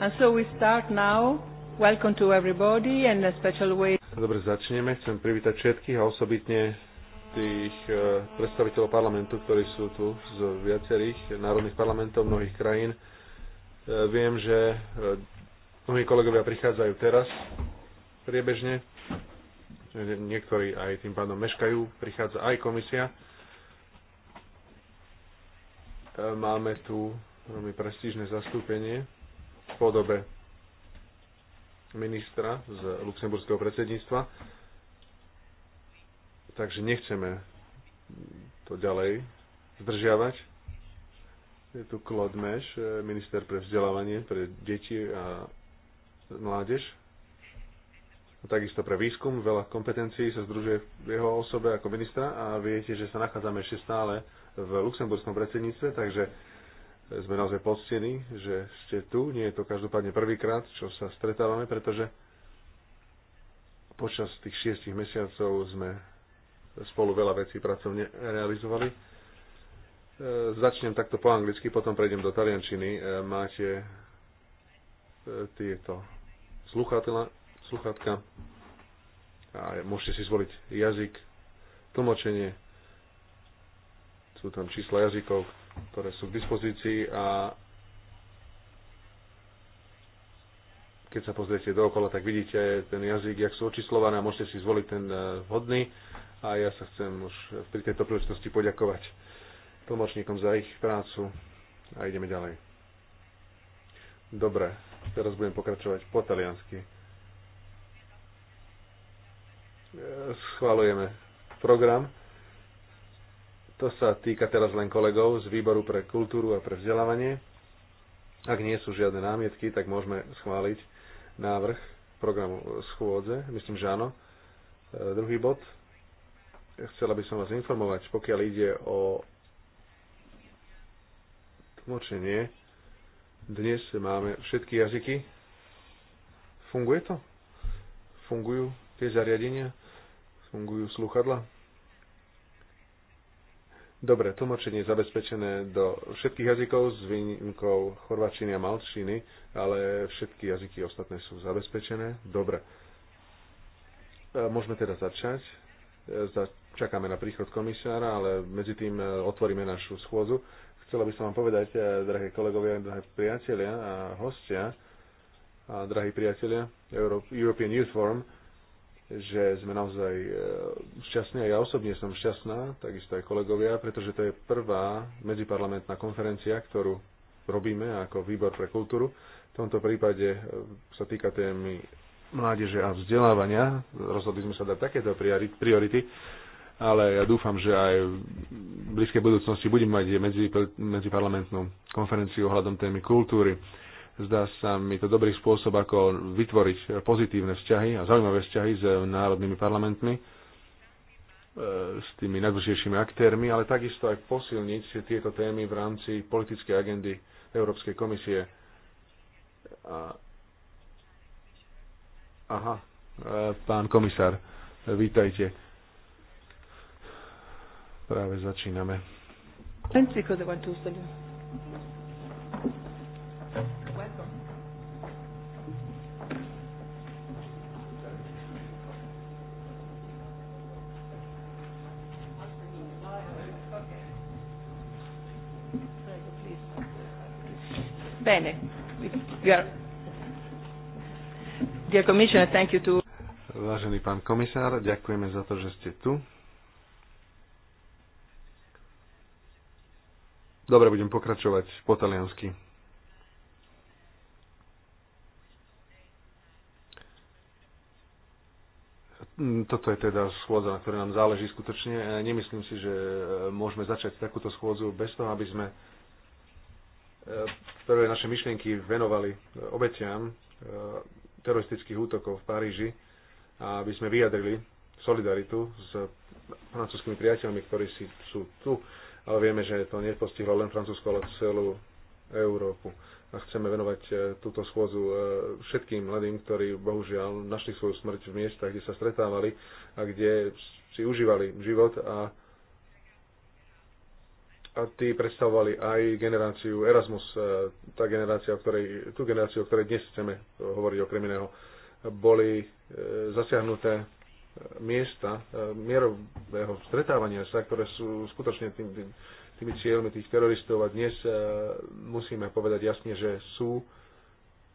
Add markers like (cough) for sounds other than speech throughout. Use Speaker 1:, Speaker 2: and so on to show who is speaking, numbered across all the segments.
Speaker 1: And so we start now. Welcome to everybody and a special way.
Speaker 2: Dobre, začneme. Chcem privítať všetkých a osobitne tých eh, predstaviteľov parlamentu, ktorí sú tu z viacerých národných parlamentov mnohých krajín. Eh, viem, že eh, mnohí kolegovia prichádzajú teraz priebežne. Niektorí aj tým pádom meškajú. Prichádza aj komisia. Máme tu veľmi prestížne zastúpenie podobe ministra z luxemburského predsedníctva. Takže nechceme to ďalej zdržiavať. Je tu Claude Meš, minister pre vzdelávanie pre deti a mládež. A takisto pre výskum veľa kompetencií sa združuje v jeho osobe ako ministra a viete, že sa nachádzame ešte stále v luxemburskom predsedníctve, takže sme naozaj poctení, že ste tu. Nie je to každopádne prvýkrát, čo sa stretávame, pretože počas tých šiestich mesiacov sme spolu veľa vecí pracovne realizovali. E, začnem takto po anglicky, potom prejdem do taliančiny. E, máte e, tieto sluchadla, sluchatka a môžete si zvoliť jazyk, tlmočenie, sú tam čísla jazykov, ktoré sú k dispozícii a keď sa pozriete dookola, tak vidíte ten jazyk, jak sú očíslované a môžete si zvoliť ten eh, vhodný. A ja sa chcem už pri tejto príležitosti poďakovať tlmočníkom za ich prácu a ideme ďalej. Dobre, teraz budem pokračovať po taliansky. Eh, schvalujeme program. To sa týka teraz len kolegov z výboru pre kultúru a pre vzdelávanie. Ak nie sú žiadne námietky, tak môžeme schváliť návrh programu schôdze. Myslím, že áno. E, druhý bod. Chcela by som vás informovať, pokiaľ ide o tlmočenie. Dnes máme všetky jazyky. Funguje to? Fungujú tie zariadenia? Fungujú sluchadla? Dobre, tlmočenie je zabezpečené do všetkých jazykov s výnimkou chorvačiny a malčiny, ale všetky jazyky ostatné sú zabezpečené. Dobre. E, môžeme teda začať. E, čakáme na príchod komisára, ale medzi tým e, otvoríme našu schôdzu. Chcela by som vám povedať, drahé kolegovia, drahé priatelia a hostia, a drahí priatelia, European Youth Forum, že sme naozaj e, šťastní a ja osobne som šťastná, takisto aj kolegovia, pretože to je prvá medziparlamentná konferencia, ktorú robíme ako výbor pre kultúru. V tomto prípade e, sa týka témy mládeže a vzdelávania. Rozhodli sme sa dať takéto priority, ale ja dúfam, že aj v blízkej budúcnosti budeme mať medzi, medziparlamentnú konferenciu ohľadom témy kultúry Zdá sa mi to dobrý spôsob, ako vytvoriť pozitívne vzťahy a zaujímavé vzťahy s národnými parlamentmi, e, s tými najdôležitejšími aktérmi, ale takisto aj posilniť tieto témy v rámci politickej agendy Európskej komisie. A... Aha, e, pán komisár, vítajte. Práve začíname.
Speaker 1: you, because I want to
Speaker 3: Bene. We are...
Speaker 1: Dear Commissioner, thank you to...
Speaker 2: Vážený pán komisár, ďakujeme za to, že ste tu. Dobre, budem pokračovať po taliansky. Toto je teda schôdza, na ktorej nám záleží skutočne. Nemyslím si, že môžeme začať takúto schôdzu bez toho, aby sme prvé e, naše myšlienky venovali e, obetiam e, teroristických útokov v Paríži, aby sme vyjadrili solidaritu s francúzskými priateľmi, ktorí si, sú tu, ale vieme, že to nepostihlo len Francúzsko, ale celú Európu. A chceme venovať túto schôzu všetkým mladým, ktorí bohužiaľ našli svoju smrť v miestach, kde sa stretávali a kde si užívali život a a tí predstavovali aj generáciu Erasmus, e, tá generácia, o ktorej, tú generáciu, o ktorej dnes chceme hovoriť okrem iného, boli e, zasiahnuté e, miesta mierového stretávania sa, ktoré sú skutočne tým, tým, tými cieľmi tých teroristov a dnes musíme povedať jasne, že sú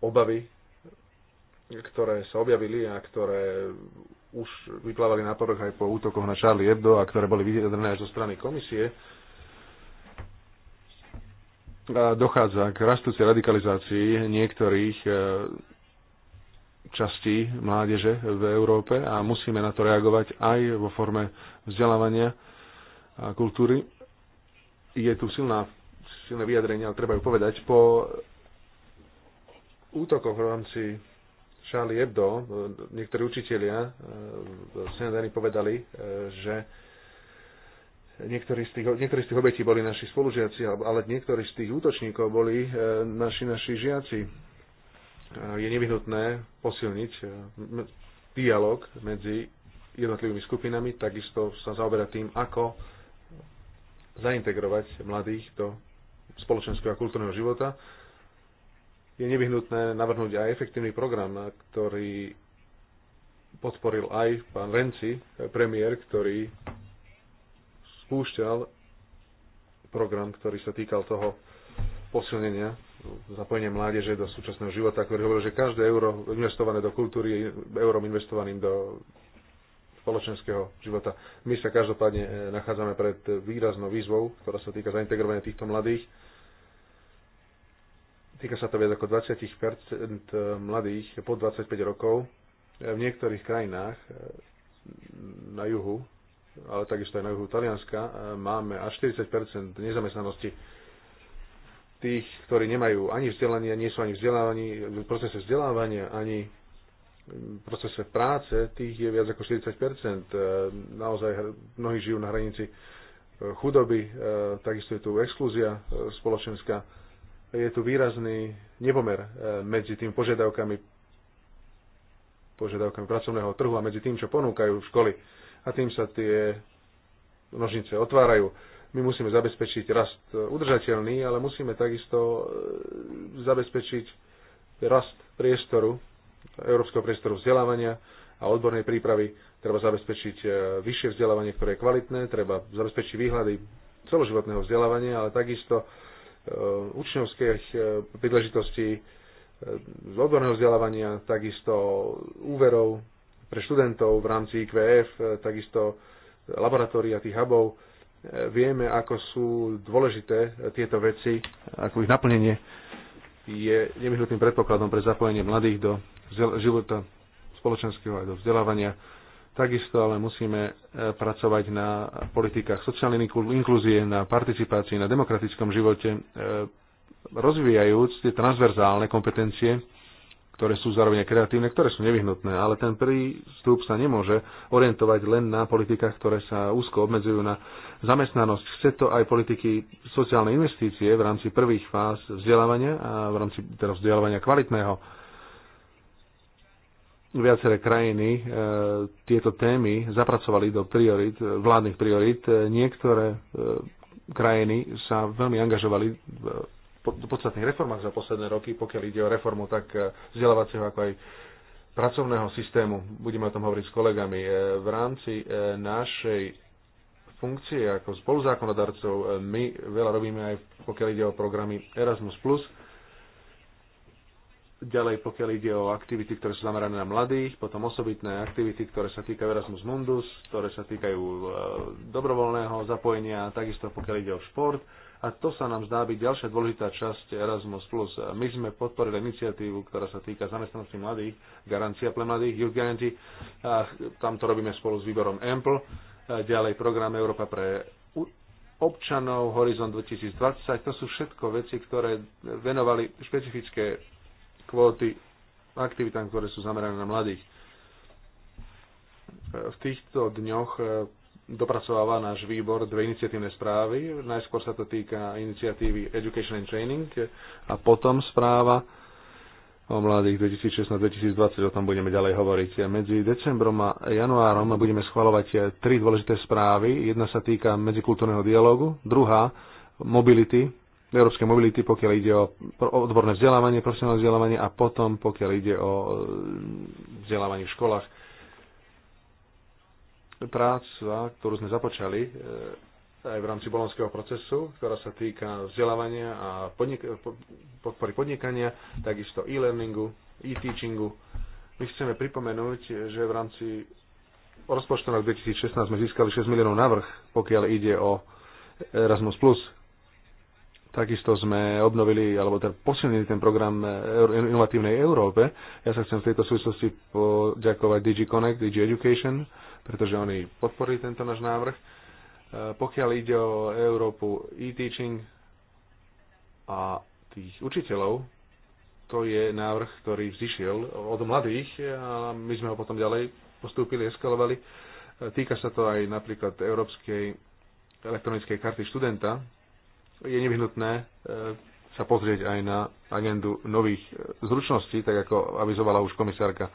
Speaker 2: obavy, ktoré sa objavili a ktoré už vyplávali na povrch aj po útokoch na Charlie Hebdo a ktoré boli vyjadrené až zo strany komisie, dochádza k rastúcej radikalizácii niektorých e, častí mládeže v Európe a musíme na to reagovať aj vo forme vzdelávania a kultúry. Je tu silná, silné vyjadrenie, ale treba ju povedať. Po útokoch v rámci Charlie Hebdo e, niektorí učitelia e, v povedali, že Niektorí z, tých, niektorí z tých obetí boli naši spolužiaci, ale niektorí z tých útočníkov boli e, naši, naši žiaci. E, je nevyhnutné posilniť e, dialog medzi jednotlivými skupinami, takisto sa zaoberať tým, ako zaintegrovať mladých do spoločenského a kultúrneho života. Je nevyhnutné navrhnúť aj efektívny program, ktorý podporil aj pán Renci, premiér, ktorý spúšťal program, ktorý sa týkal toho posilnenia zapojenia mládeže do súčasného života, ktorý hovoril, že každé euro investované do kultúry je eurom investovaným do spoločenského života. My sa každopádne e, nachádzame pred výraznou výzvou, ktorá sa týka zaintegrovania týchto mladých. Týka sa to viac ako 20 e, mladých po 25 rokov. E, v niektorých krajinách na juhu ale takisto aj na juhu Talianska, e, máme až 40 nezamestnanosti tých, ktorí nemajú ani vzdelanie, nie sú ani vzdelávaní, v procese vzdelávania, ani v procese práce, tých je viac ako 40 e, Naozaj mnohí žijú na hranici e, chudoby, takisto je tu exklúzia spoločenská. Je tu výrazný nepomer medzi tým požiadavkami požiadavkami pracovného trhu a medzi tým, čo ponúkajú školy a tým sa tie nožnice otvárajú. My musíme zabezpečiť rast udržateľný, ale musíme takisto e, zabezpečiť rast priestoru, európskeho priestoru vzdelávania a odbornej prípravy. Treba zabezpečiť e, vyššie vzdelávanie, ktoré je kvalitné, treba zabezpečiť výhľady celoživotného vzdelávania, ale takisto e, učňovských príležitostí z odborného vzdelávania, takisto úverov, pre študentov v rámci IQF, e, takisto e, laboratória tých hubov. E, vieme, ako sú dôležité tieto veci, ako ich naplnenie je nevyhnutným predpokladom pre zapojenie mladých do života spoločenského aj do vzdelávania. Takisto ale musíme pracovať na politikách sociálnej inklúzie, na participácii, na demokratickom živote, rozvíjajúc tie transverzálne kompetencie, ktoré sú zároveň kreatívne, ktoré sú nevyhnutné, ale ten prístup sa nemôže orientovať len na politikách, ktoré sa úzko obmedzujú na zamestnanosť. Chce to aj politiky sociálnej investície v rámci prvých fáz vzdelávania a v rámci teda vzdelávania kvalitného. Viaceré krajiny e, tieto témy zapracovali do priorit, vládnych priorit. E, niektoré e, krajiny sa veľmi angažovali v podstatných reformách za posledné roky, pokiaľ ide o reformu tak eh, vzdelávacieho ako aj pracovného systému. Budeme o tom hovoriť s kolegami. Eh, v rámci eh, našej funkcie ako spoluzákonodarcov my veľa robíme aj pokiaľ ide o programy Erasmus+, ďalej pokiaľ ide o aktivity, ktoré sú zamerané na mladých, potom osobitné aktivity, ktoré sa týkajú Erasmus Mundus, ktoré sa týkajú dobrovoľného zapojenia, takisto pokiaľ ide o šport, a to sa nám zdá byť ďalšia dôležitá časť Erasmus+. Plus. My sme podporili iniciatívu, ktorá sa týka zamestnanosti mladých, garancia pre mladých, Youth Guarantee. A tam to robíme spolu s výborom A Ďalej program Európa pre občanov, Horizon 2020. To sú všetko veci, ktoré venovali špecifické kvóty aktivitám, ktoré sú zamerané na mladých. V týchto dňoch dopracováva náš výbor dve iniciatívne správy. Najskôr sa to týka iniciatívy Education and Training a potom správa o mladých 2016-2020, o tom budeme ďalej hovoriť. Medzi decembrom a januárom budeme schvalovať tri dôležité správy. Jedna sa týka medzikultúrneho dialogu, druhá mobility, európskej mobility, pokiaľ ide o odborné vzdelávanie, profesionálne vzdelávanie a potom, pokiaľ ide o eh, vzdelávanie v školách práca, ktorú sme započali e, aj v rámci bolonského procesu, ktorá sa týka vzdelávania a podnik- podpory podnikania, takisto e-learningu, e-teachingu. My chceme pripomenúť, že v rámci rozpočtu na 2016 sme získali 6 miliónov navrh, pokiaľ ide o Erasmus+. Takisto sme obnovili, alebo teda posilnili ten program Inovatívnej Európe. Ja sa chcem v tejto súvislosti poďakovať DigiConnect, DigiEducation, Education, pretože oni podporili tento náš návrh. E, pokiaľ ide o Európu e-teaching a tých učiteľov, to je návrh, ktorý vzýšiel od mladých a my sme ho potom ďalej postúpili, eskalovali. E, týka sa to aj napríklad Európskej elektronickej karty študenta. Je nevyhnutné e, sa pozrieť aj na agendu nových zručností, tak ako avizovala už komisárka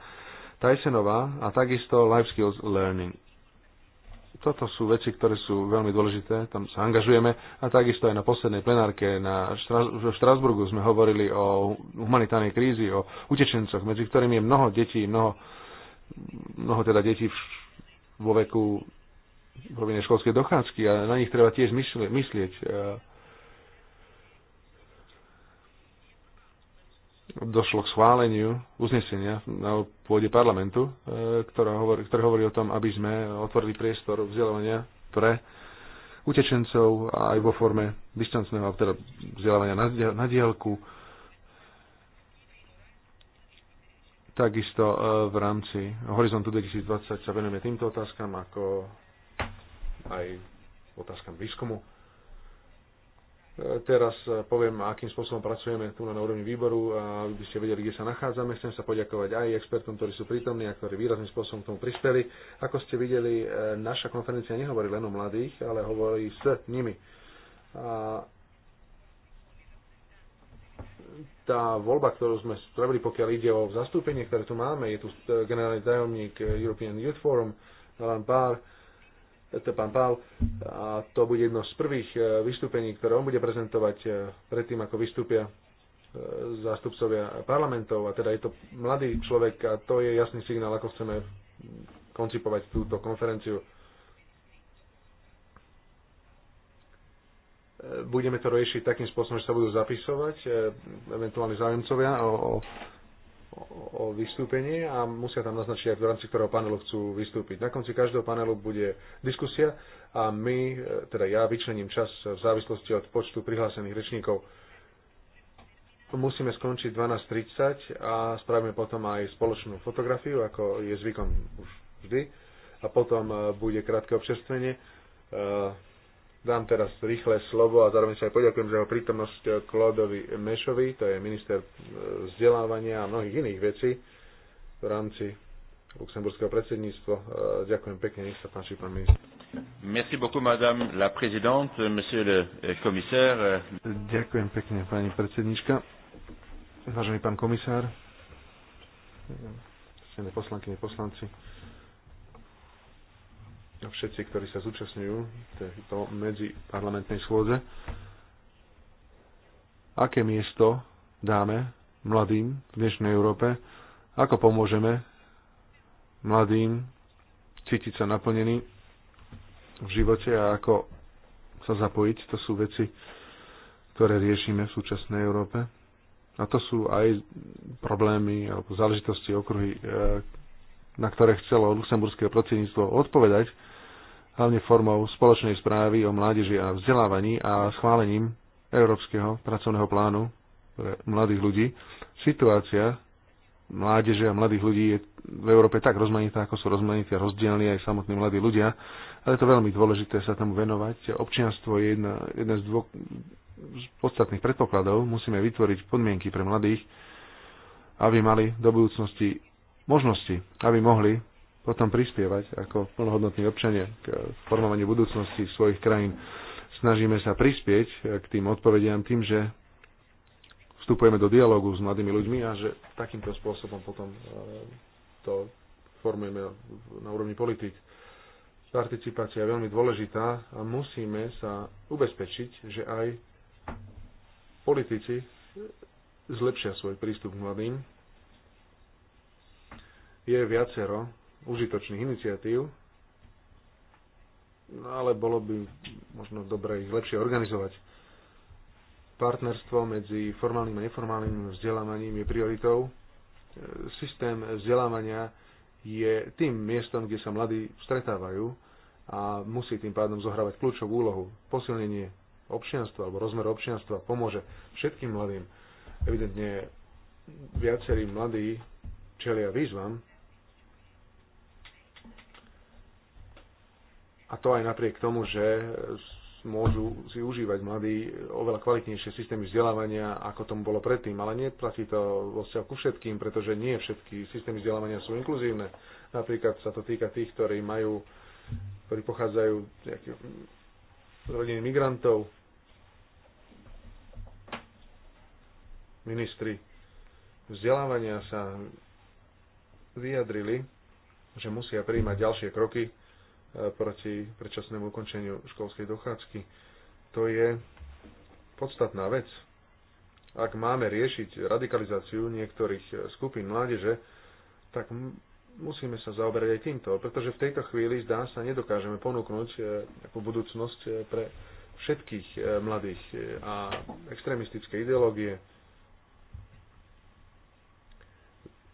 Speaker 2: Tysonová a takisto Life Skills Learning. Toto sú veci, ktoré sú veľmi dôležité, tam sa angažujeme a takisto aj na poslednej plenárke na v Štrasburgu sme hovorili o humanitárnej krízi, o utečencoch, medzi ktorými je mnoho detí, mnoho, mnoho teda detí vo veku rovine školskej dochádzky a na nich treba tiež myslieť. myslieť došlo k schváleniu uznesenia na pôde parlamentu, e, ktoré hovorí, ktoré hovorí o tom, aby sme otvorili priestor vzdelávania pre utečencov aj vo forme distančného teda vzdelávania na, na diálku. Takisto e, v rámci Horizontu 2020 sa venujeme týmto otázkam, ako aj otázkam výskumu. Teraz e, poviem, akým spôsobom pracujeme tu na úrovni výboru a aby ste vedeli, kde sa nachádzame. Chcem sa poďakovať aj expertom, ktorí sú prítomní a ktorí výrazným spôsobom k tomu prispeli. Ako ste videli, e, naša konferencia nehovorí len o mladých, ale hovorí s nimi. tá voľba, ktorú sme spravili, pokiaľ ide o zastúpenie, ktoré tu máme, je tu e, generálny tajomník European Youth Forum, Alan Barr, to je pán Pál, a to bude jedno z prvých e, vystúpení, ktoré on bude prezentovať e, predtým, ako vystúpia e, zástupcovia parlamentov, a teda je to mladý človek a to je jasný signál, ako chceme koncipovať túto konferenciu. Budeme to riešiť takým spôsobom, že sa budú zapisovať eventuálni zájemcovia o, o o vystúpenie a musia tam naznačiť, v rámci ktorého panelu chcú vystúpiť. Na konci každého panelu bude diskusia a my, e, teda ja, vyčlením čas v závislosti od počtu prihlásených rečníkov. Musíme skončiť 12.30 a spravíme potom aj spoločnú fotografiu, ako je zvykom už vždy. A potom e, bude krátke občerstvenie e, Dám teraz rýchle slovo a zároveň sa aj poďakujem za jeho prítomnosť Klodovi eh, Mešovi, to je minister eh, vzdelávania a mnohých iných vecí v rámci luxemburského predsedníctva. Eh, ďakujem pekne, nech sa páči, pán minister. Merci beaucoup,
Speaker 1: madame la présidente, monsieur le commissaire.
Speaker 2: Ďakujem pekne, pani predsednička. Vážený pán komisár, poslankyne, poslanci, všetci, ktorí sa zúčastňujú tejto medziparlamentnej schôdze. Aké miesto dáme mladým v dnešnej Európe? Ako pomôžeme mladým cítiť sa naplnený v živote a ako sa zapojiť? To sú veci, ktoré riešime v súčasnej Európe. A to sú aj problémy alebo záležitosti okruhy, e, na ktoré chcelo luxemburské predsedníctvo odpovedať, hlavne formou spoločnej správy o mládeži a vzdelávaní a schválením Európskeho pracovného plánu pre mladých ľudí. Situácia mládeže a mladých ľudí je v Európe tak rozmanitá, ako sú rozmanití a rozdielni aj samotní mladí ľudia, ale je to veľmi dôležité sa tomu venovať. Občianstvo je jedna, jedna z, dvoch z podstatných predpokladov. Musíme vytvoriť podmienky pre mladých, aby mali do budúcnosti možnosti, aby mohli potom prispievať ako plnohodnotní občania k eh, formovaniu budúcnosti svojich krajín. Snažíme sa prispieť eh, k tým odpovediam tým, že vstupujeme do dialogu s mladými ľuďmi a že takýmto spôsobom potom eh, to formujeme na úrovni politik. Participácia je veľmi dôležitá a musíme sa ubezpečiť, že aj politici zlepšia svoj prístup k mladým je viacero užitočných iniciatív, no ale bolo by možno dobre ich lepšie organizovať. Partnerstvo medzi formálnym a neformálnym vzdelávaním je prioritou. Systém vzdelávania je tým miestom, kde sa mladí stretávajú a musí tým pádom zohrávať kľúčovú úlohu. Posilnenie občianstva alebo rozmer občianstva pomôže všetkým mladým. Evidentne viacerí mladí čelia výzvam, A to aj napriek tomu, že môžu si užívať mladí oveľa kvalitnejšie systémy vzdelávania, ako tomu bolo predtým. Ale neplatí to vo vzťahu ku všetkým, pretože nie všetky systémy vzdelávania sú inkluzívne. Napríklad sa to týka tých, ktorí majú, ktorí pochádzajú z rodiny migrantov, ministri vzdelávania sa vyjadrili, že musia príjmať ďalšie kroky E, proti predčasnému ukončeniu školskej dochádzky. To je podstatná vec. Ak máme riešiť radikalizáciu niektorých skupín mládeže, tak musíme sa zaoberať aj týmto, pretože v tejto chvíli zdá sa nedokážeme ponúknuť e, ako budúcnosť e, pre všetkých mladých a extrémistické ideológie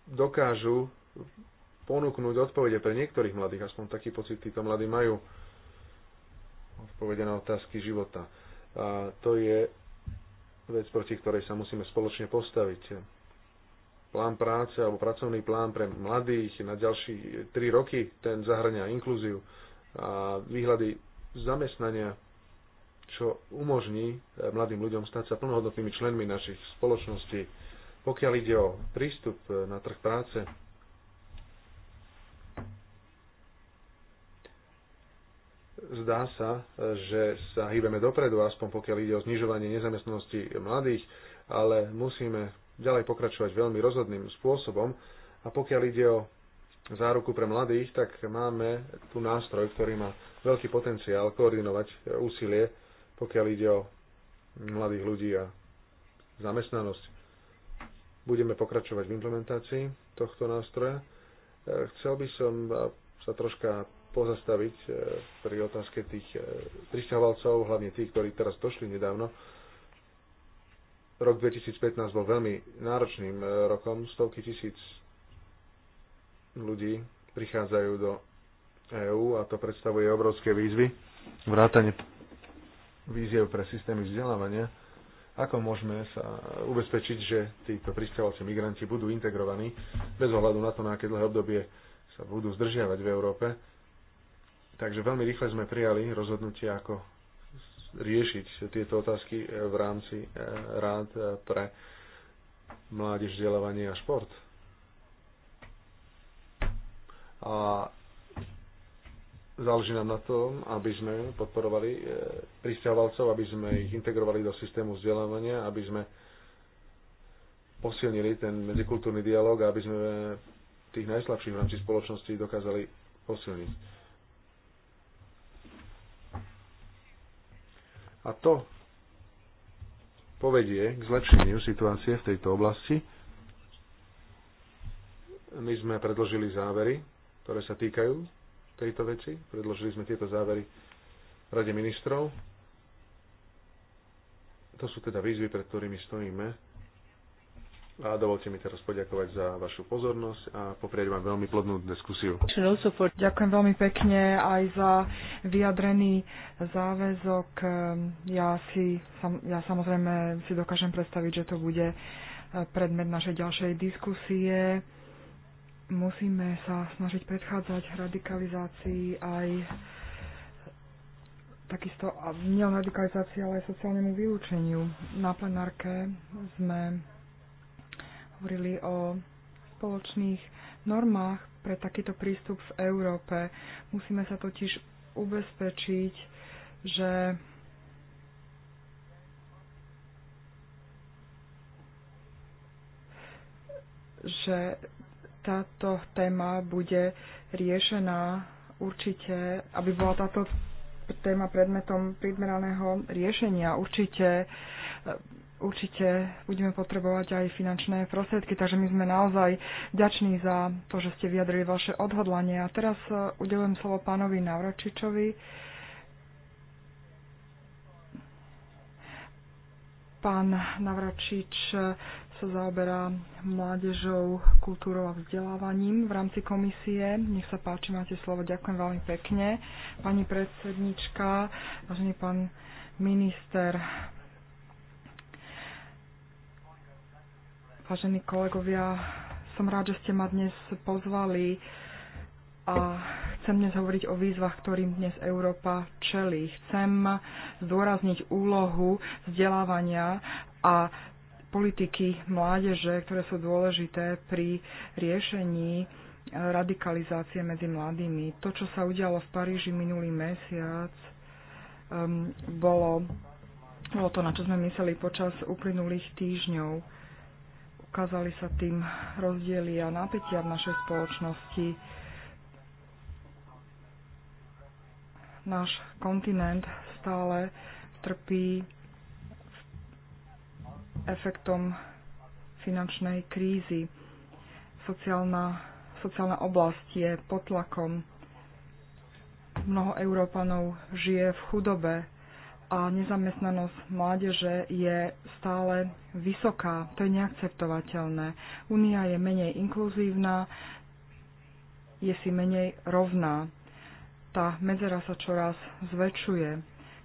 Speaker 2: dokážu ponúknuť odpovede pre niektorých mladých, aspoň taký pocit títo mladí majú odpovede na otázky života. A to je vec, proti ktorej sa musíme spoločne postaviť. Plán práce alebo pracovný plán pre mladých na ďalší tri roky, ten zahrňa inklúziu a výhľady zamestnania, čo umožní mladým ľuďom stať sa plnohodnotnými členmi našich spoločností. Pokiaľ ide o prístup na trh práce, zdá sa, že sa hýbeme dopredu, aspoň pokiaľ ide o znižovanie nezamestnanosti mladých, ale musíme ďalej pokračovať veľmi rozhodným spôsobom. A pokiaľ ide o záruku pre mladých, tak máme tu nástroj, ktorý má veľký potenciál koordinovať úsilie, pokiaľ ide o mladých ľudí a zamestnanosť. Budeme pokračovať v implementácii tohto nástroja. Chcel by som sa troška pozastaviť e, pri otázke tých e, pristahovalcov, hlavne tých, ktorí teraz došli nedávno. Rok 2015 bol veľmi náročným e, rokom. Stovky tisíc ľudí prichádzajú do EÚ a to predstavuje obrovské výzvy. Vrátanie víziev pre systémy vzdelávania. Ako môžeme sa ubezpečiť, že títo pristahovalci migranti budú integrovaní bez ohľadu na to, na aké dlhé obdobie sa budú zdržiavať v Európe? Takže veľmi rýchle sme prijali rozhodnutie, ako riešiť tieto otázky eh, v rámci eh, rád eh, pre mládež, vzdelávanie a šport. A záleží nám na tom, aby sme podporovali pristahovalcov, aby sme ich integrovali do systému vzdelávania, aby sme posilnili ten medzikultúrny dialog a aby sme tých najslabších v rámci spoločnosti dokázali posilniť A to povedie k zlepšeniu situácie v tejto oblasti. My sme predložili závery, ktoré sa týkajú tejto veci. Predložili sme tieto závery Rade ministrov. To sú teda výzvy, pred ktorými stojíme a dovolte mi teraz poďakovať za vašu pozornosť a poprieť vám veľmi plodnú diskusiu.
Speaker 4: Ďakujem veľmi pekne aj za vyjadrený záväzok. Ehm, ja, si, ja samozrejme si dokážem predstaviť, že to bude e, predmet našej ďalšej diskusie. Musíme sa snažiť predchádzať radikalizácii aj takisto nie radikalizácii, ale aj sociálnemu vylúčeniu. Na plenárke sme hovorili o spoločných normách pre takýto prístup v Európe. Musíme sa totiž ubezpečiť, že že táto téma bude riešená určite, aby bola táto téma predmetom primeraného riešenia. Určite určite budeme potrebovať aj finančné prostriedky, takže my sme naozaj ďační za to, že ste vyjadrili vaše odhodlanie. A teraz e, udelujem slovo pánovi Navračičovi. Pán Navračič sa zaoberá mládežou, kultúrou a vzdelávaním v rámci komisie. Nech sa páči, máte slovo. Ďakujem veľmi pekne. Pani predsednička, vážený pán minister, Vážení kolegovia, som rád, že ste ma dnes pozvali a chcem dnes hovoriť o výzvach, ktorým dnes Európa čelí. Chcem zdôrazniť úlohu vzdelávania a politiky mládeže, ktoré sú dôležité pri riešení radikalizácie medzi mladými. To, čo sa udialo v Paríži minulý mesiac, um, bolo, bolo to, na čo sme mysleli počas uplynulých týždňov ukázali sa tým rozdiely a napätia v našej spoločnosti. Náš kontinent stále trpí efektom finančnej krízy. Sociálna, sociálna oblasť je pod tlakom. Mnoho Európanov žije v chudobe, a nezamestnanosť mládeže je stále vysoká. To je neakceptovateľné. Únia je menej inkluzívna, je si menej rovná. Tá medzera sa čoraz zväčšuje.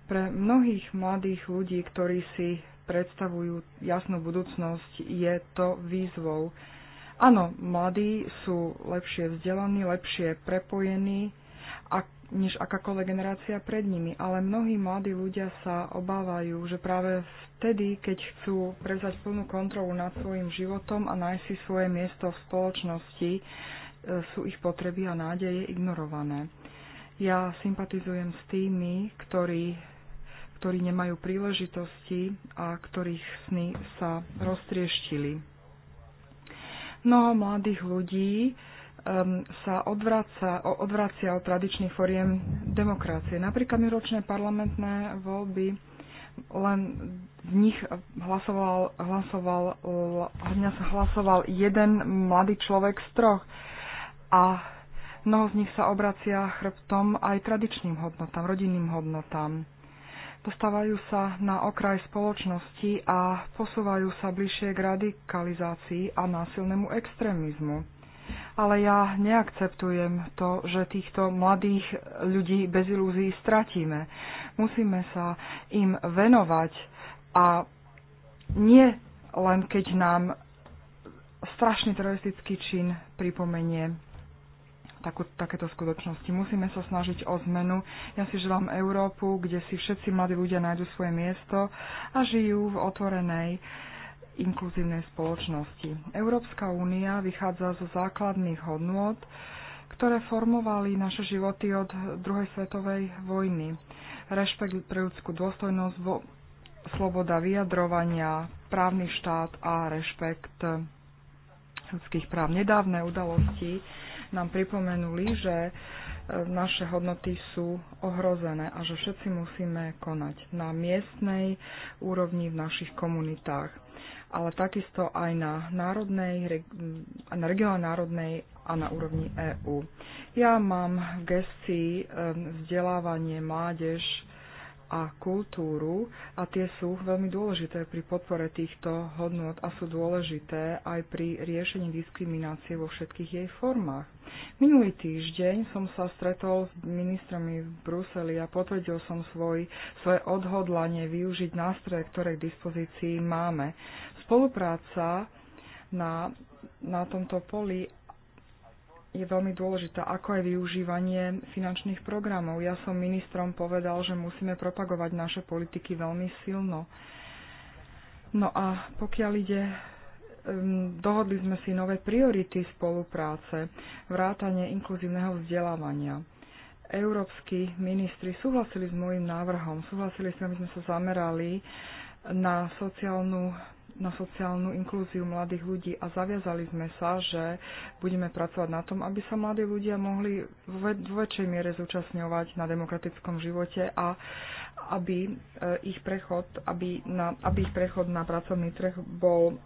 Speaker 4: Pre mnohých mladých ľudí, ktorí si predstavujú jasnú budúcnosť, je to výzvou. Áno, mladí sú lepšie vzdelaní, lepšie prepojení, ak než akákoľvek generácia pred nimi. Ale mnohí mladí ľudia sa obávajú, že práve vtedy, keď chcú prevzať plnú kontrolu nad svojim životom a nájsť si svoje miesto v spoločnosti, e, sú ich potreby a nádeje ignorované. Ja sympatizujem s tými, ktorí, ktorí nemajú príležitosti a ktorých sny sa roztrieštili. Mnoho mladých ľudí um, sa odvraca, odvracia od tradičných foriem demokracie. Napríklad ročné parlamentné voľby, len v nich hlasoval, hlasoval, hlasoval, sa hlasoval jeden mladý človek z troch a mnoho z nich sa obracia chrbtom aj tradičným hodnotám, rodinným hodnotám. Dostávajú sa na okraj spoločnosti a posúvajú sa bližšie k radikalizácii a násilnému extrémizmu ale ja neakceptujem to, že týchto mladých ľudí bez ilúzií stratíme. Musíme sa im venovať a nie len keď nám strašný teroristický čin pripomenie takú, takéto skutočnosti. Musíme sa snažiť o zmenu. Ja si želám Európu, kde si všetci mladí ľudia nájdu svoje miesto a žijú v otvorenej uh, inkluzívnej spoločnosti. Európska únia vychádza zo základných hodnôt, ktoré formovali naše životy od druhej svetovej vojny. Rešpekt pre ľudskú dôstojnosť, vo, sloboda vyjadrovania, právny štát a rešpekt ľudských práv. Nedávne udalosti nám pripomenuli, že naše hodnoty sú ohrozené a že všetci musíme konať na miestnej úrovni v našich komunitách, ale takisto aj na, národnej, na regionálnej národnej a na úrovni EÚ. Ja mám v gestii vzdelávanie mládež a kultúru a tie sú veľmi dôležité pri podpore týchto hodnot a sú dôležité aj pri riešení diskriminácie vo všetkých jej formách. Minulý týždeň som sa stretol s ministrami v Bruseli a potvrdil som svoj, svoje odhodlanie využiť nástroje, ktoré k dispozícii máme. Spolupráca na, na tomto poli je veľmi dôležitá, ako aj využívanie finančných programov. Ja som ministrom povedal, že musíme propagovať naše politiky veľmi silno. No a pokiaľ ide, um, dohodli sme si nové priority spolupráce, vrátanie inkluzívneho vzdelávania. Európsky ministri súhlasili s môjim návrhom, súhlasili sme, aby sme sa zamerali na sociálnu na sociálnu inklúziu mladých ľudí a zaviazali sme sa, že budeme pracovať na tom, aby sa mladí ľudia mohli vo väčšej miere zúčastňovať na demokratickom živote a aby e, ich prechod, aby, na, aby ich prechod na pracovný trh bol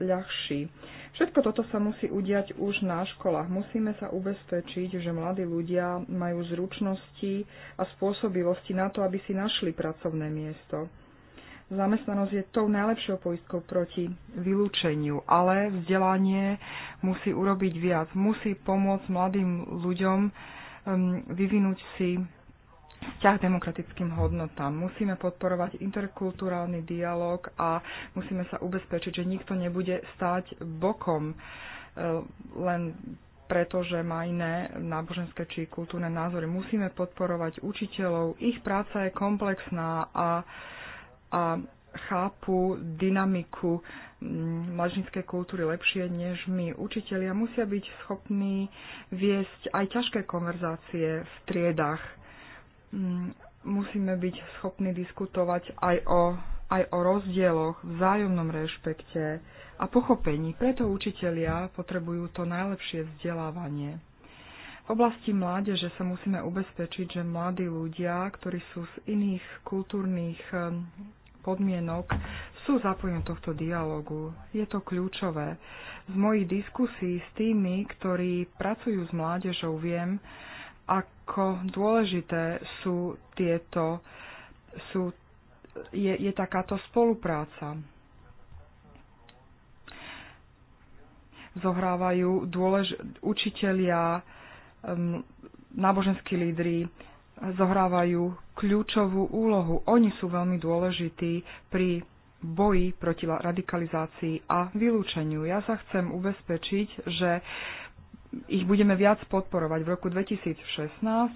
Speaker 4: ľahší. Všetko toto sa musí udiať už na školách. Musíme sa ubezpečiť, že mladí ľudia majú zručnosti a spôsobilosti na to, aby si našli pracovné miesto. Zamestnanosť je tou najlepšou poistkou proti vylúčeniu, ale vzdelanie musí urobiť viac. Musí pomôcť mladým ľuďom um, vyvinúť si vzťah demokratickým hodnotám. Musíme podporovať interkulturálny dialog a musíme sa ubezpečiť, že nikto nebude stáť bokom uh, len preto, že má iné náboženské či kultúrne názory. Musíme podporovať učiteľov. Ich práca je komplexná a a chápu dynamiku mm, mladžinskej kultúry lepšie než my. Učitelia musia byť schopní viesť aj ťažké konverzácie v triedách. Mm, musíme byť schopní diskutovať aj o, aj o rozdieloch, vzájomnom rešpekte a pochopení. Preto učitelia potrebujú to najlepšie vzdelávanie. V oblasti mládeže sa musíme ubezpečiť, že mladí ľudia, ktorí sú z iných kultúrnych mm, podmienok sú zapojení tohto dialogu. Je to kľúčové. Z mojich diskusí s tými, ktorí pracujú s mládežou, viem, ako dôležité sú tieto, sú, je, je takáto spolupráca. Zohrávajú dôlež, učitelia, um, náboženskí lídry, zohrávajú kľúčovú úlohu. Oni sú veľmi dôležití pri boji proti radikalizácii a vylúčeniu. Ja sa chcem ubezpečiť, že ich budeme viac podporovať. V roku 2016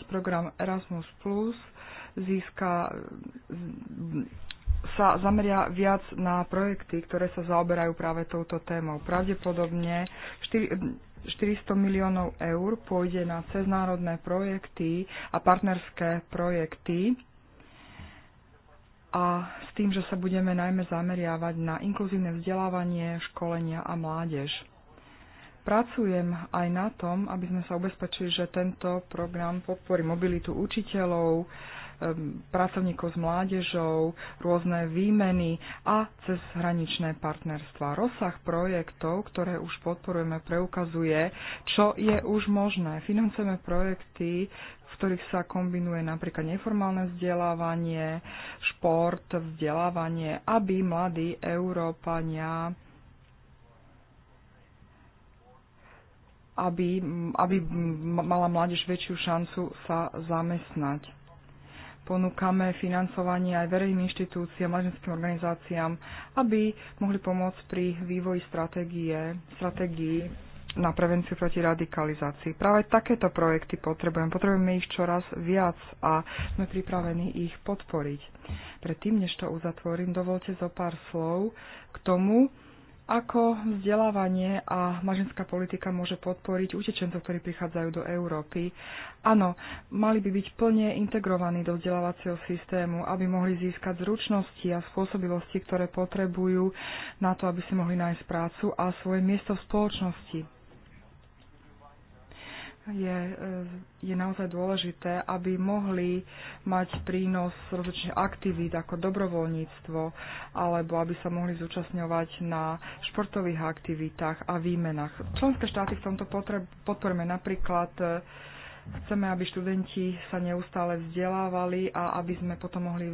Speaker 4: program Erasmus Plus získa, sa zameria viac na projekty, ktoré sa zaoberajú práve touto témou. Pravdepodobne 4, 400 miliónov eur pôjde na ceznárodné projekty a partnerské projekty a s tým, že sa budeme najmä zameriavať na inkluzívne vzdelávanie, školenia a mládež. Pracujem aj na tom, aby sme sa ubezpečili, že tento program podporí mobilitu učiteľov, pracovníkov s mládežou, rôzne výmeny a cez hraničné partnerstva. Rozsah projektov, ktoré už podporujeme, preukazuje, čo je už možné. Financujeme projekty, v ktorých sa kombinuje napríklad neformálne vzdelávanie, šport, vzdelávanie, aby mladí Európania aby, aby mala mládež väčšiu šancu sa zamestnať ponúkame financovanie aj verejným inštitúciám, mladenským organizáciám, aby mohli pomôcť pri vývoji stratégie, stratégií na prevenciu proti radikalizácii. Práve takéto projekty potrebujeme. Potrebujeme ich čoraz viac a sme pripravení ich podporiť. Predtým, než to uzatvorím, dovolte zo pár slov k tomu, ako vzdelávanie a mažinská politika môže podporiť utečencov, ktorí prichádzajú do Európy? Áno, mali by byť plne integrovaní do vzdelávacieho systému, aby mohli získať zručnosti a spôsobilosti, ktoré potrebujú na to, aby si mohli nájsť prácu a svoje miesto v spoločnosti je, eh, je naozaj dôležité, aby mohli mať prínos rozličných aktivít ako dobrovoľníctvo, alebo aby sa mohli zúčastňovať na športových aktivitách a výmenách. Členské štáty v tomto podporme napríklad eh, chceme, aby študenti sa neustále vzdelávali a aby sme potom mohli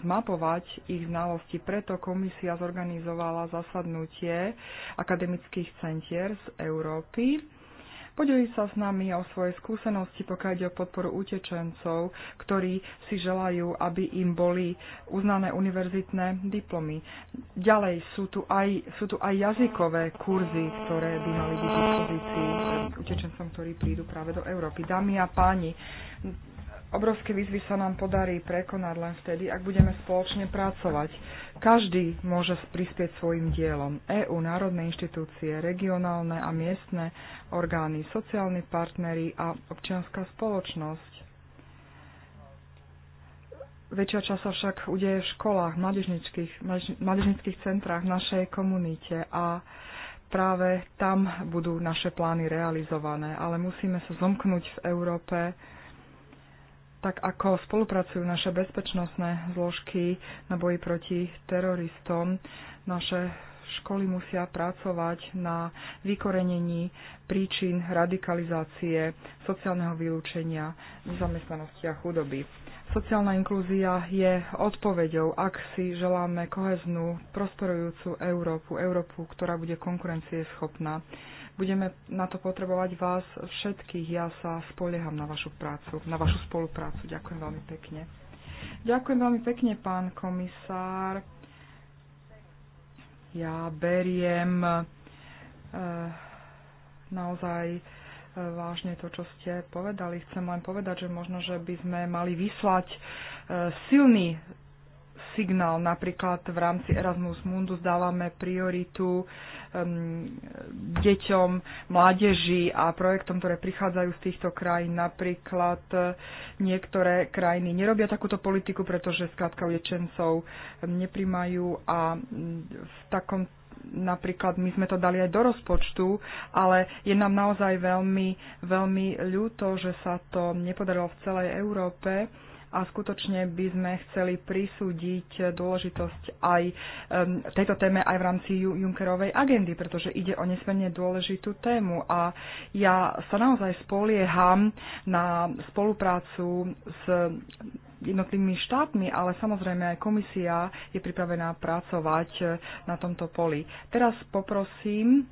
Speaker 4: zmapovať ich znalosti. Preto komisia zorganizovala zasadnutie akademických centier z Európy Podeli sa s nami o svoje skúsenosti, pokiaľ ide o podporu utečencov, ktorí si želajú, aby im boli uznané univerzitné diplomy. Ďalej sú tu aj, sú tu aj jazykové kurzy, ktoré by mali byť v dispozícii utečencom, ktorí prídu práve do Európy. Dámy a páni, obrovské výzvy sa nám podarí prekonať len vtedy, ak budeme spoločne pracovať. Každý môže prispieť svojim dielom. EU, národné inštitúcie, regionálne a miestne orgány, sociálni partnery a občianská spoločnosť. Väčšia časť sa však udeje v školách, v mladežnických centrách, v našej komunite a práve tam budú naše plány realizované. Ale musíme sa zomknúť v Európe, tak ako spolupracujú naše bezpečnostné zložky na boji proti teroristom, naše školy musia pracovať na vykorenení príčin radikalizácie, sociálneho vylúčenia, nezamestnanosti a chudoby. Sociálna inklúzia je odpoveďou, ak si želáme koheznú, prosperujúcu Európu, Európu, ktorá bude konkurencieschopná. schopná Budeme na to potrebovať vás všetkých. Ja sa spolieham na vašu prácu, na vašu spoluprácu. Ďakujem veľmi pekne. Ďakujem veľmi pekne, pán komisár. Ja beriem e, naozaj e, vážne to, čo ste povedali. Chcem len povedať, že možno, že by sme mali vyslať eh, silný signál. Napríklad v rámci Erasmus Mundus dávame prioritu um, deťom, mládeži a projektom, ktoré prichádzajú z týchto krajín. Napríklad uh, niektoré krajiny nerobia takúto politiku, pretože skladka utečencov um, neprimajú a um, v takom napríklad my sme to dali aj do rozpočtu, ale je nám naozaj veľmi, veľmi ľúto, že sa to nepodarilo v celej Európe a skutočne by sme chceli prisúdiť dôležitosť aj tejto téme aj v rámci Junckerovej agendy, pretože ide o nesmierne dôležitú tému a ja sa naozaj spolieham na spoluprácu s jednotlivými štátmi, ale samozrejme aj komisia je pripravená pracovať na tomto poli. Teraz poprosím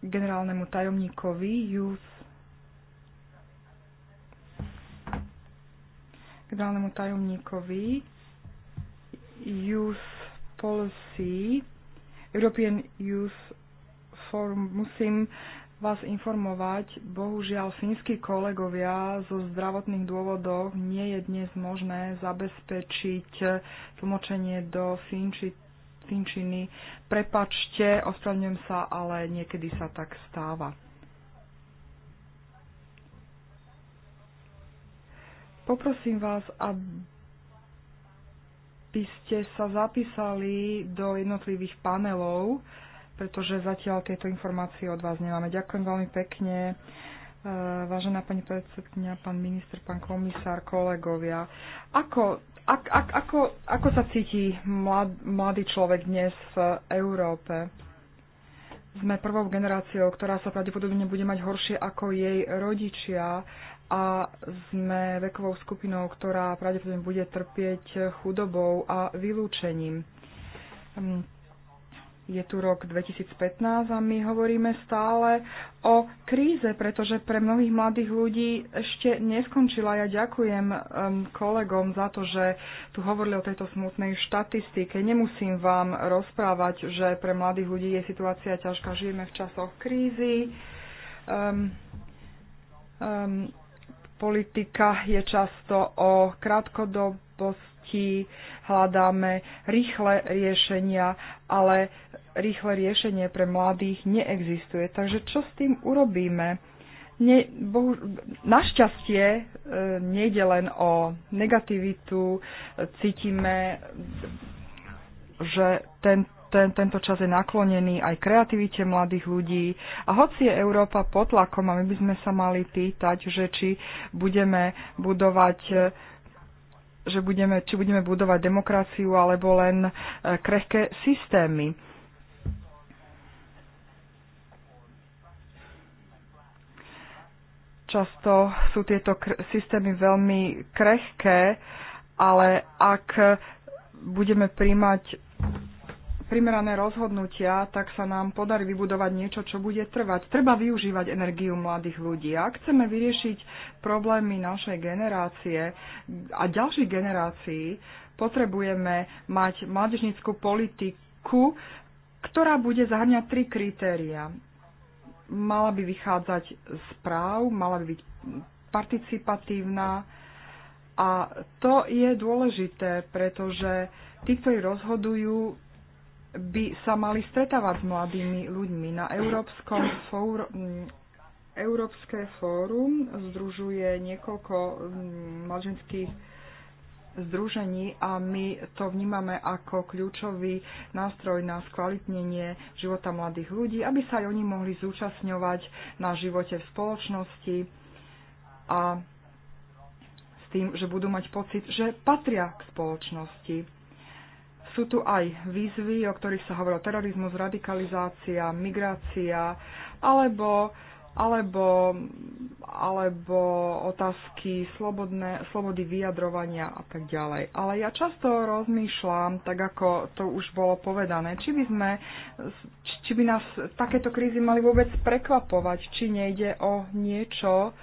Speaker 4: generálnemu tajomníkovi Jus k dálnemu tajomníkovi Youth Policy European Youth Forum. Musím vás informovať, bohužiaľ fínsky kolegovia zo zdravotných dôvodov nie je dnes možné zabezpečiť tlmočenie do fínči, fínčiny. Prepačte, ospravňujem sa, ale niekedy sa tak stáva. Poprosím vás, aby ste sa zapísali do jednotlivých panelov, pretože zatiaľ tieto informácie od vás nemáme. Ďakujem veľmi pekne. E, vážená pani predsedňa, pán minister, pán komisár, kolegovia. Ako, ak, ak, ako, ako sa cíti mlad, mladý človek dnes v Európe? Sme prvou generáciou, ktorá sa pravdepodobne bude mať horšie ako jej rodičia a sme vekovou skupinou, ktorá pravdepodobne bude trpieť chudobou a vylúčením. Hm. Je tu rok 2015 a my hovoríme stále o kríze, pretože pre mnohých mladých ľudí ešte neskončila. Ja ďakujem hm, kolegom za to, že tu hovorili o tejto smutnej štatistike. Nemusím vám rozprávať, že pre mladých ľudí je situácia ťažká. Žijeme v časoch krízy. Um, um, politika je často o krátkodobosti, hľadáme rýchle riešenia, ale rýchle riešenie pre mladých neexistuje. Takže čo s tým urobíme? Ne, bohu, našťastie e, nejde len o negativitu, e, cítime, že ten, ten, tento čas je naklonený aj kreativite mladých ľudí. A hoci je Európa pod tlakom, a my by sme sa mali pýtať, že či budeme budovať že budeme, či budeme budovať demokraciu alebo len e, krehké systémy. Často sú tieto systémy veľmi krehké, ale ak budeme príjmať primerané rozhodnutia, tak sa nám podarí vybudovať niečo, čo bude trvať. Treba využívať energiu mladých ľudí. ak chceme vyriešiť problémy našej generácie a ďalších generácií, potrebujeme mať mládežnickú politiku, ktorá bude zahrňať tri kritéria. Mala by vychádzať z práv, mala by byť participatívna a to je dôležité, pretože tí, ktorí rozhodujú, by sa mali stretávať s mladými ľuďmi. Na Európskom fóru, mm, Európske fórum združuje niekoľko mm, mladženských združení a my to vnímame ako kľúčový nástroj na skvalitnenie života mladých ľudí, aby sa aj oni mohli zúčastňovať na živote v spoločnosti a s tým, že budú mať pocit, že patria k spoločnosti sú tu aj výzvy, o ktorých sa hovorilo terorizmus, radikalizácia, migrácia, alebo alebo, alebo otázky slobodné, slobody vyjadrovania a tak ďalej. Ale ja často rozmýšľam, tak ako to už bolo povedané, či by, sme, či by nás takéto krízy mali vôbec prekvapovať, či nejde o niečo,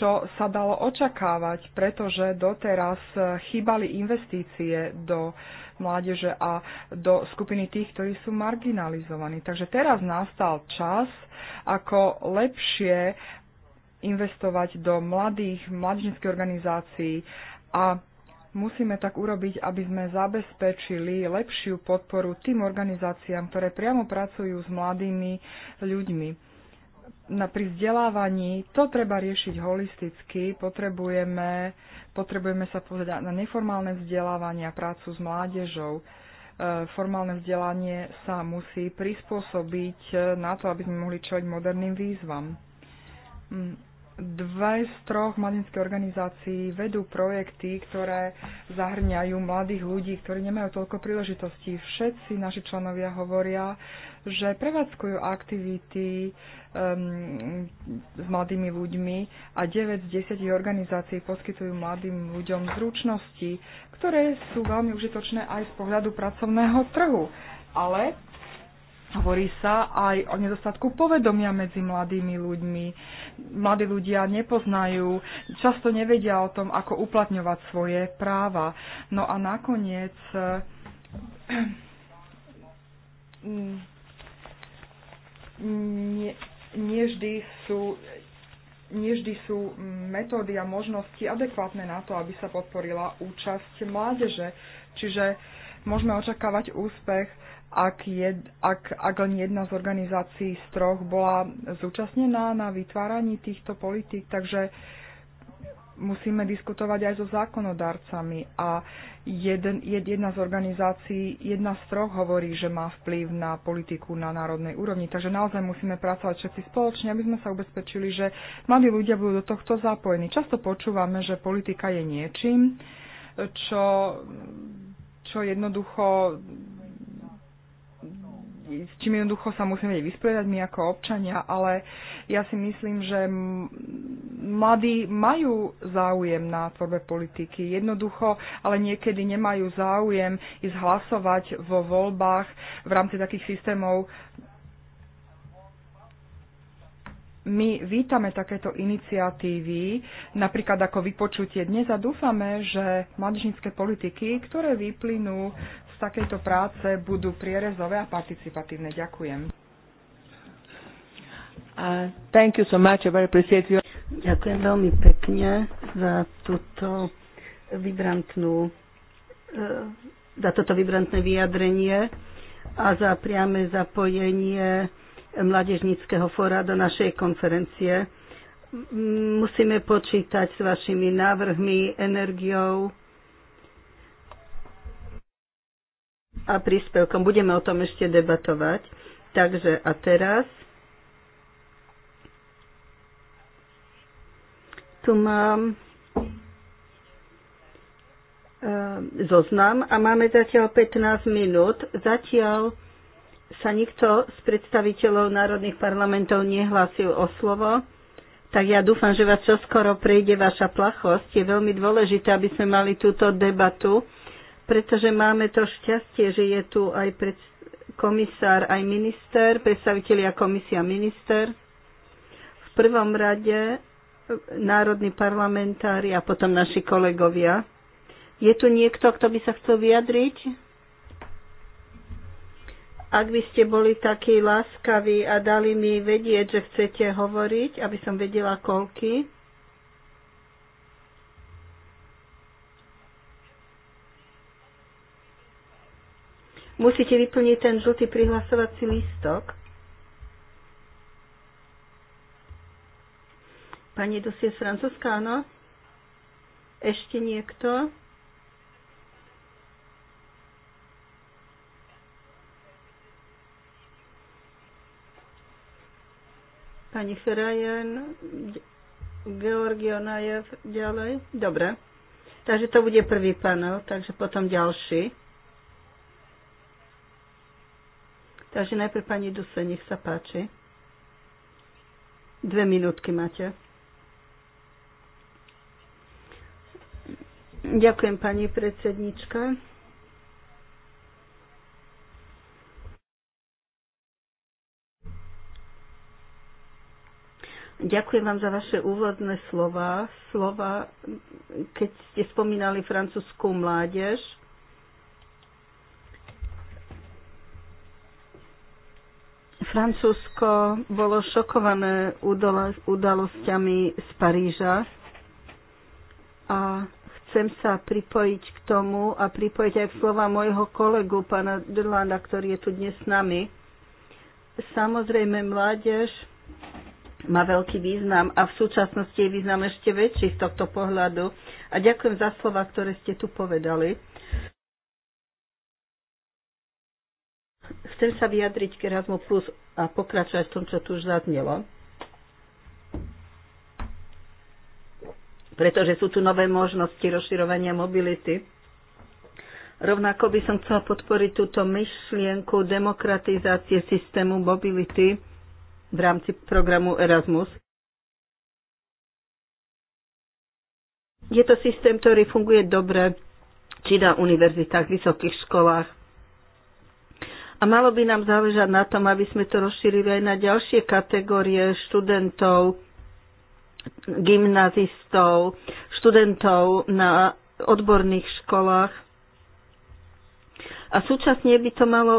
Speaker 4: čo sa dalo očakávať, pretože doteraz chýbali investície do uh, mládeže a do skupiny tých, ktorí sú marginalizovaní. Takže teraz nastal čas, ako lepšie investovať do mladých, mládežnických organizácií a musíme tak urobiť, aby sme zabezpečili lepšiu podporu tým organizáciám, ktoré priamo pracujú s mladými ľuďmi na, pri vzdelávaní to treba riešiť holisticky. Potrebujeme, potrebujeme sa povedať na neformálne vzdelávanie a prácu s mládežou. E, formálne vzdelanie sa musí prispôsobiť e, na to, aby sme mohli čeliť moderným výzvam. Mm. Dve z troch mladinských organizácií vedú projekty, ktoré zahrňajú mladých ľudí, ktorí nemajú toľko príležitostí. Všetci naši členovia hovoria, že prevádzkujú aktivity um, s mladými ľuďmi a 9 z 10 organizácií poskytujú mladým ľuďom zručnosti, ktoré sú veľmi užitočné aj z pohľadu pracovného trhu. Ale Hovorí sa aj o nedostatku povedomia medzi mladými ľuďmi. Mladí ľudia nepoznajú, často nevedia o tom, ako uplatňovať svoje práva. No a nakoniec nie, vždy sú nie vždy sú metódy a možnosti adekvátne na to, aby sa podporila účasť mládeže. Čiže môžeme očakávať úspech, ak, jed, ak, ak len jedna z organizácií z troch bola zúčastnená na vytváraní týchto politík. Takže musíme diskutovať aj so zákonodarcami a jeden, jedna z organizácií, jedna z troch hovorí, že má vplyv na politiku na národnej úrovni. Takže naozaj musíme pracovať všetci spoločne, aby sme sa ubezpečili, že mladí ľudia budú do tohto zapojení. Často počúvame, že politika je niečím, čo čo jednoducho s čím jednoducho sa musíme vysporiadať my ako občania, ale ja si myslím, že mladí majú záujem na tvorbe politiky. Jednoducho, ale niekedy nemajú záujem ísť hlasovať vo voľbách v rámci takých systémov, my vítame takéto iniciatívy, napríklad ako vypočutie dnes a dúfame, že mládežnícke politiky, ktoré vyplynú z takejto práce, budú prierezové a participatívne. Ďakujem.
Speaker 5: Uh, thank you so much. I very appreciate you. Ďakujem veľmi pekne za túto vibrantnú uh, za toto vibrantné vyjadrenie a za priame zapojenie Mladežníckého fóra do našej konferencie. Musíme počítať s vašimi návrhmi, energiou a príspevkom. Budeme o tom ešte debatovať. Takže a teraz tu mám eh, zoznam a máme zatiaľ 15 minút. Zatiaľ sa nikto z predstaviteľov národných parlamentov nehlásil o slovo, tak ja dúfam, že vás čoskoro prejde vaša plachosť. Je veľmi dôležité, aby sme mali túto debatu, pretože máme to šťastie, že je tu aj komisár aj minister, predstavitelia komisia minister. V prvom rade národní parlamentári a potom naši kolegovia. Je tu niekto, kto by sa chcel vyjadriť? Ak by ste boli takí láskaví a dali mi vedieť, že chcete hovoriť, aby som vedela koľky. Musíte vyplniť ten žltý prihlasovací lístok. Pani Dusie z Francúzska, áno? Ešte niekto? pani Ferajen, Georgio Najev, ďalej. Dobre. Takže to bude prvý panel, takže potom ďalší. Takže najprv pani Duse, nech sa páči. Dve minútky máte. Ďakujem, pani predsednička. Ďakujem vám za vaše úvodné slova. Slova, keď ste spomínali francúzskú mládež, Francúzsko bolo šokované udalosťami z Paríža a chcem sa pripojiť k tomu a pripojiť aj slova mojho kolegu, pána Drlanda, ktorý je tu dnes s nami. Samozrejme, mládež má veľký význam a v súčasnosti je význam ešte väčší z tohto pohľadu. A ďakujem za slova, ktoré ste tu povedali. Chcem sa vyjadriť k Erasmu Plus a pokračovať v tom, čo tu už zaznelo. Pretože sú tu nové možnosti rozširovania mobility. Rovnako by som chcela podporiť túto myšlienku demokratizácie systému mobility, v rámci programu Erasmus. Je to systém, ktorý funguje dobre či na univerzitách, vysokých školách. A malo by nám záležať na tom, aby sme to rozšírili aj na ďalšie kategórie študentov, gymnazistov, študentov na odborných školách. A súčasne by to malo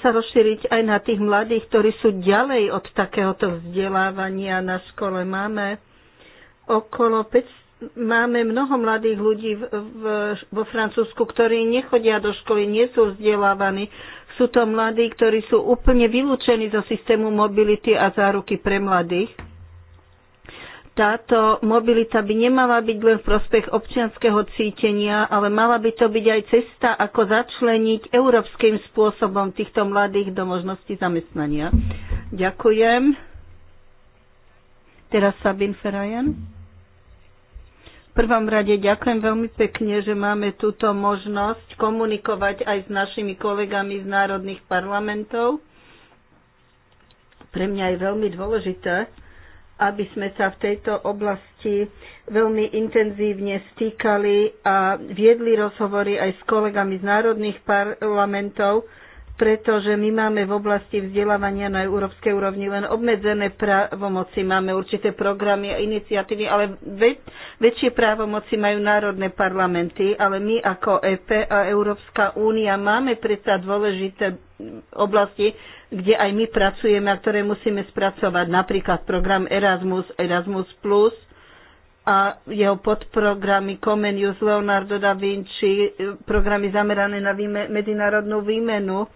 Speaker 5: sa rozšíriť aj na tých mladých, ktorí sú ďalej od takéhoto vzdelávania na škole. Máme okolo 5, máme mnoho mladých ľudí v, v, vo Francúzsku, ktorí nechodia do školy, nie sú vzdelávaní. Sú to mladí, ktorí sú úplne vylúčení zo systému mobility a záruky pre mladých táto mobilita by nemala byť len v prospech občianského cítenia, ale mala by to byť aj cesta, ako začleniť európskym spôsobom týchto mladých do možnosti zamestnania. Ďakujem. Teraz Sabin Ferajan. V prvom rade ďakujem veľmi pekne, že máme túto možnosť komunikovať aj s našimi kolegami z národných parlamentov. Pre mňa je veľmi dôležité, aby sme sa v tejto oblasti veľmi intenzívne stýkali a viedli rozhovory aj s kolegami z národných parlamentov, pretože my máme v oblasti vzdelávania na európskej úrovni len obmedzené právomoci, máme určité programy a iniciatívy, ale väč- väčšie právomoci majú národné parlamenty, ale my ako EP a Európska únia máme predsa dôležité oblasti, kde aj my pracujeme a ktoré musíme spracovať, napríklad program Erasmus, Erasmus+, Plus a jeho podprogramy Comenius, Leonardo da Vinci, programy zamerané na výme, medzinárodnú výmenu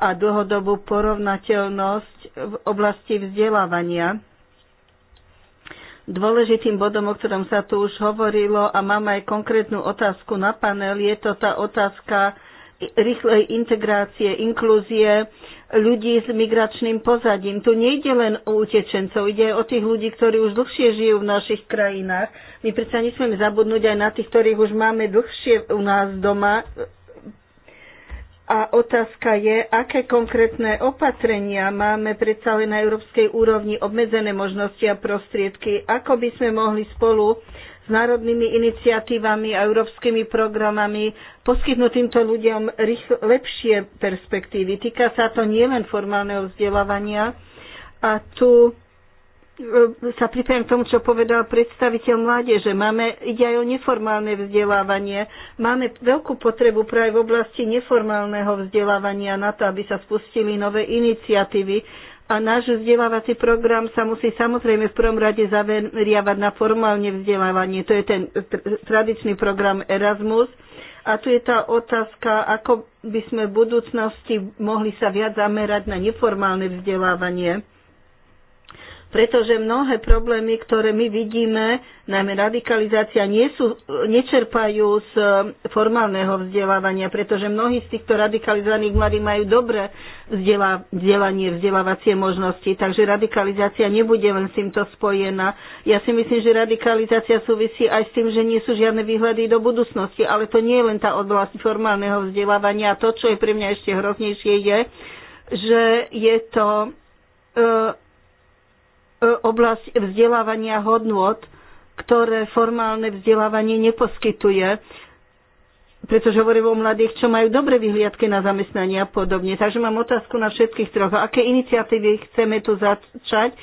Speaker 5: a dlhodobú porovnateľnosť v oblasti vzdelávania. Dôležitým bodom, o ktorom sa tu už hovorilo a mám aj konkrétnu otázku na panel, je to tá otázka rýchlej integrácie, inklúzie ľudí s migračným pozadím. Tu nejde len o utečencov, ide aj o tých ľudí, ktorí už dlhšie žijú v našich krajinách. My predsa nesmieme zabudnúť aj na tých, ktorých už máme dlhšie u nás doma. A otázka je, aké konkrétne opatrenia máme predsa len na európskej úrovni obmedzené možnosti a prostriedky, ako by sme mohli spolu s národnými iniciatívami a európskymi programami poskytnúť týmto ľuďom rýchl- lepšie perspektívy. Týka sa to nielen formálneho vzdelávania a tu e, sa pripájam k tomu, čo povedal predstaviteľ mládeže. Máme, ide aj o neformálne vzdelávanie. Máme veľkú potrebu práve v oblasti neformálneho vzdelávania na to, aby sa spustili nové iniciatívy, a náš vzdelávací program sa musí samozrejme v prvom rade zaveriavať na formálne vzdelávanie. To je ten tradičný program Erasmus. A tu je tá otázka, ako by sme v budúcnosti mohli sa viac zamerať na neformálne vzdelávanie pretože mnohé problémy, ktoré my vidíme, najmä radikalizácia, nie sú, nečerpajú z e, formálneho vzdelávania, pretože mnohí z týchto radikalizovaných mladí majú dobré vzdelá, vzdelanie, vzdelávacie možnosti, takže radikalizácia nebude len s týmto spojená. Ja si myslím, že radikalizácia súvisí aj s tým, že nie sú žiadne výhľady do budúcnosti, ale to nie je len tá oblasť formálneho vzdelávania. A to, čo je pre mňa ešte hroznejšie, je, že je to e, E, oblasť vzdelávania hodnôt, ktoré formálne vzdelávanie neposkytuje, pretože hovorím o mladých, čo majú dobre vyhliadky na zamestnanie a podobne. Takže mám otázku na všetkých troch. Aké iniciatívy chceme tu začať,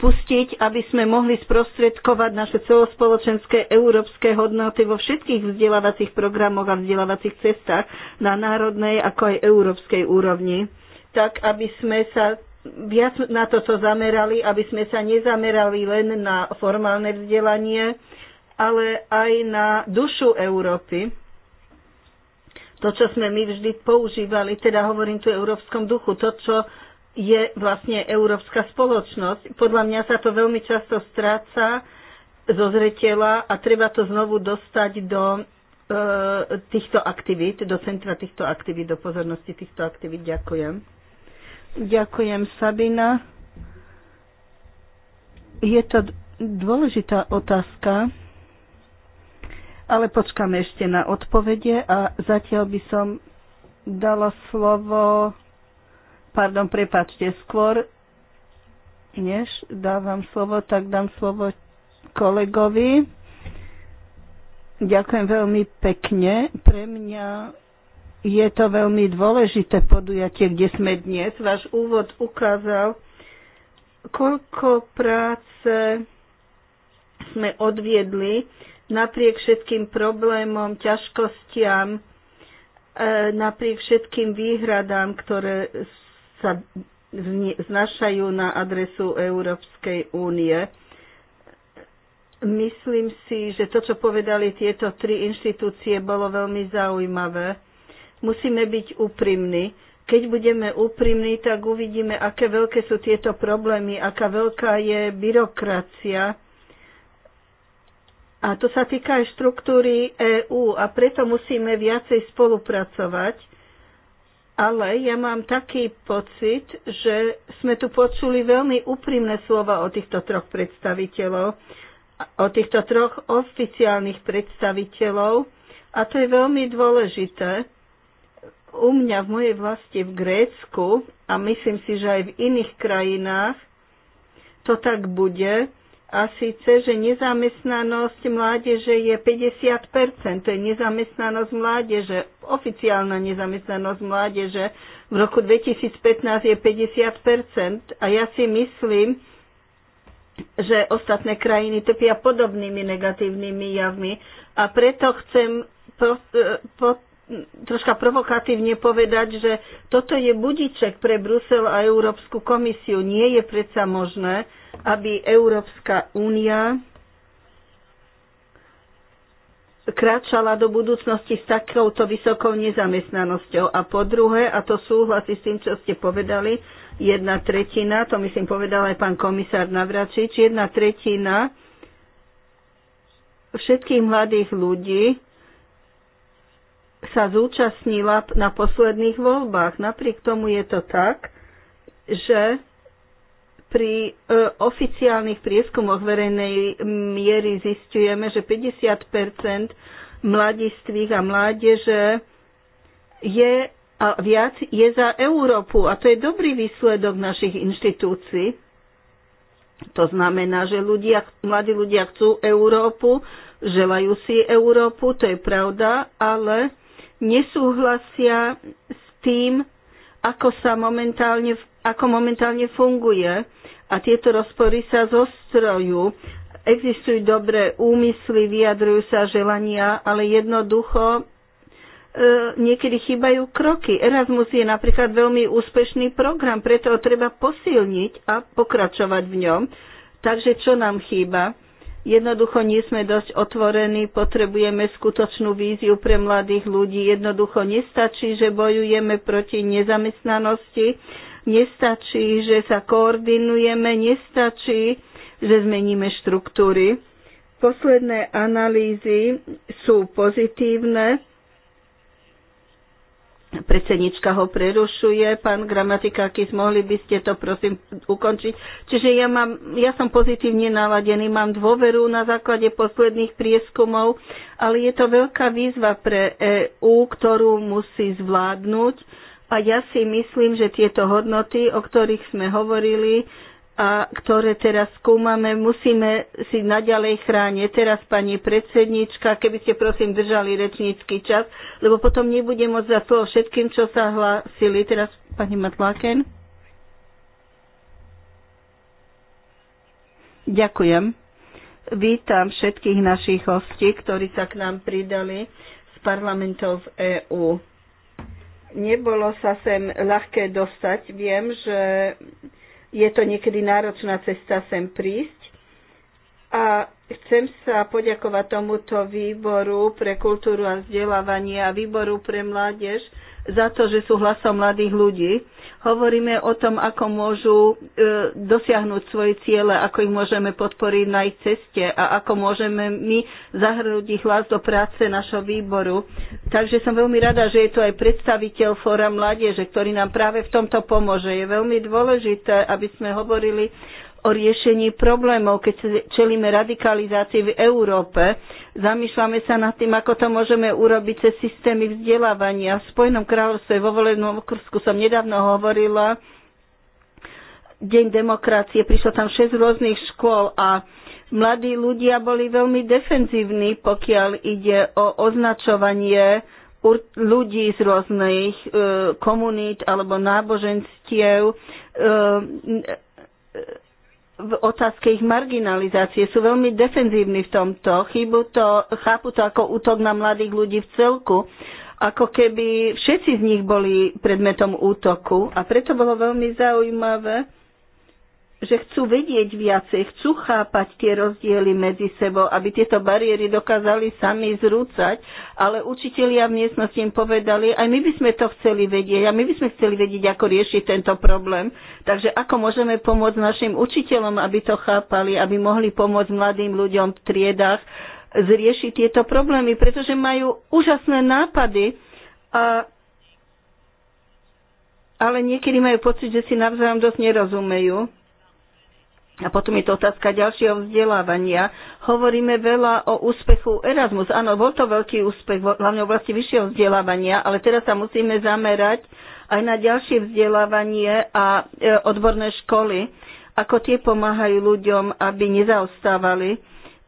Speaker 5: spustiť, aby sme mohli sprostredkovať naše celospoločenské európske hodnoty vo všetkých vzdelávacích programoch a vzdelávacích cestách na národnej ako aj európskej úrovni, tak aby sme sa viac na toto zamerali, aby sme sa nezamerali len na formálne vzdelanie, ale aj na dušu Európy. To, čo sme my vždy používali, teda hovorím tu o európskom duchu, to, čo je vlastne európska spoločnosť. Podľa mňa sa to veľmi často stráca zo zretela a treba to znovu dostať do e, týchto aktivít, do centra týchto aktivít, do pozornosti týchto aktivít. Ďakujem. Ďakujem, Sabina. Je to dôležitá otázka, ale počkáme ešte na odpovede a zatiaľ by som dala slovo, pardon, prepačte, skôr než dávam slovo, tak dám slovo kolegovi. Ďakujem veľmi pekne. Pre mňa je to veľmi dôležité podujatie, kde sme dnes. Váš úvod ukázal, koľko práce sme odviedli napriek všetkým problémom, ťažkostiam, e, napriek všetkým výhradám, ktoré sa znašajú na adresu Európskej únie. Myslím si, že to, čo povedali tieto tri inštitúcie, bolo veľmi zaujímavé Musíme byť úprimní. Keď budeme úprimní, tak uvidíme, aké veľké sú tieto problémy, aká veľká je byrokracia. A to sa týka aj štruktúry EÚ a preto musíme viacej spolupracovať. Ale ja mám taký pocit, že sme tu počuli veľmi úprimné slova o týchto troch predstaviteľov, o týchto troch oficiálnych predstaviteľov a to je veľmi dôležité u mňa v mojej vlasti v Grécku a myslím si, že aj v iných krajinách to tak bude. A síce, že nezamestnanosť mládeže je 50%, to je nezamestnanosť mládeže, oficiálna nezamestnanosť mládeže v roku 2015 je 50%. A ja si myslím, že ostatné krajiny trpia podobnými negatívnymi javmi a preto chcem po, eh, po, troška provokatívne povedať, že toto je budiček pre Brusel a Európsku komisiu. Nie je predsa možné, aby Európska únia kráčala do budúcnosti s takouto vysokou nezamestnanosťou. A po druhé, a to súhlasí s tým, čo ste povedali, jedna tretina, to myslím povedal aj pán komisár Navračič, jedna tretina všetkých mladých ľudí sa zúčastnila na posledných voľbách. Napriek tomu je to tak, že pri e, oficiálnych prieskumoch verejnej miery zistujeme, že 50 mladistvých a mládeže je a viac je za Európu a to je dobrý výsledok našich inštitúcií. To znamená, že ľudia, mladí ľudia chcú Európu, želajú si Európu, to je pravda, ale nesúhlasia s tým, ako sa momentálne, ako momentálne funguje a tieto rozpory sa zostrojú. Existujú dobré úmysly, vyjadrujú sa želania, ale jednoducho e, niekedy chýbajú kroky. Erasmus je napríklad veľmi úspešný program, preto ho treba posilniť a pokračovať v ňom. Takže čo nám chýba? Jednoducho nie sme dosť otvorení, potrebujeme skutočnú víziu pre mladých ľudí. Jednoducho nestačí, že bojujeme proti nezamestnanosti, nestačí, že sa koordinujeme, nestačí, že zmeníme štruktúry. Posledné analýzy sú pozitívne Predsednička ho prerušuje. Pán Gramatikakis, mohli by ste to prosím ukončiť? Čiže ja, mám, ja som pozitívne naladený, mám dôveru na základe posledných prieskumov, ale je to veľká výzva pre EÚ, ktorú musí zvládnuť. A ja si myslím, že tieto hodnoty, o ktorých sme hovorili, a ktoré teraz skúmame, musíme si naďalej chrániť. Teraz, pani predsednička, keby ste prosím držali rečnícky čas, lebo potom nebudem môcť za slovo všetkým, čo sa hlásili. Teraz, pani Matláken. Ďakujem. Vítam všetkých našich hostí, ktorí sa k nám pridali z parlamentov v EÚ nebolo sa sem ľahké dostať. Viem, že je to niekedy náročná cesta sem prísť. A chcem sa poďakovať tomuto výboru pre kultúru a vzdelávanie a výboru pre mládež, za to, že sú hlasom mladých ľudí. Hovoríme o tom, ako môžu e, dosiahnuť svoje ciele, ako ich môžeme podporiť na ich ceste a ako môžeme my zahrnúť ich hlas do práce našho výboru. Takže som veľmi rada, že je tu aj predstaviteľ Fóra Mládeže, ktorý nám práve v tomto pomôže. Je veľmi dôležité, aby sme hovorili o riešení problémov, keď čelíme radikalizácii v Európe Zamýšľame sa nad tým, ako to môžeme urobiť cez systémy vzdelávania. V Spojenom kráľovstve vo volenom okrsku som nedávno hovorila, Deň demokracie, prišlo tam 6 rôznych škôl a mladí ľudia boli veľmi defenzívni, pokiaľ ide o označovanie ľudí z rôznych e, komunít alebo náboženstiev. E, e, v otázke ich marginalizácie sú veľmi defenzívni v tomto. Chybu to, chápu to ako útok na mladých ľudí v celku, ako keby všetci z nich boli predmetom útoku. A preto bolo veľmi zaujímavé, že chcú vedieť viacej, chcú chápať tie rozdiely medzi sebou, aby tieto bariéry dokázali sami zrúcať, ale učitelia v miestnosti im povedali, aj my by sme to chceli vedieť, a my by sme chceli vedieť, ako riešiť tento problém. Takže ako môžeme pomôcť našim učiteľom, aby to chápali, aby mohli pomôcť mladým ľuďom v triedách zriešiť tieto problémy, pretože majú úžasné nápady a ale niekedy majú pocit, že si navzájom dosť nerozumejú. A potom je to otázka ďalšieho vzdelávania. Hovoríme veľa o úspechu Erasmus. Áno, bol to veľký úspech, hlavne v oblasti vyššieho vzdelávania, ale teraz sa musíme zamerať aj na ďalšie vzdelávanie a e, odborné školy, ako tie pomáhajú ľuďom, aby nezaostávali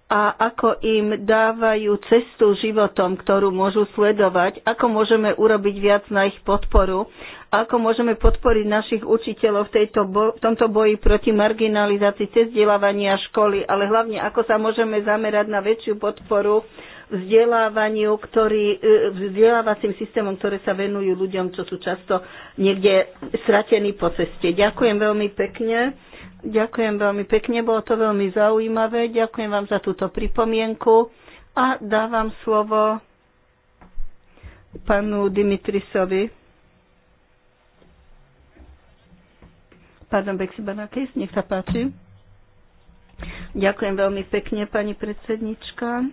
Speaker 5: a ako im dávajú cestu životom, ktorú môžu sledovať, ako môžeme urobiť viac na ich podporu, ako môžeme podporiť našich učiteľov v, tejto bo- v tomto boji proti marginalizácii cez vzdelávania školy, ale hlavne ako sa môžeme zamerať na väčšiu podporu vzdelávaniu, ktorý, e, vzdelávacím systémom, ktoré sa venujú ľuďom, čo sú často niekde stratení po ceste. Ďakujem veľmi pekne. Ďakujem veľmi pekne, bolo to veľmi zaujímavé. Ďakujem vám za túto pripomienku a dávam slovo panu Dimitrisovi. Pardon, Bexi Banakis, nech sa páči. Ďakujem veľmi pekne, pani predsednička.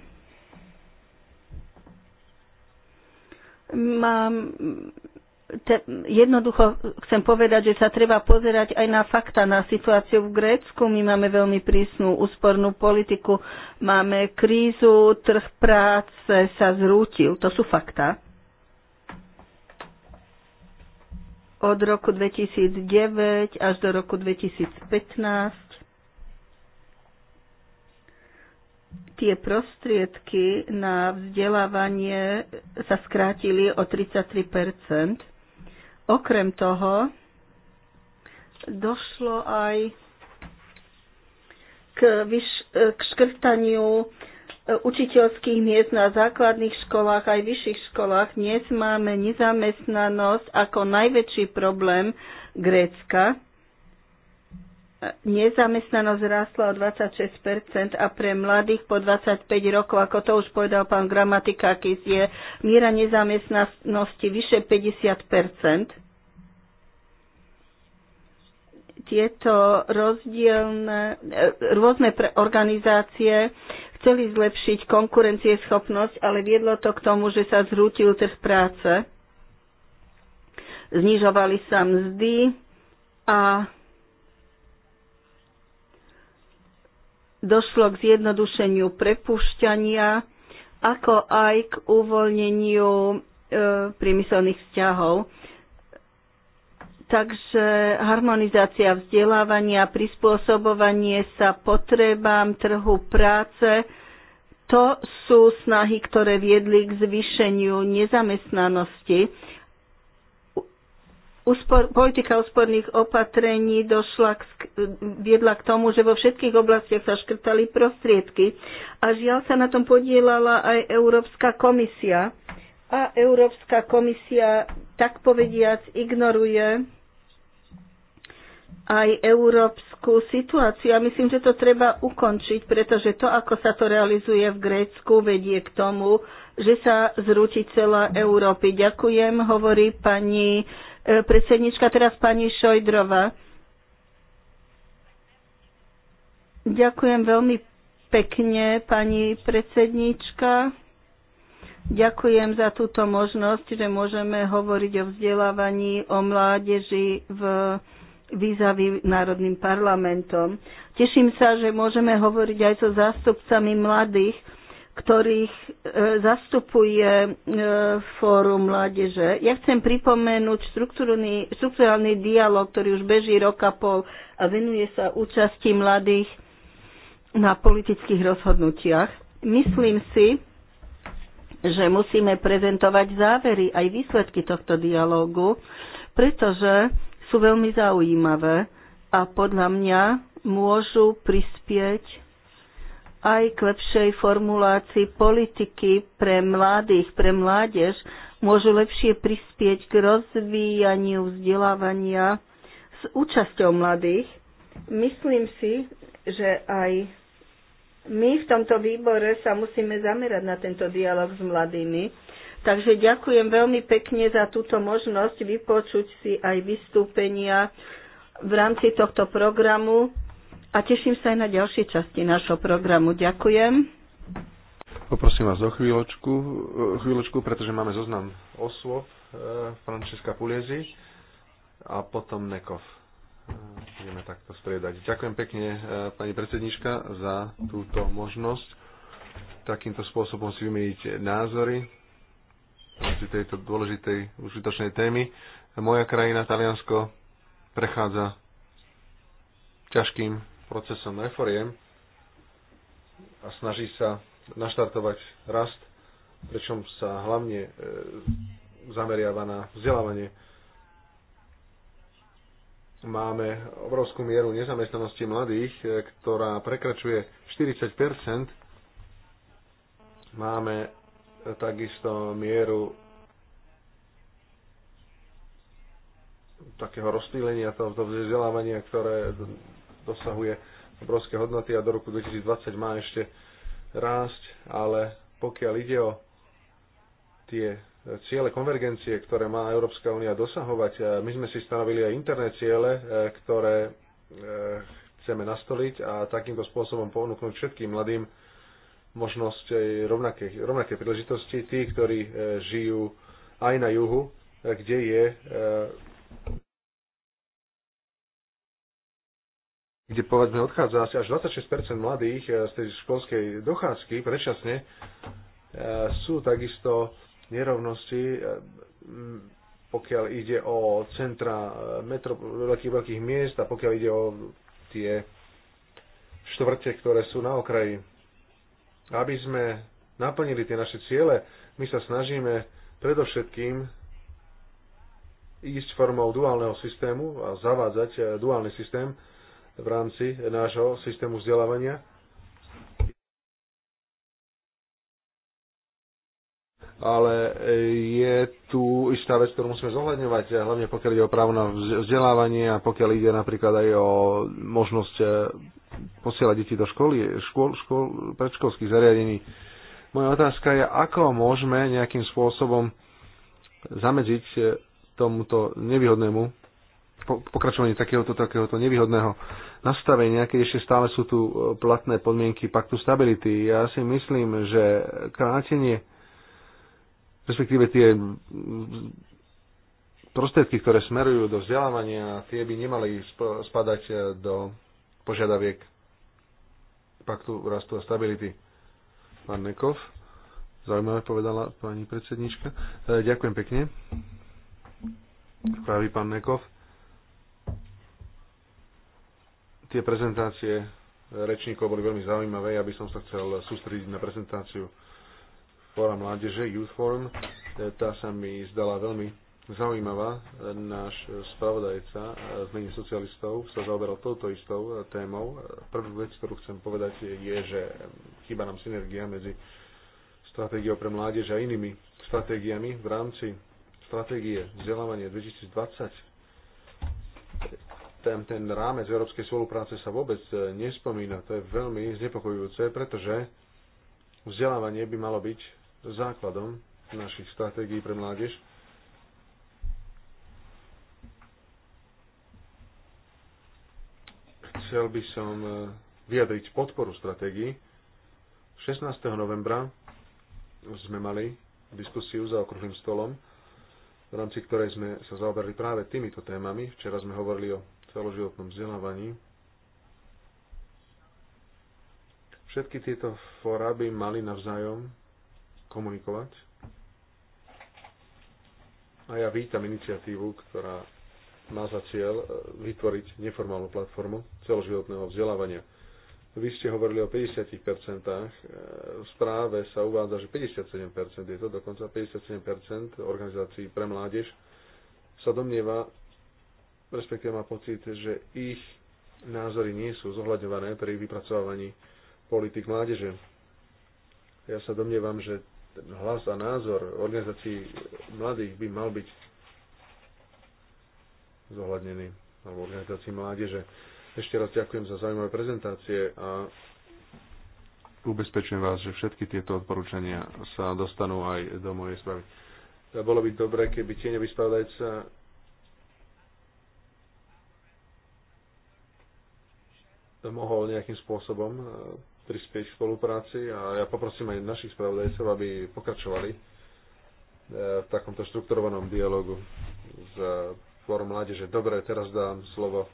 Speaker 5: Mám te, jednoducho chcem povedať, že sa treba pozerať aj na fakta, na situáciu v Grécku. My máme veľmi prísnu úspornú politiku, máme krízu, trh práce sa zrútil. To sú fakta. Od roku 2009 až do roku 2015 tie prostriedky na vzdelávanie sa skrátili o 33 Okrem toho došlo aj k, vyš- k škrtaniu e, učiteľských miest na základných školách aj vyšších školách. Dnes máme nezamestnanosť ako najväčší problém Grécka Nezamestnanosť rástla o 26% a pre mladých po 25 rokov, ako to už povedal pán Gramatikakis, je miera nezamestnanosti vyše 50%. Tieto rozdielne, rôzne organizácie chceli zlepšiť konkurencieschopnosť, ale viedlo to k tomu, že sa zrútil trh práce. Znižovali sa mzdy a došlo k zjednodušeniu prepušťania, ako aj k uvoľneniu e, priemyselných vzťahov. Takže harmonizácia vzdelávania, prispôsobovanie sa potrebám trhu práce, to sú snahy, ktoré viedli k zvýšeniu nezamestnanosti. Uspor, politika úsporných opatrení došla k, viedla k tomu, že vo všetkých oblastiach sa škrtali prostriedky a žiaľ sa na tom podielala aj Európska komisia. A Európska komisia, tak povediac, ignoruje aj európsku situáciu. A myslím, že to treba ukončiť, pretože to, ako sa to realizuje v Grécku, vedie k tomu, že sa zrúti celá Európy. Ďakujem, hovorí pani E, predsednička, teraz pani Šojdrova. Ďakujem veľmi pekne, pani predsednička. Ďakujem za túto možnosť, že môžeme hovoriť o vzdelávaní, o mládeži v výzavy Národným parlamentom. Teším sa, že môžeme hovoriť aj so zástupcami mladých, ktorých e, zastupuje e, Fórum mládeže. Ja chcem pripomenúť štruktúrny dialog, ktorý už beží rok a pol a venuje sa účasti mladých na politických rozhodnutiach. Myslím si, že musíme prezentovať závery aj výsledky tohto dialógu, pretože sú veľmi zaujímavé a podľa mňa môžu prispieť aj k lepšej formulácii politiky pre mladých, pre mládež, môžu lepšie prispieť k rozvíjaniu vzdelávania s účasťou mladých. Myslím si, že aj my v tomto výbore sa musíme zamerať na tento dialog s mladými. Takže ďakujem veľmi pekne za túto možnosť vypočuť si aj vystúpenia v rámci tohto programu a teším sa aj na ďalšie časti nášho programu. Ďakujem.
Speaker 2: Poprosím vás o chvíľočku, eh, chvíľočku pretože máme zoznam osôb eh, Francesca Puliezi a potom Nekov. Budeme eh, takto striedať. Ďakujem pekne, pani predsednička, za túto možnosť takýmto spôsobom si vymeniť názory v rámci tejto dôležitej, užitočnej témy. Moja krajina, Taliansko, prechádza ťažkým procesom reforiem a snaží sa naštartovať rast, pričom sa hlavne e, zameriava na vzdelávanie. Máme obrovskú mieru nezamestnanosti mladých, e, ktorá prekračuje 40 Máme e, takisto mieru takého rozstýlenia toho vzdelávania, ktoré dosahuje obrovské hodnoty a do roku 2020 má ešte rásť, ale pokiaľ ide o tie ciele konvergencie, ktoré má Európska únia dosahovať, e, my sme si stanovili aj interné ciele, e, ktoré e, chceme nastoliť a takýmto spôsobom ponúknuť všetkým mladým možnosť rovnakej, rovnaké príležitosti, tí, ktorí žijú aj na juhu, kde je kde povedzme odchádza asi až 26% mladých eh, z tej školskej dochádzky predčasne, eh, sú takisto nerovnosti, eh, pokiaľ ide o centra metro, veľkých, veľkých miest a pokiaľ ide o tie štvrte, ktoré sú na okraji. Aby sme naplnili tie naše ciele, my sa snažíme predovšetkým ísť formou duálneho systému a zavádzať duálny systém, v rámci nášho systému vzdelávania. ale je tu istá vec, ktorú musíme zohľadňovať, hlavne pokiaľ ide o právo na vzdelávanie a pokiaľ ide napríklad aj o možnosť e, posielať deti do školy, škôl, škôl, predškolských zariadení. Moja otázka je, ako môžeme nejakým spôsobom zamedziť e, tomuto nevýhodnému pokračovanie takéhoto, takéhoto nevýhodného nastavenia, keď ešte stále sú tu e, platné podmienky paktu stability. Ja si myslím, že krátenie, respektíve tie prostriedky, ktoré smerujú do vzdelávania, tie by nemali spadať e, do požiadaviek paktu rastu a stability. Pán Nekov, zaujímavé povedala pani predsednička. E, ďakujem pekne. Pravý pán Nekov Tie prezentácie rečníkov boli veľmi zaujímavé. Ja by som sa chcel sústrediť na prezentáciu Fóra mládeže, Youth Forum. E, tá sa mi zdala veľmi zaujímavá. E, náš spravodajca z e, mene socialistov sa zaoberal touto istou témou. Prvú vec, ktorú chcem povedať, je, že chýba nám synergia medzi stratégiou pre mládež a inými stratégiami v rámci stratégie vzdelávania 2020 ten, ten rámec európskej spolupráce sa vôbec e, nespomína. To je veľmi znepokojujúce, pretože vzdelávanie by malo byť základom našich stratégií pre mládež. Chcel by som e, vyjadriť podporu stratégii. 16. novembra sme mali diskusiu za okruhým stolom v rámci ktorej sme sa zaoberali práve týmito témami. Včera sme hovorili o celoživotnom vzdelávaní. Všetky tieto fóra by mali navzájom komunikovať. A ja vítam iniciatívu, ktorá má za cieľ e, vytvoriť neformálnu platformu celoživotného vzdelávania. Vy ste hovorili o 50%, e, v správe sa uvádza, že 57%, je to dokonca 57% organizácií pre mládež, sa domnieva, respektíve má pocit, že ich názory nie sú zohľadňované pri vypracovávaní politik mládeže. Ja sa domnievam, že ten hlas a názor organizácií mladých by mal byť zohľadnený, alebo organizácií mládeže. Ešte raz ďakujem za zaujímavé prezentácie a ubezpečujem vás, že všetky tieto odporúčania sa dostanú aj do mojej správy. Bolo by dobre, keby tieňový spravodajca mohol nejakým spôsobom e, prispieť k spolupráci a ja poprosím aj našich spravodajcov, aby pokračovali e, v takomto štrukturovanom dialogu s Fórum Mládeže. Dobre, teraz dám slovo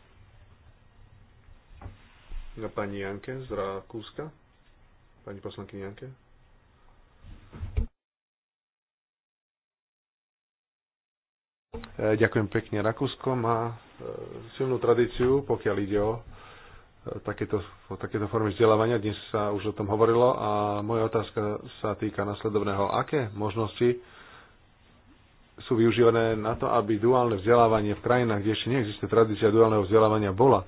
Speaker 2: na pani Janke z Rakúska. Pani poslankyni Janke. E, ďakujem pekne. Rakúsko má silnú tradíciu, pokiaľ ide o takéto, takéto formy vzdelávania. Dnes sa už o tom hovorilo a moja otázka sa týka nasledovného. Aké možnosti sú využívané na to, aby duálne vzdelávanie v krajinách, kde ešte neexistuje tradícia duálneho vzdelávania, bola,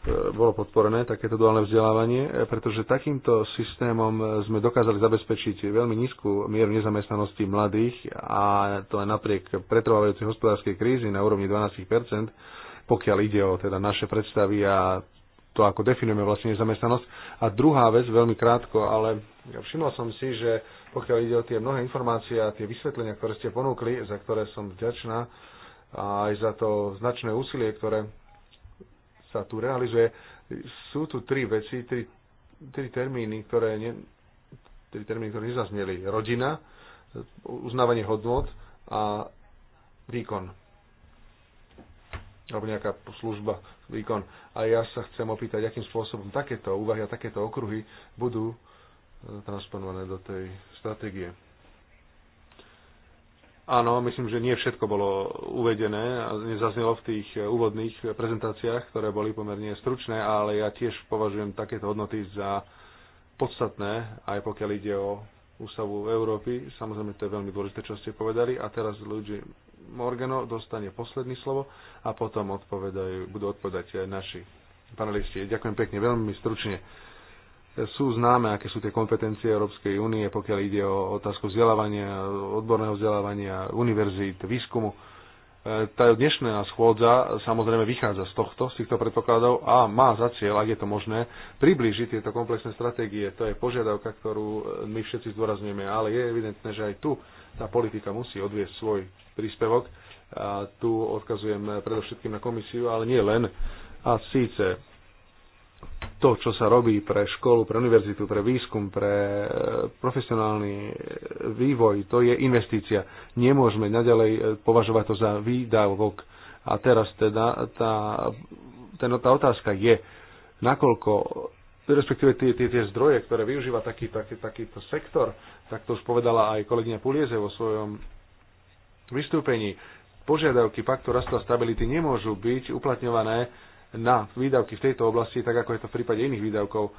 Speaker 2: e, bolo podporené takéto duálne vzdelávanie, e, pretože takýmto systémom sme dokázali zabezpečiť veľmi nízku mieru nezamestnanosti mladých a to aj napriek pretrvávajúcej hospodárskej krízy na úrovni 12 pokiaľ ide o teda naše predstavy a to, ako definujeme vlastne nezamestnanosť. A druhá vec, veľmi krátko, ale všimol som si, že pokiaľ ide o tie mnohé informácie a tie vysvetlenia, ktoré ste ponúkli, za ktoré som vďačná, a aj za to značné úsilie, ktoré sa tu realizuje, sú tu tri veci, tri, tri termíny, ktoré ne, tri termíny, ktoré nezazneli. Rodina, uznávanie hodnot a výkon alebo nejaká služba, výkon. A ja sa chcem opýtať, akým spôsobom takéto úvahy a takéto okruhy budú e, transponované do tej stratégie. Áno, myslím, že nie všetko bolo uvedené a nezaznelo v tých e, úvodných prezentáciách, ktoré boli pomerne stručné, ale ja tiež považujem takéto hodnoty za podstatné, aj pokiaľ ide o ústavu Európy. Samozrejme, to je veľmi dôležité, čo ste povedali. A teraz, ľudí, Morgano dostane posledný slovo a potom odpovedajú, budú odpovedať aj naši panelisti. Ďakujem pekne, veľmi stručne. Sú známe, aké sú tie kompetencie Európskej únie, pokiaľ ide o otázku vzdelávania, odborného vzdelávania, univerzít, výskumu E, tá dnešná schôdza samozrejme vychádza z tohto, z týchto predpokladov a má za cieľ, ak je to možné, priblížiť tieto komplexné stratégie. To je požiadavka, ktorú e, my všetci zdôrazňujeme, ale je evidentné, že aj tu tá politika musí odviesť svoj príspevok. A tu odkazujem predovšetkým na komisiu, ale nie len. A síce to, čo sa robí pre školu, pre univerzitu, pre výskum, pre e, profesionálny e, vývoj, to je investícia. Nemôžeme naďalej e, považovať to za výdavok. A teraz teda tá, ten, tá otázka je, nakoľko respektíve tie, tie, tie zdroje, ktoré využíva taký, taký, takýto sektor, tak to už povedala aj kolegyňa Pulieze vo svojom vystúpení, požiadavky paktu rastu a stability nemôžu byť uplatňované na výdavky v tejto oblasti, tak ako je to v prípade iných výdavkov.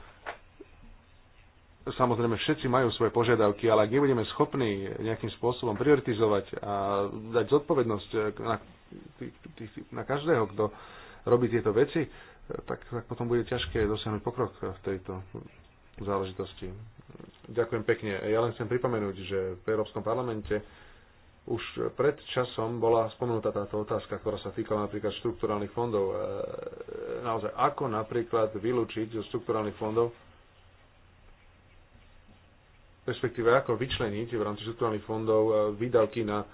Speaker 2: Samozrejme, všetci majú svoje požiadavky, ale ak nebudeme schopní nejakým spôsobom prioritizovať a dať zodpovednosť eh, na, na každého, kto robí tieto veci, tak, tak potom bude ťažké dosiahnuť pokrok v tejto záležitosti. Ďakujem pekne. Ja len chcem pripomenúť, že v Európskom parlamente už pred časom bola spomenutá táto otázka, ktorá sa týkala napríklad štrukturálnych fondov. E, e, naozaj, ako napríklad vylúčiť zo štrukturálnych fondov respektíve ako vyčleniť v rámci štrukturálnych fondov e, výdavky na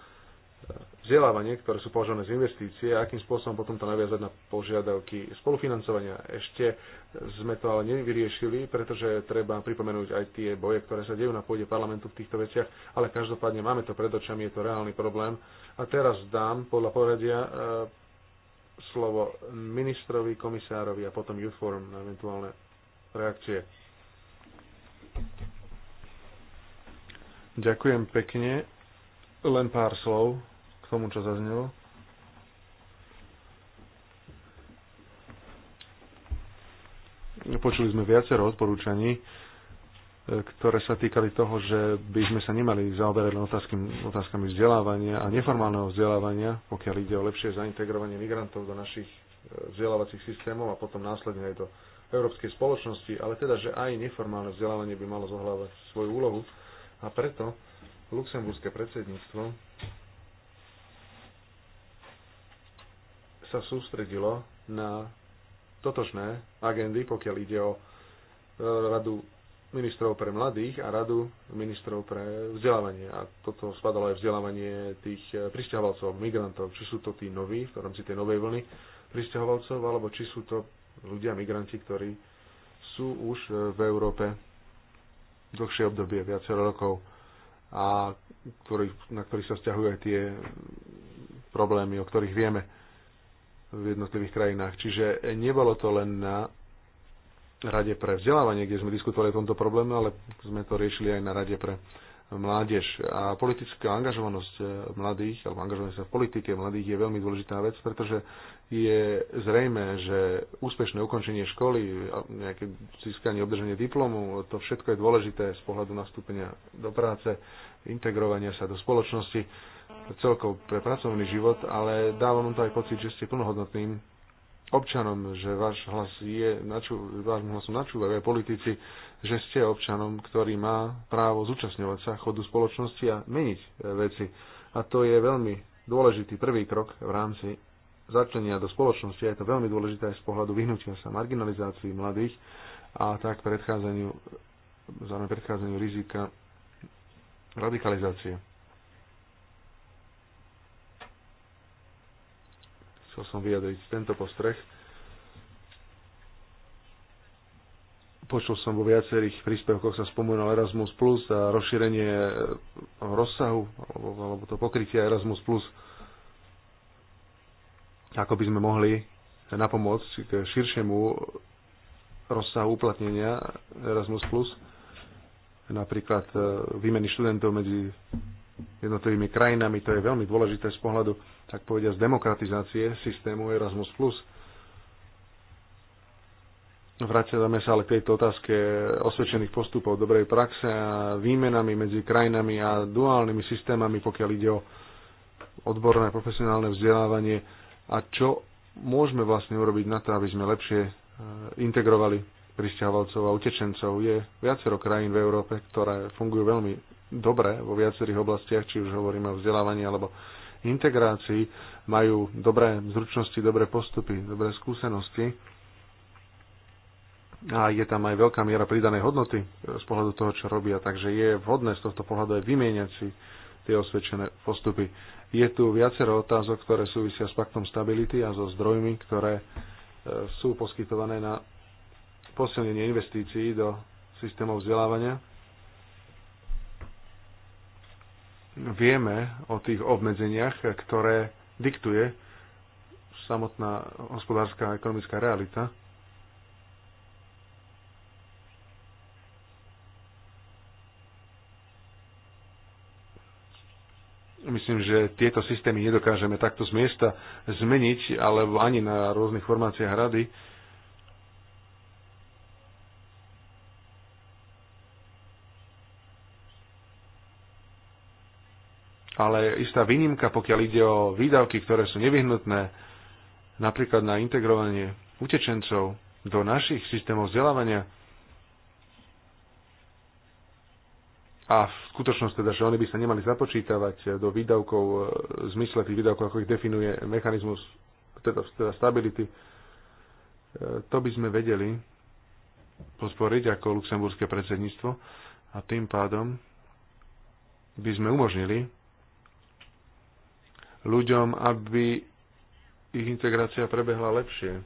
Speaker 2: vzdelávanie, ktoré sú považované z investície a akým spôsobom potom to naviazať na požiadavky spolufinancovania. Ešte sme to ale nevyriešili, pretože treba pripomenúť aj tie boje, ktoré sa dejú na pôde parlamentu v týchto veciach, ale každopádne máme to pred očami, je to reálny problém. A teraz dám podľa poradia e, slovo ministrovi, komisárovi a potom Youth Forum na eventuálne reakcie. Ďakujem pekne len pár slov k tomu, čo zaznelo. Počuli sme viacero odporúčaní, e, ktoré sa týkali toho, že by sme sa nemali zaoberať len otázkami, otázkami vzdelávania a neformálneho vzdelávania, pokiaľ ide o lepšie zaintegrovanie migrantov do našich e, vzdelávacích systémov a potom následne aj do európskej spoločnosti, ale teda, že aj neformálne vzdelávanie by malo zohľavať svoju úlohu a preto luxemburské predsedníctvo sa sústredilo na totožné agendy, pokiaľ ide o e, radu ministrov pre mladých a radu ministrov pre vzdelávanie. A toto spadalo aj vzdelávanie tých e, pristahovalcov, migrantov. Či sú to tí noví, v ktorom si tej novej vlny pristahovalcov, alebo či sú to ľudia, migranti, ktorí sú už e, v Európe dlhšie obdobie, viacero rokov a ktorý, na ktorých sa vzťahujú aj tie problémy, o ktorých vieme v jednotlivých krajinách. Čiže nebolo to len na Rade pre vzdelávanie, kde sme diskutovali o tomto probléme, ale sme to riešili aj na Rade pre mládež. A politická angažovanosť mladých, alebo angažovanosť v politike mladých je veľmi dôležitá vec, pretože je zrejme, že úspešné ukončenie školy, nejaké získanie, obdrženie diplomu, to všetko je dôležité z pohľadu nastúpenia do práce, integrovania sa do spoločnosti, celkov pre pracovný život, ale dávam vám to aj pocit, že ste plnohodnotným občanom, že váš hlas je, naču, vášmu hlasu načúvajú aj politici, že ste občanom, ktorý má právo zúčastňovať sa chodu spoločnosti a meniť veci. A to je veľmi dôležitý prvý krok v rámci začlenia do spoločnosti. A je to veľmi dôležité aj z pohľadu vyhnutia sa marginalizácii mladých a tak predchádzaniu, zároveň predchádzaniu rizika radikalizácie. Chcel som vyjadriť tento postreh. Počul som vo viacerých príspevkoch sa spomínal Erasmus Plus a rozšírenie rozsahu alebo to pokrytie Erasmus Plus ako by sme mohli napomôcť k širšiemu rozsahu uplatnenia Erasmus+, plus, napríklad e, výmeny študentov medzi jednotlivými krajinami, to je veľmi dôležité z pohľadu, tak povedia, z demokratizácie systému Erasmus+. plus. Vracame sa ale k tejto otázke osvedčených postupov dobrej praxe a výmenami medzi krajinami a duálnymi systémami, pokiaľ ide o odborné profesionálne vzdelávanie a čo môžeme vlastne urobiť na to, aby sme lepšie e, integrovali pristahovalcov a utečencov. Je viacero krajín v Európe, ktoré fungujú veľmi dobre vo viacerých oblastiach, či už hovoríme o vzdelávaní alebo integrácii, majú dobré zručnosti, dobré postupy, dobré skúsenosti a je tam aj veľká miera pridanej hodnoty e, z pohľadu toho, čo robia. Takže je vhodné z tohto pohľadu aj vymieňať si tie osvedčené postupy. Je tu viacero otázok, ktoré súvisia s paktom stability a so zdrojmi, ktoré e, sú poskytované na posilnenie investícií do systémov vzdelávania. Vieme o tých obmedzeniach, ktoré diktuje samotná hospodárska a ekonomická realita myslím, že tieto systémy nedokážeme takto z miesta zmeniť, alebo ani na rôznych formáciách rady. Ale istá výnimka, pokiaľ ide o výdavky, ktoré sú nevyhnutné, napríklad na integrovanie utečencov do našich systémov vzdelávania, a v skutočnosť teda, že oni by sa nemali započítavať do výdavkov e, v zmysle tých výdavkov, ako ich definuje mechanizmus teda, teda stability, e, to by sme vedeli podporiť ako luxemburské predsedníctvo a tým pádom by sme umožnili ľuďom, aby ich integrácia prebehla lepšie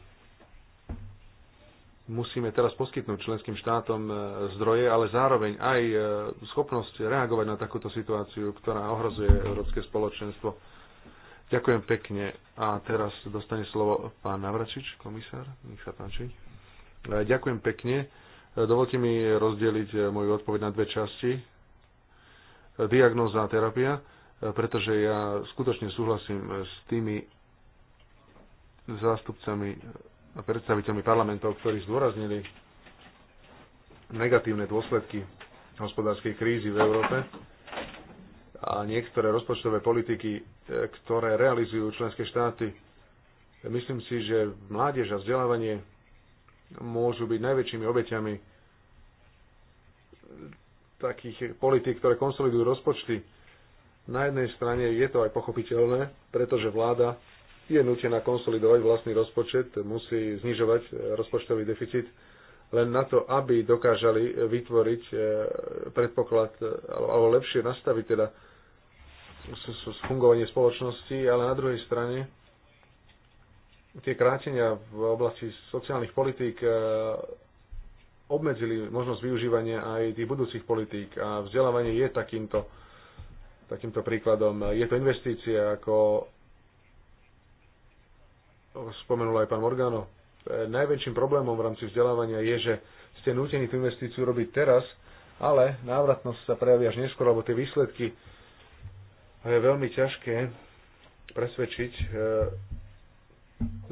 Speaker 2: musíme teraz poskytnúť členským štátom e, zdroje, ale zároveň aj e, schopnosť reagovať na takúto situáciu, ktorá ohrozuje európske spoločenstvo. Ďakujem pekne. A teraz dostane slovo pán Navračič, komisár. Nech sa páči. E, ďakujem pekne. Dovolte mi rozdeliť moju odpoveď na dve časti. Diagnóza a terapia, pretože ja skutočne súhlasím s tými zástupcami predstaviteľmi parlamentov, ktorí zdôraznili negatívne dôsledky hospodárskej krízy v Európe a niektoré rozpočtové politiky, e, ktoré realizujú členské štáty. Myslím si, že mládež a vzdelávanie môžu byť najväčšími obeťami takých politik, ktoré konsolidujú rozpočty. Na jednej strane je to aj pochopiteľné, pretože vláda je nutená konsolidovať vlastný rozpočet, musí znižovať e, rozpočtový deficit len na to, aby dokážali vytvoriť e, predpoklad e, alebo lepšie nastaviť teda fungovanie spoločnosti, ale na druhej strane tie krátenia v oblasti sociálnych politík obmedzili možnosť využívania aj tých budúcich politík a vzdelávanie je takýmto, takýmto príkladom. Je to investícia ako spomenul aj pán Morgano, e, najväčším problémom v rámci vzdelávania je, že ste nútení tú investíciu robiť teraz, ale návratnosť sa prejaví až neskôr, lebo tie výsledky je veľmi ťažké presvedčiť e,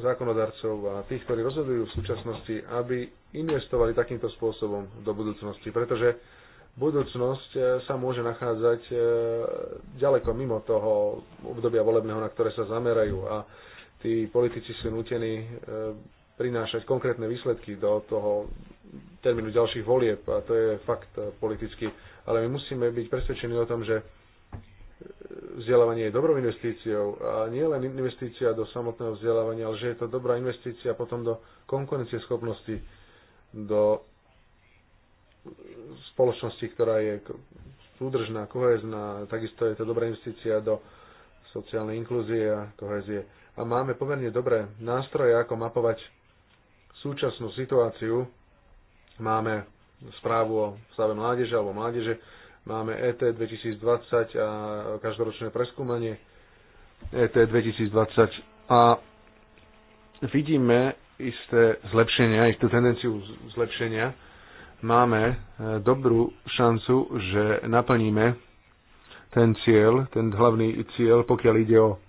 Speaker 2: zákonodarcov a tých, ktorí rozhodujú v súčasnosti, aby investovali takýmto spôsobom do budúcnosti, pretože budúcnosť e, sa môže nachádzať ďaleko mimo toho obdobia volebného, na ktoré sa zamerajú a tí politici sú nutení e, prinášať konkrétne výsledky do toho termínu ďalších volieb a to je fakt e, politicky. Ale my musíme byť presvedčení o tom, že e, vzdelávanie je dobrou investíciou a nie len investícia do samotného vzdelávania, ale že je to dobrá investícia potom do konkurencieschopnosti, do spoločnosti, ktorá je súdržná, kohezná, takisto je to dobrá investícia do sociálnej inklúzie a kohezie a máme pomerne dobré nástroje, ako mapovať súčasnú situáciu. Máme správu o stave mládeže alebo mládeže, máme e ET 2020 a každoročné preskúmanie e ET 2020 a vidíme isté zlepšenia, istú tendenciu zlepšenia. Máme e, dobrú šancu, že naplníme ten cieľ, ten hlavný cieľ, pokiaľ ide o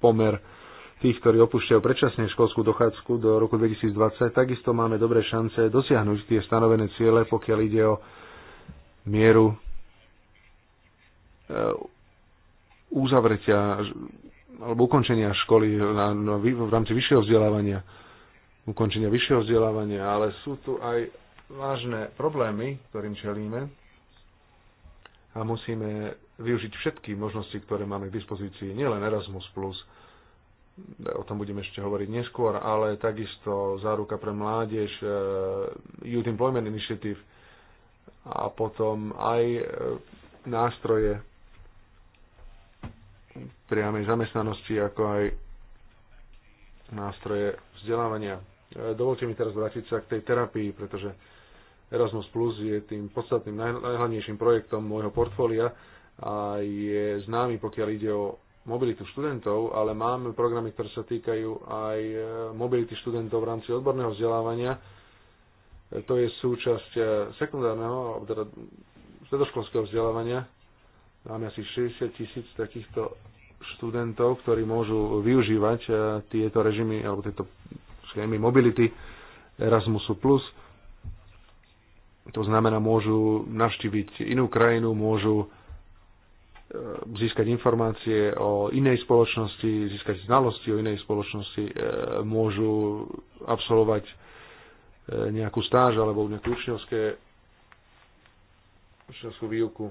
Speaker 2: pomer tých, ktorí opúšťajú predčasne školskú dochádzku do roku 2020, takisto máme dobré šance dosiahnuť tie stanovené ciele, pokiaľ ide o mieru e, uzavretia alebo ukončenia školy v rámci vyššieho vzdelávania, ukončenia vyššieho vzdelávania, ale sú tu aj vážne problémy, ktorým čelíme a musíme využiť všetky možnosti, ktoré máme k dispozícii, nielen Erasmus+, o tom budeme ešte hovoriť neskôr, ale takisto záruka pre mládež, e, Youth Employment Initiative a potom aj e, nástroje priamej zamestnanosti, ako aj nástroje vzdelávania. E, dovolte mi teraz vrátiť sa k tej terapii, pretože Erasmus Plus je tým podstatným najhľadnejším projektom môjho portfólia a je známy, pokiaľ ide o mobilitu študentov, ale máme programy, ktoré sa týkajú aj e, mobility študentov v rámci odborného vzdelávania. E, to je súčasť e, sekundárneho, teda stredoškolského vzdelávania. Máme asi 60 tisíc takýchto študentov, ktorí môžu využívať tieto režimy alebo tieto schémy mobility Erasmusu+. Plus to znamená, môžu navštíviť inú krajinu, môžu e, získať informácie o inej spoločnosti, získať znalosti o inej spoločnosti, e, môžu absolvovať e, nejakú stáž alebo nejakú učňovské, učňovskú výuku.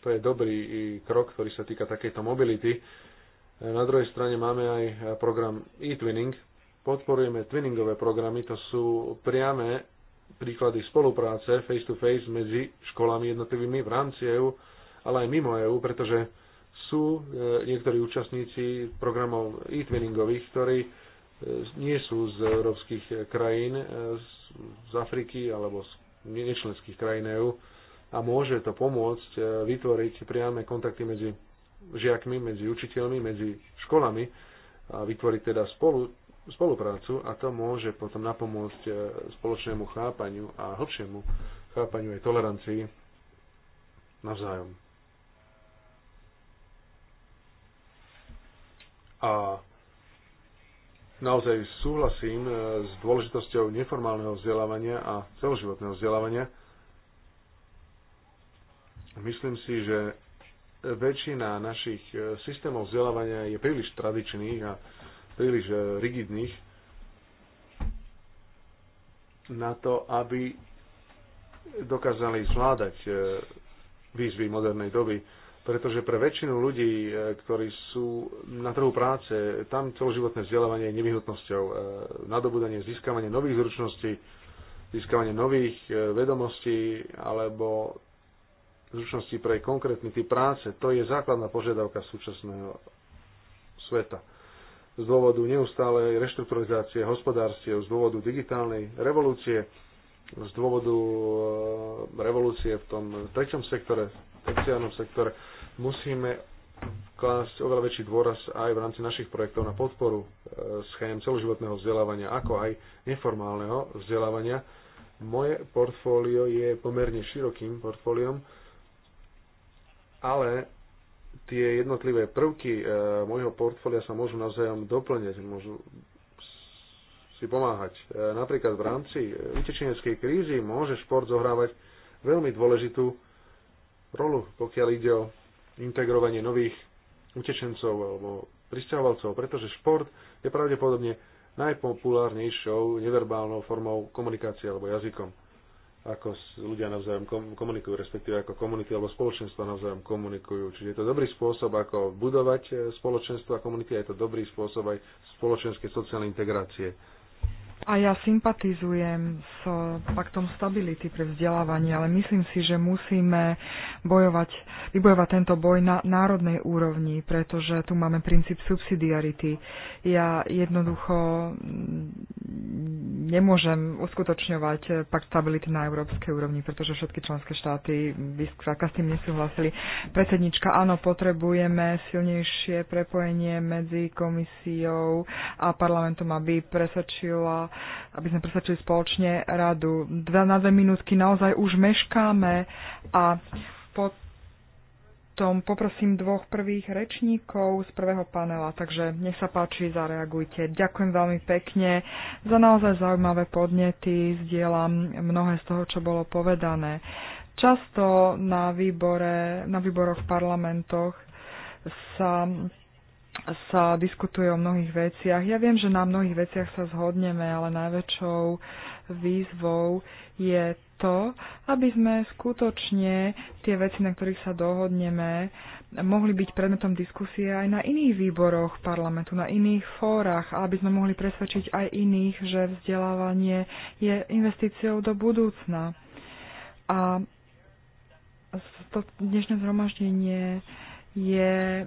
Speaker 2: To je dobrý krok, ktorý sa týka takejto mobility. Na druhej strane máme aj program e-twinning. Podporujeme twinningové programy, to sú priame príklady spolupráce face to face medzi školami jednotlivými v rámci EÚ, ale aj mimo EÚ, pretože sú e, niektorí účastníci programov e-twinningových, ktorí e, nie sú z európskych krajín, e, z Afriky alebo z nečlenských krajín EÚ a môže to pomôcť vytvoriť priame kontakty medzi žiakmi, medzi učiteľmi, medzi školami a vytvoriť teda spolu spoluprácu a to môže potom napomôcť e, spoločnému chápaniu a hlbšiemu chápaniu aj tolerancii navzájom. A naozaj súhlasím e, s dôležitosťou neformálneho vzdelávania a celoživotného vzdelávania. Myslím si, že väčšina našich e, systémov vzdelávania je príliš tradičných a príliš e, rigidných na to, aby dokázali zvládať e, výzvy modernej doby, pretože pre väčšinu ľudí, e, ktorí sú na trhu práce, tam celoživotné vzdelávanie je nevyhnutnosťou. Nadobudanie, získavanie nových zručností, získavanie nových vedomostí alebo zručností pre konkrétny typ práce, to je základná požiadavka súčasného sveta z dôvodu neustálej reštrukturalizácie hospodárstiev, z dôvodu digitálnej revolúcie, z dôvodu e, revolúcie v tom treťom sektore, terciárnom sektore, musíme klásť oveľa väčší dôraz aj v rámci našich projektov na podporu e, schém celoživotného vzdelávania, ako aj neformálneho vzdelávania. Moje portfólio je pomerne širokým portfóliom, ale tie jednotlivé prvky e, môjho portfólia sa môžu navzájom doplňať, môžu si pomáhať. E, napríklad v rámci e, utečeneckej krízy môže šport zohrávať veľmi dôležitú rolu, pokiaľ ide o integrovanie nových utečencov alebo pristahovalcov, pretože šport je pravdepodobne najpopulárnejšou neverbálnou formou komunikácie alebo jazykom ako ľudia navzájom komunikujú, respektíve ako komunity alebo spoločenstva navzájom komunikujú. Čiže je to dobrý spôsob, ako budovať e, spoločenstvo a komunity a je to dobrý spôsob aj spoločenskej sociálnej integrácie.
Speaker 4: A ja sympatizujem s paktom stability pre vzdelávanie, ale myslím si, že musíme bojovať, vybojovať tento boj na národnej úrovni, pretože tu máme princíp subsidiarity. Ja jednoducho nemôžem uskutočňovať pakt stability na európskej úrovni, pretože všetky členské štáty by s tým nesúhlasili. Predsednička, áno, potrebujeme silnejšie prepojenie medzi komisiou a parlamentom, aby presvedčila aby sme presvedčili spoločne radu. Dva na dve minútky naozaj už meškáme a potom poprosím dvoch prvých rečníkov z prvého panela, takže nech sa páči, zareagujte. Ďakujem veľmi pekne za naozaj zaujímavé podnety, zdieľam mnohé z toho, čo bolo povedané. Často na, výbore, na výboroch v parlamentoch sa sa diskutuje o mnohých veciach. Ja viem, že na mnohých veciach sa zhodneme, ale najväčšou výzvou je to, aby sme skutočne tie veci, na ktorých sa dohodneme, mohli byť predmetom diskusie aj na iných výboroch parlamentu, na iných fórach, aby sme mohli presvedčiť aj iných, že vzdelávanie je investíciou do budúcna. A to dnešné zhromaždenie je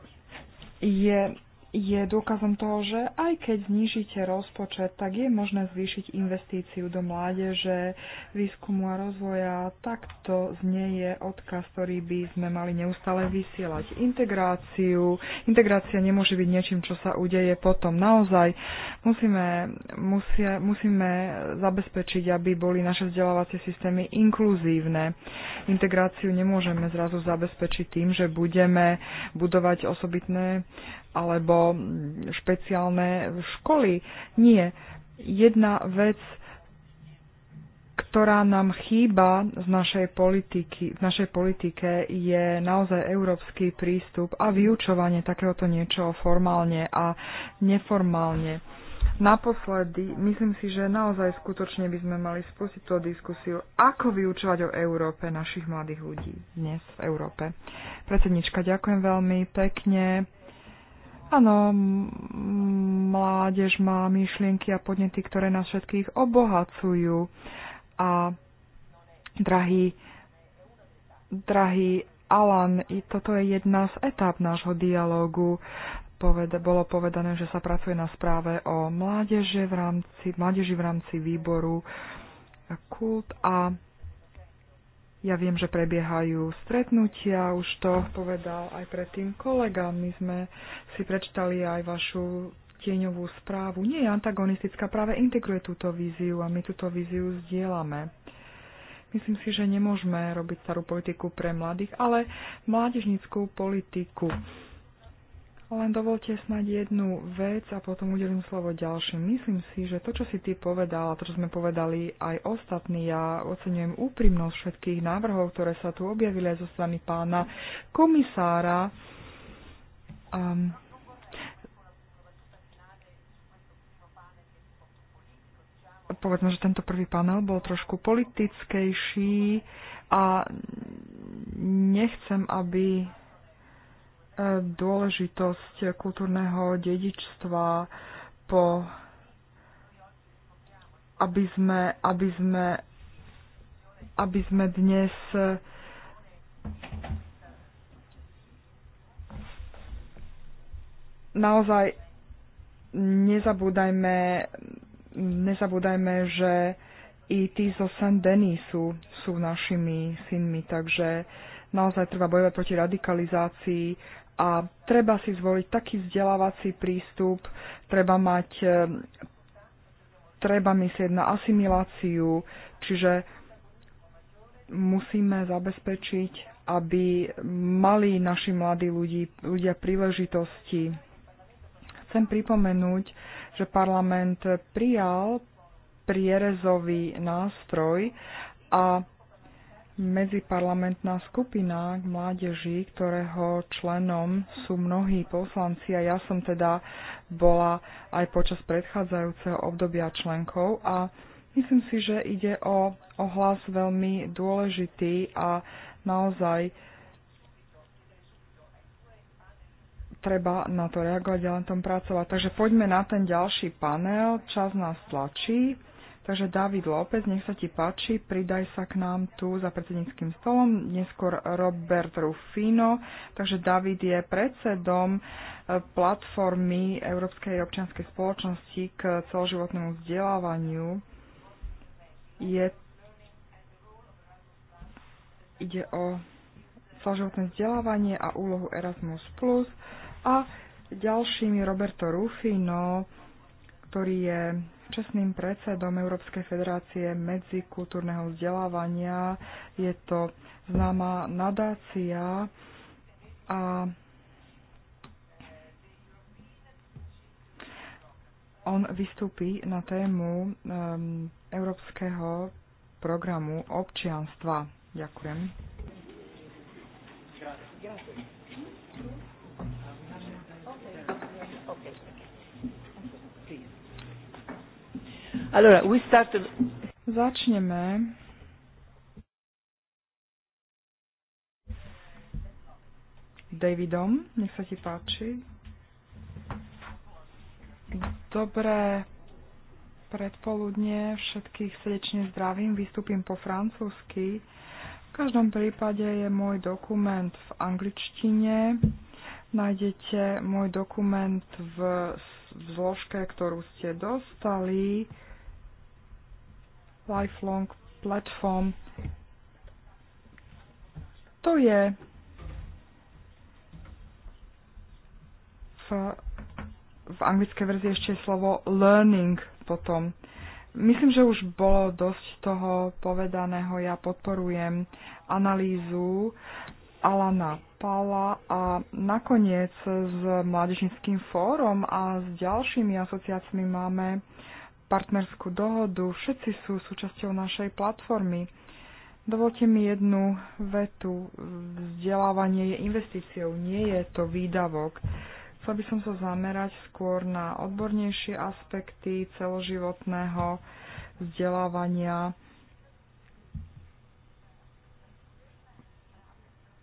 Speaker 4: je je dôkazom toho, že aj keď znižíte rozpočet, tak je možné zvýšiť investíciu do mládeže, výskumu a rozvoja. Takto znie je odkaz, ktorý by sme mali neustále vysielať. Integráciu. Integrácia nemôže byť niečím, čo sa udeje potom. Naozaj musíme, musie, musíme zabezpečiť, aby boli naše vzdelávacie systémy inkluzívne. Integráciu nemôžeme zrazu zabezpečiť tým, že budeme budovať osobitné alebo špeciálne školy. Nie. Jedna vec, ktorá nám chýba z našej, politiky, v našej politike je naozaj európsky prístup a vyučovanie takéhoto niečoho formálne a neformálne. Naposledy, myslím si, že naozaj skutočne by sme mali spustiť tú diskusiu, ako vyučovať o Európe našich mladých ľudí dnes v Európe. Predsednička, ďakujem veľmi pekne. Áno, mládež má myšlienky a podnety, ktoré nás všetkých obohacujú. A drahý, drahý Alan, toto je jedna z etap nášho dialógu. Poveda, bolo povedané, že sa pracuje na správe o mládeže v rámci, mládeži v rámci výboru kult a ja viem, že prebiehajú stretnutia, už to povedal aj predtým kolega. My sme si prečítali aj vašu tieňovú správu. Nie je antagonistická, práve integruje túto víziu a my túto víziu zdieľame. Myslím si, že nemôžeme robiť starú politiku pre mladých, ale mládežnickú politiku. Len dovolte snáď jednu vec a potom udelím slovo ďalším. Myslím si, že to, čo si ty povedala, to, čo sme povedali aj ostatní, ja ocenujem úprimnosť všetkých návrhov, ktoré sa tu objavili aj zo strany pána komisára. Um, povedzme, že tento prvý panel bol trošku politickejší a nechcem, aby dôležitosť kultúrneho dedičstva po aby sme, aby sme, aby sme dnes naozaj nezabúdajme, nezabúdajme, že i tí zo San Denis sú, sú našimi synmi, takže naozaj treba bojovať proti radikalizácii, a treba si zvoliť taký vzdelávací prístup, treba mať, e, treba myslieť na asimiláciu, čiže musíme zabezpečiť, aby mali naši mladí ľudí, ľudia príležitosti. Chcem pripomenúť, že parlament prijal prierezový nástroj a medziparlamentná skupina k mládeži, ktorého členom sú mnohí poslanci a ja som teda bola aj počas predchádzajúceho obdobia členkov a myslím si, že ide o ohlas veľmi dôležitý a naozaj treba na to reagovať a len tom pracovať. Takže poďme na ten ďalší panel. Čas nás tlačí. Takže David López, nech sa ti páči, pridaj sa k nám tu za predsedníckým stolom, neskôr Robert Rufino. Takže David je predsedom e, platformy Európskej občianskej spoločnosti k celoživotnému vzdelávaniu. Je, ide o celoživotné vzdelávanie a úlohu Erasmus+. A ďalším je Roberto Rufino, ktorý je súčasným predsedom Európskej federácie medzikultúrneho vzdelávania. Je to známa nadácia a on vystúpi na tému um, Európskeho programu občianstva. Ďakujem.
Speaker 3: Gracias. Okay. Okay.
Speaker 1: Allora, we
Speaker 4: Začneme. Davidom, nech sa ti páči. Dobré predpoludne, všetkých srdečne zdravím, vystúpim po francúzsky. V každom prípade je môj dokument v angličtine. Nájdete môj dokument v, v zložke, ktorú ste dostali. Lifelong Platform. To je v, v anglické verzii ešte slovo learning potom. Myslím, že už bolo dosť toho povedaného. Ja podporujem analýzu Alana Pala a nakoniec s Mládežnickým fórom a s ďalšími asociáciami máme partnerskú dohodu. Všetci sú súčasťou našej platformy. Dovolte mi jednu vetu. Vzdelávanie je investíciou, nie je to výdavok. Chcel by som sa zamerať skôr na odbornejšie aspekty celoživotného vzdelávania.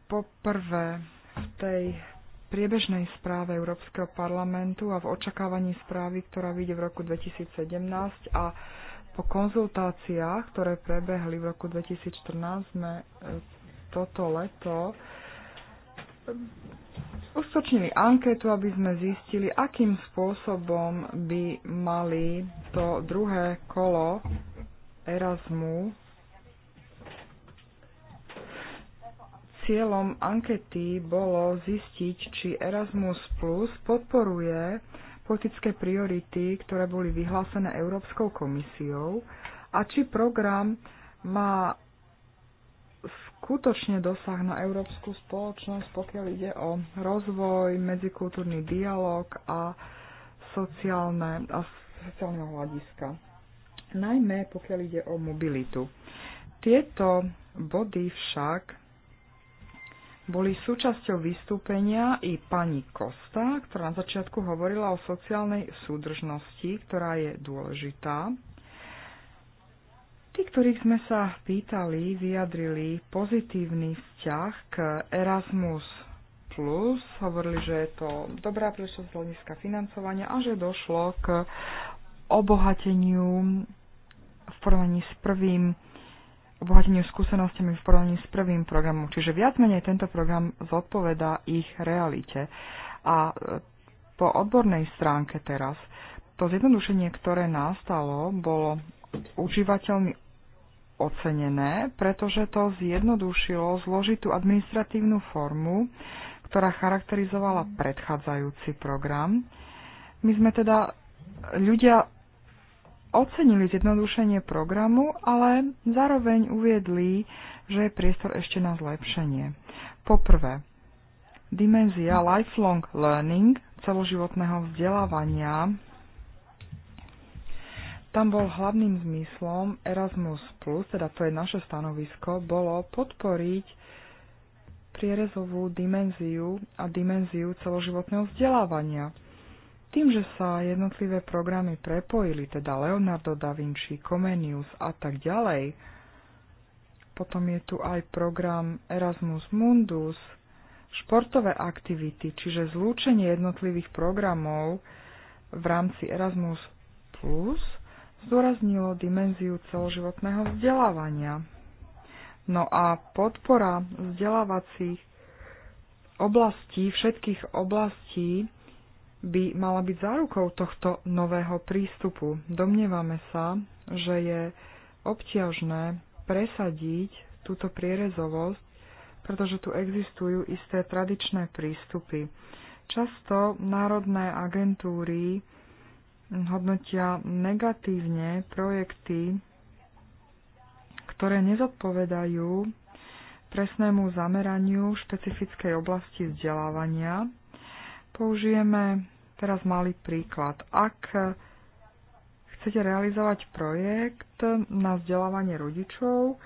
Speaker 4: Poprvé, v tej priebežnej správe Európskeho parlamentu a v očakávaní správy, ktorá vyjde v roku 2017 a po konzultáciách, ktoré prebehli v roku 2014, sme e, toto leto e, ustočnili anketu, aby sme zistili, akým spôsobom by mali to druhé kolo Erasmu Cieľom ankety bolo zistiť, či Erasmus Plus podporuje politické priority, ktoré boli vyhlásené Európskou komisiou a či program má skutočne dosah na európsku spoločnosť, pokiaľ ide o rozvoj, medzikultúrny dialog a sociálne a sociálneho hľadiska. Najmä pokiaľ ide o mobilitu. Tieto body však boli súčasťou vystúpenia i pani Kosta, ktorá na začiatku hovorila o sociálnej súdržnosti, ktorá je dôležitá. Tí, ktorých sme sa pýtali, vyjadrili pozitívny vzťah k Erasmus+, plus, hovorili, že je to dobrá príležitosť z hľadiska financovania a že došlo k obohateniu v porovnaní s prvým obohateniu skúsenostiami v porovnaní s prvým programom. Čiže viac menej tento program zodpovedá ich realite. A e, po odbornej stránke teraz, to zjednodušenie, ktoré nastalo, bolo užívateľmi ocenené, pretože to zjednodušilo zložitú administratívnu formu, ktorá charakterizovala predchádzajúci program. My sme teda ľudia ocenili zjednodušenie programu, ale zároveň uviedli, že je priestor ešte na zlepšenie. Poprvé, dimenzia lifelong learning, celoživotného vzdelávania, tam bol hlavným zmyslom Erasmus+, teda to je naše stanovisko, bolo podporiť prierezovú dimenziu a dimenziu celoživotného vzdelávania. Tým, že sa jednotlivé programy prepojili, teda Leonardo da Vinci, Comenius a tak ďalej, potom je tu aj program Erasmus Mundus, športové aktivity, čiže zlúčenie jednotlivých programov v rámci Erasmus Plus zdôraznilo dimenziu celoživotného vzdelávania. No a podpora vzdelávacích oblastí, všetkých oblastí by mala byť zárukou tohto nového prístupu. Domnievame sa, že je obťažné presadiť túto prierezovosť, pretože tu existujú isté tradičné prístupy. Často národné agentúry hodnotia negatívne projekty, ktoré nezodpovedajú presnému zameraniu špecifickej oblasti vzdelávania. Použijeme teraz malý príklad. Ak e, chcete realizovať projekt na vzdelávanie rodičov,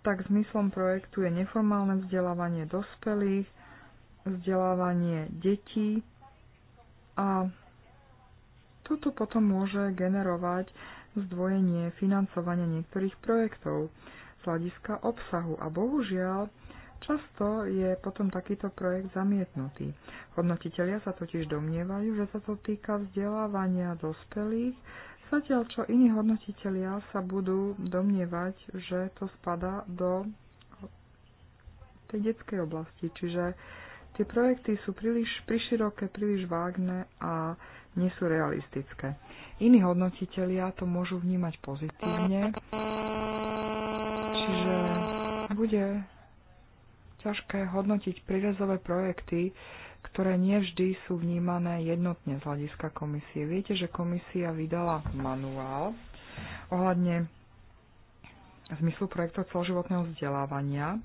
Speaker 4: tak zmyslom projektu je neformálne vzdelávanie dospelých, vzdelávanie detí a toto potom môže generovať zdvojenie financovania niektorých projektov z hľadiska obsahu. A bohužiaľ, Často je potom takýto projekt zamietnutý. Hodnotitelia sa totiž domnievajú, že sa to týka vzdelávania dospelých, zatiaľ čo iní hodnotitelia sa budú domnievať, že to spada do tej detskej oblasti. Čiže tie projekty sú príliš priširoké, príliš vágne a nie sú realistické. Iní hodnotitelia to môžu vnímať pozitívne, čiže bude ťažké hodnotiť prírezové projekty, ktoré nie vždy sú vnímané jednotne z hľadiska komisie. Viete, že komisia vydala manuál ohľadne zmyslu projektov celoživotného vzdelávania.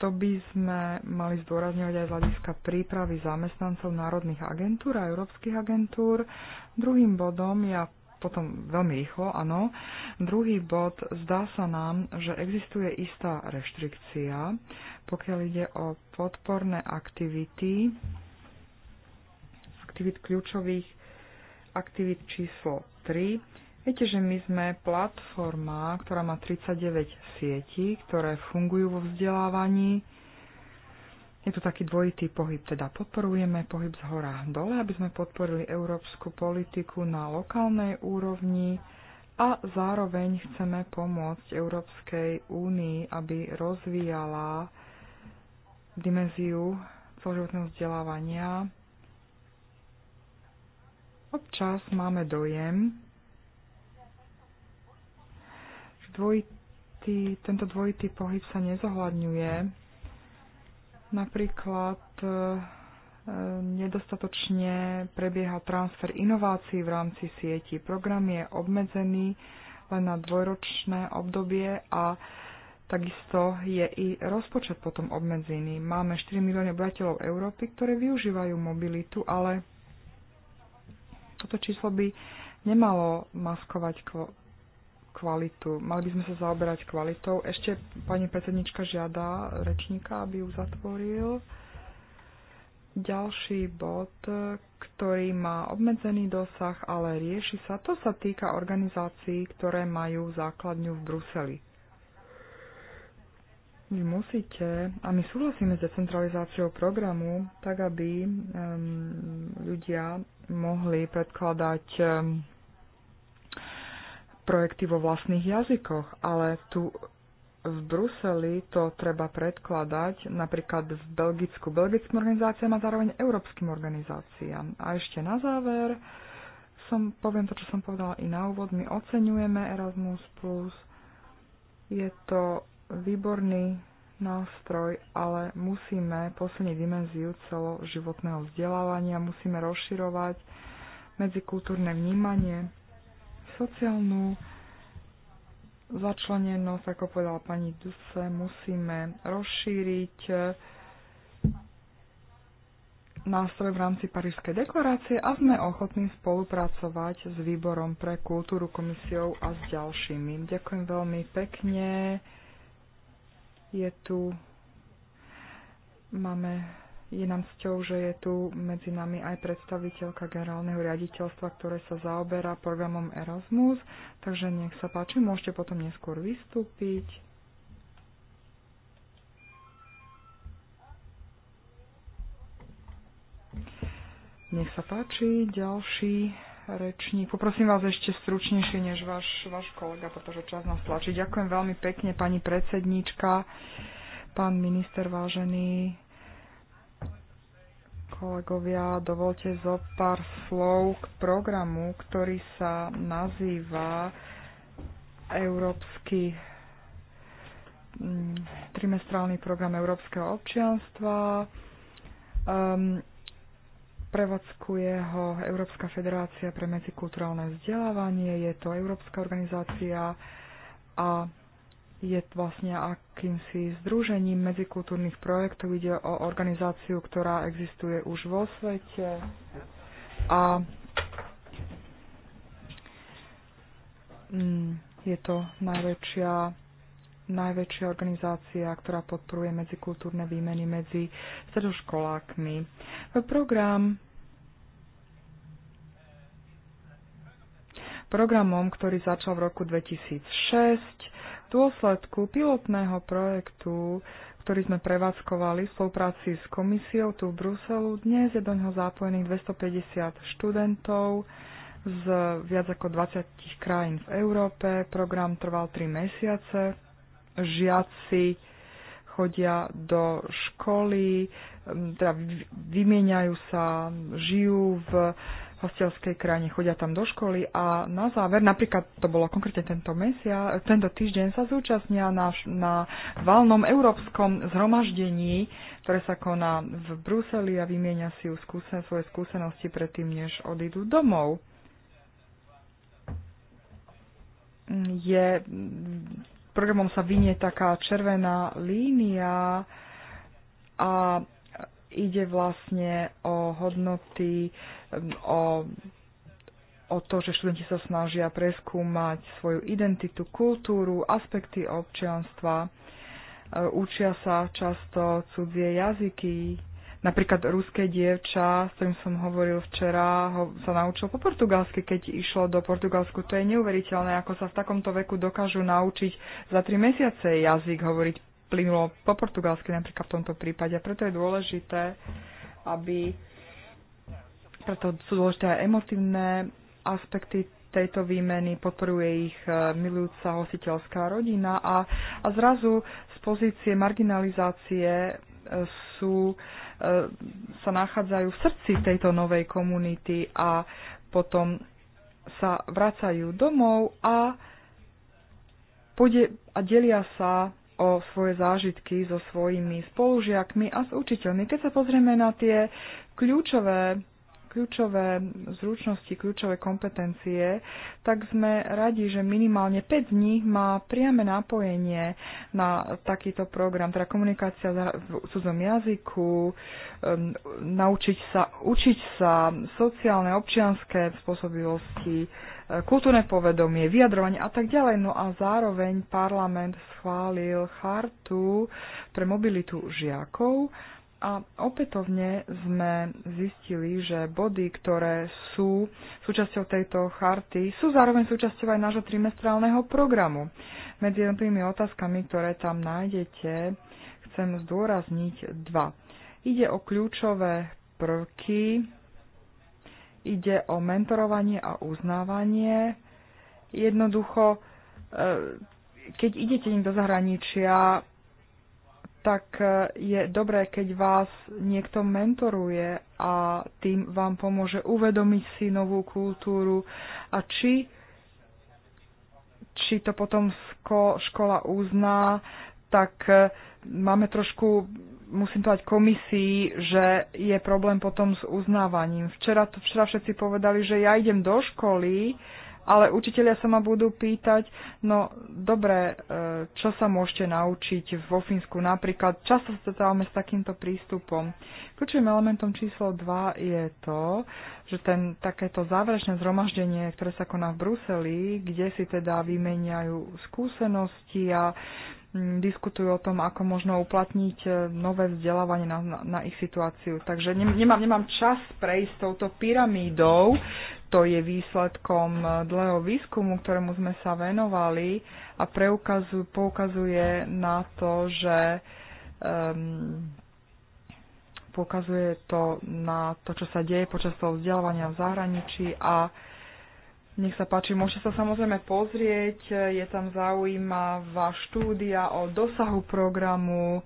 Speaker 4: To by sme mali zdôrazňovať aj z hľadiska prípravy zamestnancov národných agentúr a európskych agentúr. Druhým bodom ja potom veľmi rýchlo, áno. Druhý bod, zdá sa nám, že existuje istá reštrikcia, pokiaľ ide o podporné aktivity, aktivit kľúčových, aktivít číslo 3, Viete, že my sme platforma, ktorá má 39 sietí, ktoré fungujú vo vzdelávaní. Je to taký dvojitý pohyb, teda podporujeme pohyb z hora dole, aby sme podporili európsku politiku na lokálnej úrovni a zároveň chceme pomôcť Európskej únii, aby rozvíjala dimenziu celoživotného vzdelávania. Občas máme dojem, že dvojitý, tento dvojitý pohyb sa nezohľadňuje Napríklad e, nedostatočne prebieha transfer inovácií v rámci sieti. Program je obmedzený len na dvojročné obdobie a takisto je i rozpočet potom obmedzený. Máme 4 milióny obyvateľov Európy, ktoré využívajú mobilitu, ale toto číslo by nemalo maskovať kvalitu. Mali by sme sa zaoberať kvalitou. Ešte pani predsednička žiada rečníka, aby ju zatvoril. Ďalší bod, ktorý má obmedzený dosah, ale rieši sa, to sa týka organizácií, ktoré majú základňu v Bruseli. Vy musíte, a my súhlasíme s decentralizáciou programu, tak aby um, ľudia mohli predkladať um, projekty vo vlastných jazykoch, ale tu v Bruseli to treba predkladať napríklad v Belgicku belgickým organizáciám a zároveň európskym organizáciám. A ešte na záver som, poviem to, čo som povedala i na úvod, my oceňujeme Erasmus+, je to výborný nástroj, ale musíme posilniť dimenziu celoživotného vzdelávania, musíme rozširovať medzikultúrne vnímanie, sociálnu začlenenosť, ako povedala pani Duse, musíme rozšíriť eh, nástroj v rámci Parížskej deklarácie a sme ochotní spolupracovať s Výborom pre kultúru, komisiou a s ďalšími. Ďakujem veľmi pekne. Je tu, máme je nám sťou, že je tu medzi nami aj predstaviteľka generálneho riaditeľstva, ktoré sa zaoberá programom Erasmus, takže nech sa páči, môžete potom neskôr vystúpiť. Nech sa páči, ďalší rečník. Poprosím vás ešte stručnejšie než váš, váš kolega, pretože čas nás tlačí. Ďakujem veľmi pekne, pani predsedníčka, pán minister vážený, kolegovia, dovolte zo pár slov k programu, ktorý sa nazýva Európsky mm, trimestrálny program európskeho občianstva. Um, ehm, prevodskuje ho Európska federácia pre medzikulturálne vzdelávanie, je to Európska organizácia a je vlastne akýmsi združením medzikultúrnych projektov. Ide o organizáciu, ktorá existuje už vo svete a mm, je to najväčšia, najväčšia organizácia, ktorá podporuje medzikultúrne výmeny medzi stredoškolákmi. Program programom, ktorý začal v roku 2006, dôsledku pilotného projektu, ktorý sme prevádzkovali v spolupráci s komisiou tu v Bruselu, dnes je do ňoho zapojených 250 študentov z viac ako 20 krajín v Európe. Program trval 3 mesiace. Žiaci chodia do školy, teda vymieňajú sa, žijú v hostelskej krajine, chodia tam do školy a na záver, napríklad to bolo konkrétne tento mesia, tento týždeň sa zúčastnia na, na valnom európskom zhromaždení, ktoré sa koná v Bruseli a vymieňa si skúsen, svoje skúsenosti predtým, než odídu domov. Je, programom sa vynie taká červená línia a ide vlastne o hodnoty, o, o to, že študenti sa snažia preskúmať svoju identitu, kultúru, aspekty občianstva. E, učia sa často cudzie jazyky. Napríklad ruské dievča, s ktorým som hovoril včera, ho, sa naučil po portugalsky, keď išlo do Portugalsku. To je neuveriteľné, ako sa v takomto veku dokážu naučiť za tri mesiace jazyk hovoriť plynulo po portugalsky napríklad v tomto prípade. A preto je dôležité, aby preto sú dôležité aj emotívne aspekty tejto výmeny, podporuje ich e, milujúca hostiteľská rodina a, a zrazu z pozície marginalizácie e, sú, e, sa nachádzajú v srdci tejto novej komunity a potom sa vracajú domov a, pode, a delia sa o svoje zážitky so svojimi spolužiakmi a s učiteľmi. Keď sa pozrieme na tie kľúčové kľúčové zručnosti, kľúčové kompetencie, tak sme radi, že minimálne 5 z nich má priame napojenie na takýto program, teda komunikácia v cudzom jazyku, um, naučiť sa, učiť sa sociálne, občianské spôsobilosti, kultúrne povedomie, vyjadrovanie a tak ďalej. No a zároveň parlament schválil chartu pre mobilitu žiakov a opätovne sme zistili, že body, ktoré sú súčasťou tejto charty, sú zároveň súčasťou aj nášho trimestrálneho programu. Medzi jednotlivými otázkami, ktoré tam nájdete, chcem zdôrazniť dva. Ide o kľúčové prvky ide o mentorovanie a uznávanie. Jednoducho, e, keď idete im do zahraničia, tak e, je dobré, keď vás niekto mentoruje a tým vám pomôže uvedomiť si novú kultúru a či, či to potom škola uzná, tak e, máme trošku musím povedať komisii, že je problém potom s uznávaním. Včera, to, včera všetci povedali, že ja idem do školy, ale učiteľia sa ma budú pýtať, no dobre, e, čo sa môžete naučiť vo Fínsku napríklad. Často sa stretávame s takýmto prístupom. Kľúčovým elementom číslo 2 je to, že ten, takéto záverečné zhromaždenie, ktoré sa koná v Bruseli, kde si teda vymeniajú skúsenosti a diskutujú o tom, ako možno uplatniť e, nové vzdelávanie na, na, na ich situáciu. Takže nemám, nemám čas prejsť touto pyramídou. To je výsledkom e, dlhého výskumu, ktorému sme sa venovali a poukazuje na to, že um, poukazuje to na to, čo sa deje počas toho vzdelávania v zahraničí a nech sa páči, môžete sa samozrejme pozrieť, je tam zaujímavá štúdia o dosahu programu.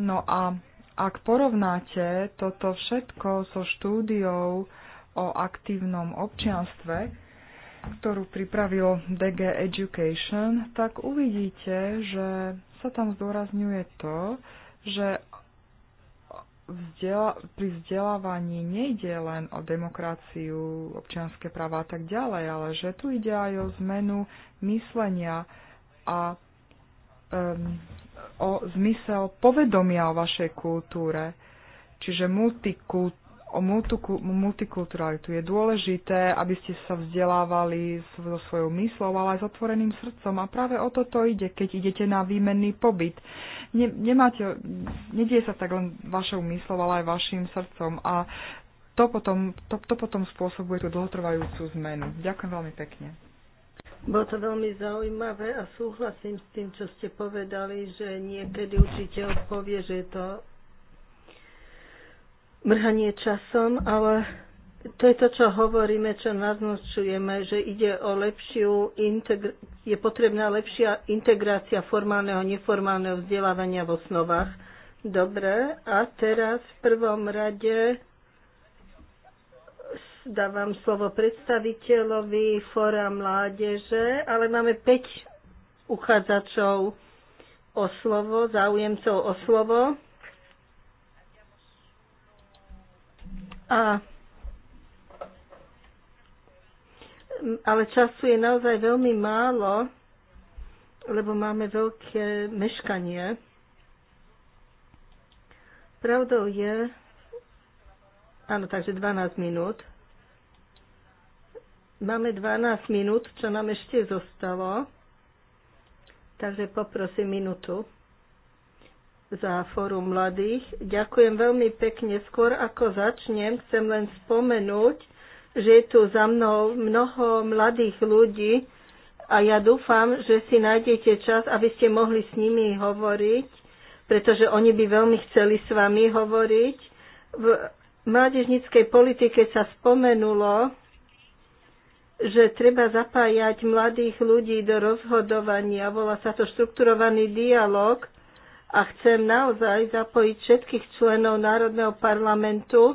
Speaker 4: No a ak porovnáte toto všetko so štúdiou o aktívnom občianstve, ktorú pripravil DG Education, tak uvidíte, že sa tam zdôrazňuje to, že vzdiela- pri vzdelávaní nejde len o demokraciu, občianské práva a tak ďalej, ale že tu ide aj o zmenu myslenia a um, o zmysel povedomia o vašej kultúre. Čiže multikult, o multikulturalitu. Je dôležité, aby ste sa vzdelávali so svojou myslou, ale aj s otvoreným srdcom. A práve o toto ide, keď idete na výmenný pobyt. Ne, nemáte, nedie sa tak len vašou myslou, ale aj vašim srdcom. A to potom, to, to potom spôsobuje tú dlhotrvajúcu zmenu. Ďakujem veľmi pekne.
Speaker 5: Bolo to veľmi zaujímavé a súhlasím s tým, čo ste povedali, že niekedy učiteľ povie, že je to mrhanie časom, ale to je to, čo hovoríme, čo naznačujeme, že ide o lepšiu, je potrebná lepšia integrácia formálneho a neformálneho vzdelávania v osnovách. Dobre, a teraz v prvom rade dávam slovo predstaviteľovi Fóra mládeže, ale máme 5 uchádzačov o slovo, záujemcov o slovo. A ale času je naozaj veľmi málo, lebo máme veľké meškanie. Pravdou je, áno, takže 12 minút. Máme 12 minút, čo nám ešte zostalo. Takže poprosím minútu za Fórum mladých. Ďakujem veľmi pekne. Skôr ako začnem, chcem len spomenúť, že je tu za mnou mnoho mladých ľudí a ja dúfam, že si nájdete čas, aby ste mohli s nimi hovoriť, pretože oni by veľmi chceli s vami hovoriť. V mládežnickej politike sa spomenulo, že treba zapájať mladých ľudí do rozhodovania. Volá sa to štrukturovaný dialog a chcem naozaj zapojiť všetkých členov Národného parlamentu,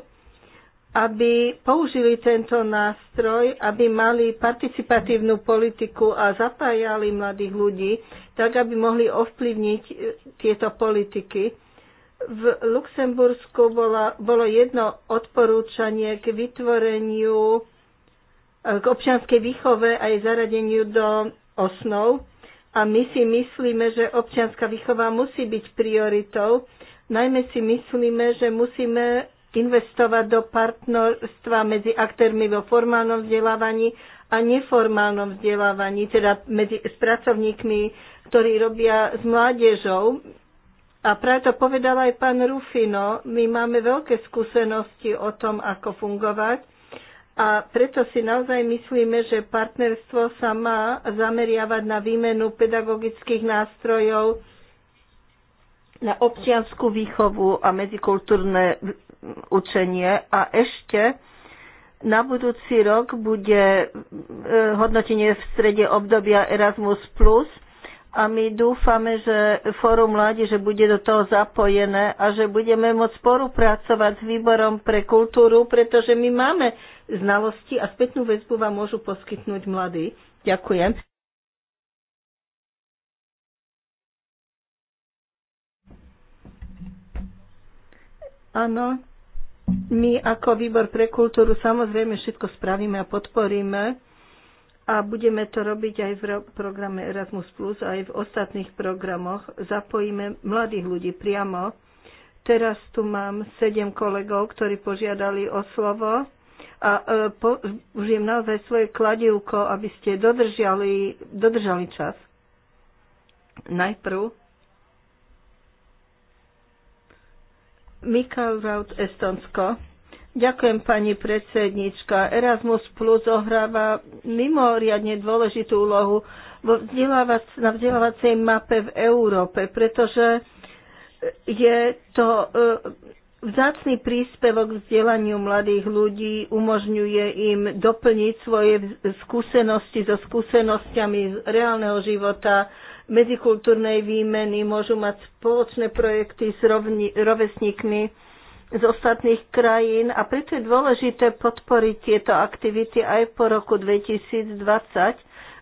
Speaker 5: aby použili tento nástroj, aby mali participatívnu politiku a zapájali mladých ľudí, tak aby mohli ovplyvniť e, tieto politiky. V Luxembursku bola, bolo jedno odporúčanie k vytvoreniu e, k občianskej výchove a jej zaradeniu do osnov a my si myslíme, že občianská výchova musí byť prioritou. Najmä si myslíme, že musíme investovať do partnerstva medzi aktérmi vo formálnom vzdelávaní a neformálnom vzdelávaní, teda medzi, s pracovníkmi, ktorí robia s mládežou. A práve to povedal aj pán Rufino, my máme veľké skúsenosti o tom, ako fungovať a preto si naozaj myslíme, že partnerstvo sa má zameriavať na výmenu pedagogických nástrojov, na občianskú výchovu a medzikultúrne učenie. A ešte na budúci rok bude e, hodnotenie v strede obdobia Erasmus+, a my dúfame, že Fórum mládeže bude do toho zapojené a že budeme môcť spolupracovať s Výborom pre kultúru, pretože my máme znalosti a spätnú väzbu vám môžu poskytnúť mladí. Ďakujem. Áno, my ako výbor pre kultúru samozrejme všetko spravíme a podporíme a budeme to robiť aj v programe Erasmus+, aj v ostatných programoch. Zapojíme mladých ľudí priamo. Teraz tu mám sedem kolegov, ktorí požiadali o slovo a e, použijem naozaj svoje kladivko, aby ste dodržali, dodržali čas. Najprv Mikael Raut, Estonsko. Ďakujem, pani predsednička. Erasmus Plus ohráva mimoriadne dôležitú úlohu vo vzdelávac, na vzdelávacej mape v Európe, pretože je to e, Vzácný príspevok k vzdelaniu mladých ľudí umožňuje im doplniť svoje skúsenosti so z reálneho života, medzikultúrnej výmeny, môžu mať spoločné projekty s rovni, rovesníkmi z ostatných krajín a preto je dôležité podporiť tieto aktivity aj po roku 2020.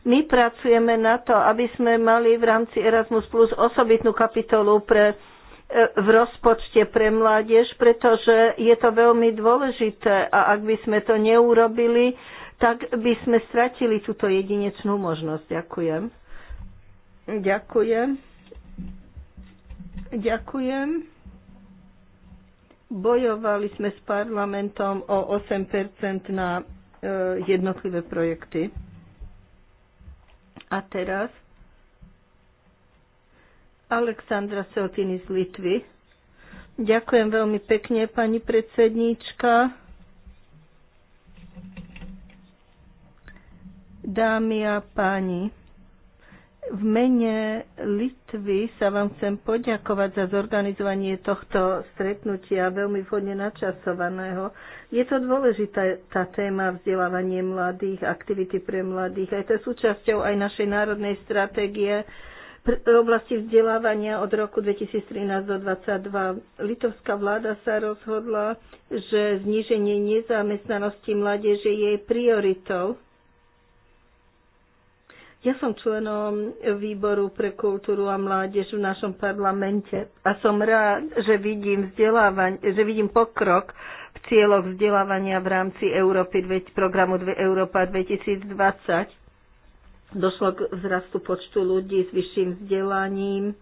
Speaker 5: My pracujeme na to, aby sme mali v rámci Erasmus Plus osobitnú kapitolu pre v rozpočte pre mládež, pretože je to veľmi dôležité a ak by sme to neurobili, tak by sme stratili túto jedinečnú možnosť. Ďakujem. Ďakujem. Ďakujem. Bojovali sme s parlamentom o 8% na e, jednotlivé projekty. A teraz Aleksandra Seltiny z Litvy. Ďakujem veľmi pekne, pani predsedníčka. Dámy a páni, v mene Litvy sa vám chcem poďakovať za zorganizovanie tohto stretnutia, veľmi vhodne načasovaného. Je to dôležitá tá téma vzdelávanie mladých, aktivity pre mladých. Aj to je súčasťou aj našej národnej stratégie v oblasti vzdelávania od roku 2013 do 2022. Litovská vláda sa rozhodla, že zníženie nezamestnanosti mládeže je jej prioritou. Ja som členom výboru pre kultúru a mládež v našom parlamente a som rád, že vidím, že vidím pokrok v cieľoch vzdelávania v rámci Európy, programu Európa 2020 Došlo k vzrastu počtu ľudí s vyšším vzdelaním,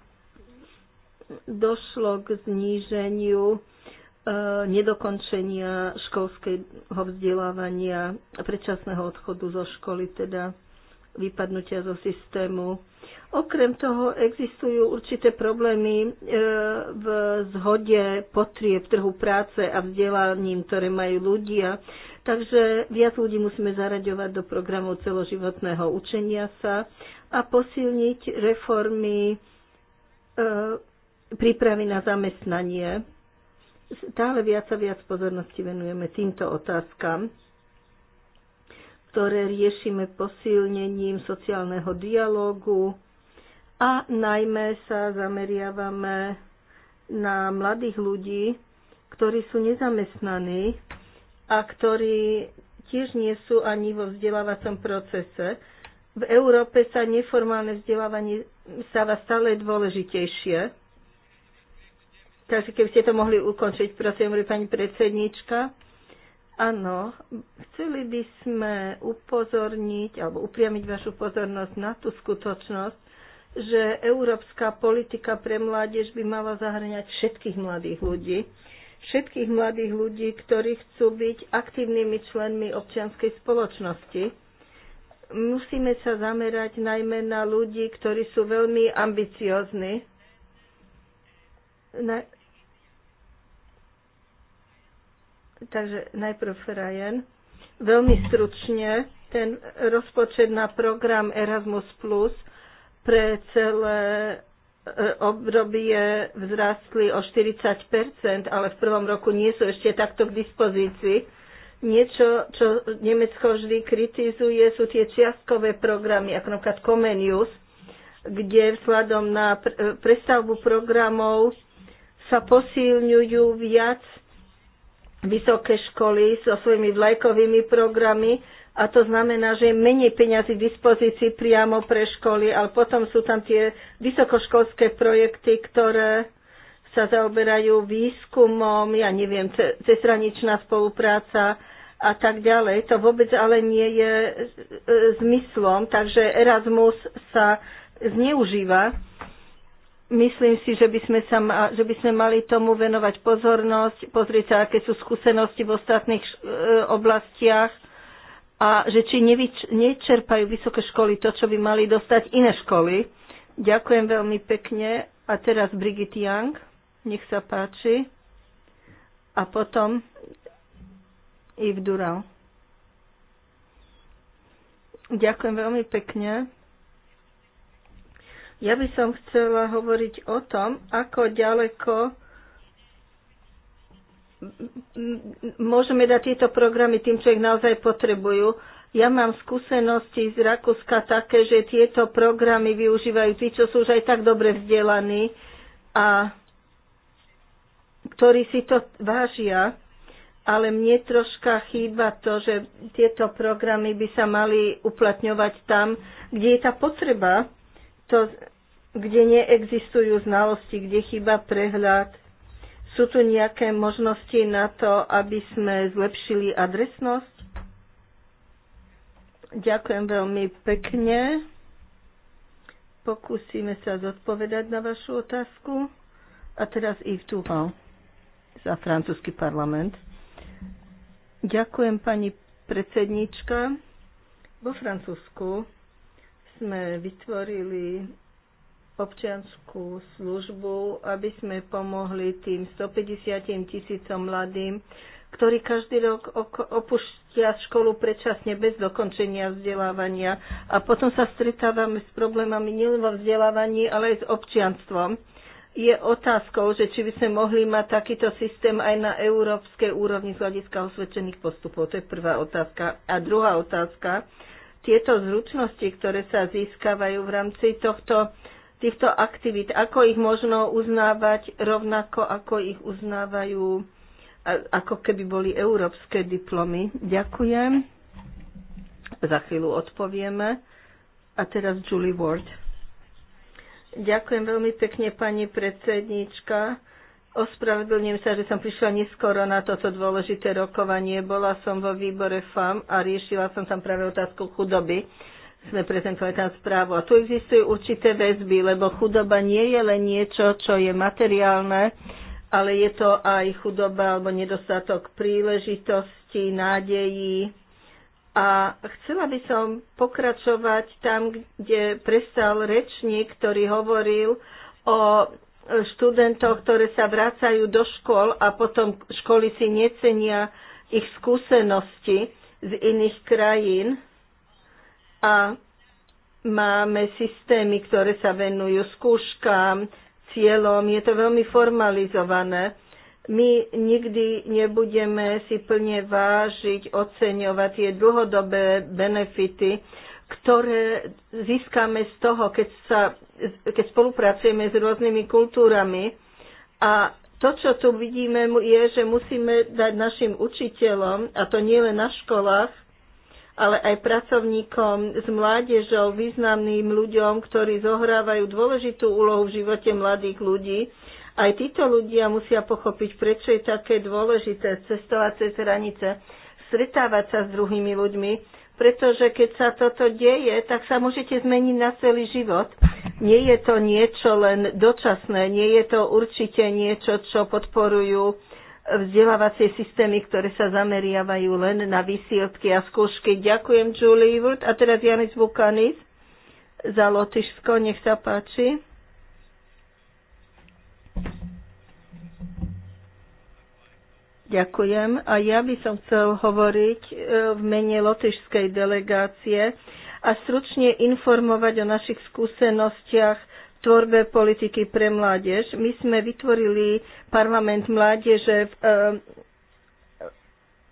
Speaker 5: došlo k zníženiu e, nedokončenia školského vzdelávania, predčasného odchodu zo školy, teda vypadnutia zo systému. Okrem toho existujú určité problémy e, v zhode potrieb trhu práce a vzdelaním, ktoré majú ľudia. Takže viac ľudí musíme zaraďovať do programov celoživotného učenia sa a posilniť reformy e, prípravy na zamestnanie. Stále viac a viac pozornosti venujeme týmto otázkam ktoré riešime posilnením sociálneho dialógu a najmä sa zameriavame na mladých ľudí, ktorí sú nezamestnaní a ktorí tiež nie sú ani vo vzdelávacom procese. V Európe sa neformálne vzdelávanie stáva stále dôležitejšie. Takže keby ste to mohli ukončiť, prosím, pani predsednička. Áno, chceli by sme upozorniť alebo upriamiť vašu pozornosť na tú skutočnosť, že európska politika pre mládež by mala zahrňať všetkých mladých ľudí všetkých mladých ľudí, ktorí chcú byť aktívnymi členmi občianskej spoločnosti. Musíme sa zamerať najmä na ľudí, ktorí sú veľmi ambiciozni. Na... Takže najprv Ryan. Veľmi stručne ten rozpočet na program Erasmus Plus pre celé E, obdobie vzrastli o 40 ale v prvom roku nie sú ešte takto k dispozícii. Niečo, čo Nemecko vždy kritizuje, sú tie čiastkové programy, ako napríklad Comenius, kde vzhľadom na e, prestavbu programov sa posilňujú viac vysoké školy so svojimi vlajkovými programy, a to znamená, že je menej peňazí k dispozícii priamo pre školy, ale potom sú tam tie vysokoškolské projekty, ktoré sa zaoberajú výskumom, ja neviem, cezraničná spolupráca a tak ďalej. To vôbec ale nie je e, e, zmyslom, takže Erasmus sa zneužíva. Myslím si, že by, sme sa ma, že by sme mali tomu venovať pozornosť, pozrieť sa, aké sú skúsenosti v ostatných e, oblastiach a že či nevyč- nečerpajú vysoké školy to, čo by mali dostať iné školy. Ďakujem veľmi pekne. A teraz Brigitte Young, nech sa páči. A potom Yves Dural. Ďakujem veľmi pekne. Ja by som chcela hovoriť o tom, ako ďaleko môžeme dať tieto programy tým, čo ich naozaj potrebujú. Ja mám skúsenosti z Rakúska také, že tieto programy využívajú tí, čo sú už aj tak dobre vzdelaní a ktorí si to vážia, ale mne troška chýba to, že tieto programy by sa mali uplatňovať tam, kde je tá potreba, to, kde neexistujú znalosti, kde chýba prehľad sú tu nejaké možnosti na to, aby sme zlepšili adresnosť? Ďakujem veľmi pekne. Pokúsime sa zodpovedať na vašu otázku. A teraz Yves Tuhal za francúzsky parlament. Ďakujem pani predsednička. Vo Francúzsku sme vytvorili občianskú službu, aby sme pomohli tým 150 tisícom mladým, ktorí každý rok opúšťa školu predčasne bez dokončenia vzdelávania a potom sa stretávame s problémami nielen vo vzdelávaní, ale aj s občianstvom. Je otázkou, že či by sme mohli mať takýto systém aj na európskej úrovni z hľadiska osvedčených postupov. To je prvá otázka. A druhá otázka, tieto zručnosti, ktoré sa získavajú v rámci tohto týchto aktivít, ako ich možno uznávať rovnako, ako ich uznávajú, ako keby boli európske diplomy. Ďakujem. Za chvíľu odpovieme. A teraz Julie Ward. Ďakujem veľmi pekne, pani predsednička. Ospravedlňujem sa, že som prišla neskoro na toto dôležité rokovanie. Bola som vo výbore FAM a riešila som tam práve otázku chudoby sme prezentovali tam správu. A tu existujú určité väzby, lebo chudoba nie je len niečo, čo je materiálne, ale je to aj chudoba alebo nedostatok príležitosti, nádejí. A chcela by som pokračovať tam, kde prestal rečník, ktorý hovoril o študentoch, ktoré sa vracajú do škôl a potom školy si necenia ich skúsenosti z iných krajín a máme systémy, ktoré sa venujú skúškam, cieľom. Je to veľmi formalizované. My nikdy nebudeme si plne vážiť, oceňovať tie dlhodobé benefity, ktoré získame z toho, keď, sa, keď spolupracujeme s rôznymi kultúrami. A to, čo tu vidíme, je, že musíme dať našim učiteľom, a to nie len na školách, ale aj pracovníkom s mládežou, významným ľuďom, ktorí zohrávajú dôležitú úlohu v živote mladých ľudí. Aj títo ľudia musia pochopiť, prečo je také dôležité cestovať cez hranice, stretávať sa s druhými ľuďmi, pretože keď sa toto deje, tak sa môžete zmeniť na celý život. Nie je to niečo len dočasné, nie je to určite niečo, čo podporujú vzdelávacie systémy, ktoré sa zameriavajú len na vysielky a skúšky. Ďakujem, Julie Wood. A teraz Janis Vukanis za Lotyšsko. Nech sa páči. Ďakujem. A ja by som chcel hovoriť e, v mene lotyšskej delegácie a stručne informovať o našich skúsenostiach tvorbe politiky pre mládež. My sme vytvorili parlament mládeže v, eh,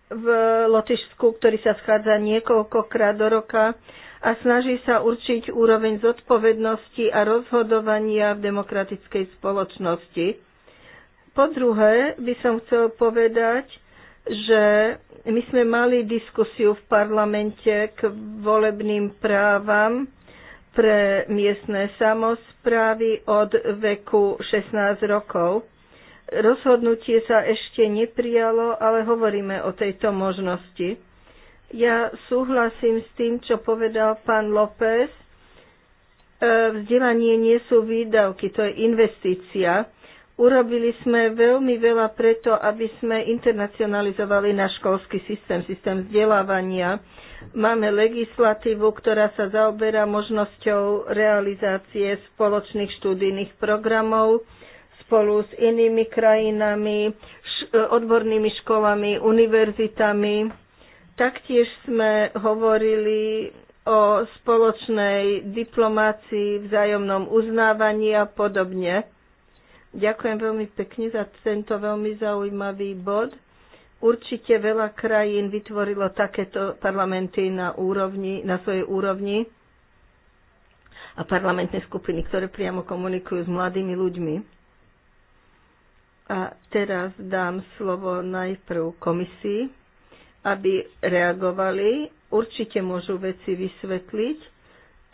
Speaker 5: v Lotyšsku, ktorý sa schádza niekoľkokrát do roka a snaží sa určiť úroveň zodpovednosti a rozhodovania v demokratickej spoločnosti. Po druhé by som chcel povedať, že my sme mali diskusiu v parlamente k volebným právam pre miestne samozprávy od veku 16 rokov. Rozhodnutie sa ešte neprijalo, ale hovoríme o tejto možnosti. Ja súhlasím s tým, čo povedal pán López. E, vzdelanie nie sú výdavky, to je investícia. Urobili sme veľmi veľa preto, aby sme internacionalizovali náš školský systém, systém vzdelávania Máme legislatívu, ktorá sa zaoberá možnosťou realizácie spoločných štúdijných programov spolu s inými krajinami, e, odbornými školami, univerzitami. Taktiež sme hovorili o spoločnej diplomácii, vzájomnom uznávaní a podobne. Ďakujem veľmi pekne za tento veľmi zaujímavý bod. Určite veľa krajín vytvorilo takéto parlamenty na, úrovni, na svojej úrovni a parlamentné skupiny, ktoré priamo komunikujú s mladými ľuďmi. A teraz dám slovo najprv komisii, aby reagovali. Určite môžu veci vysvetliť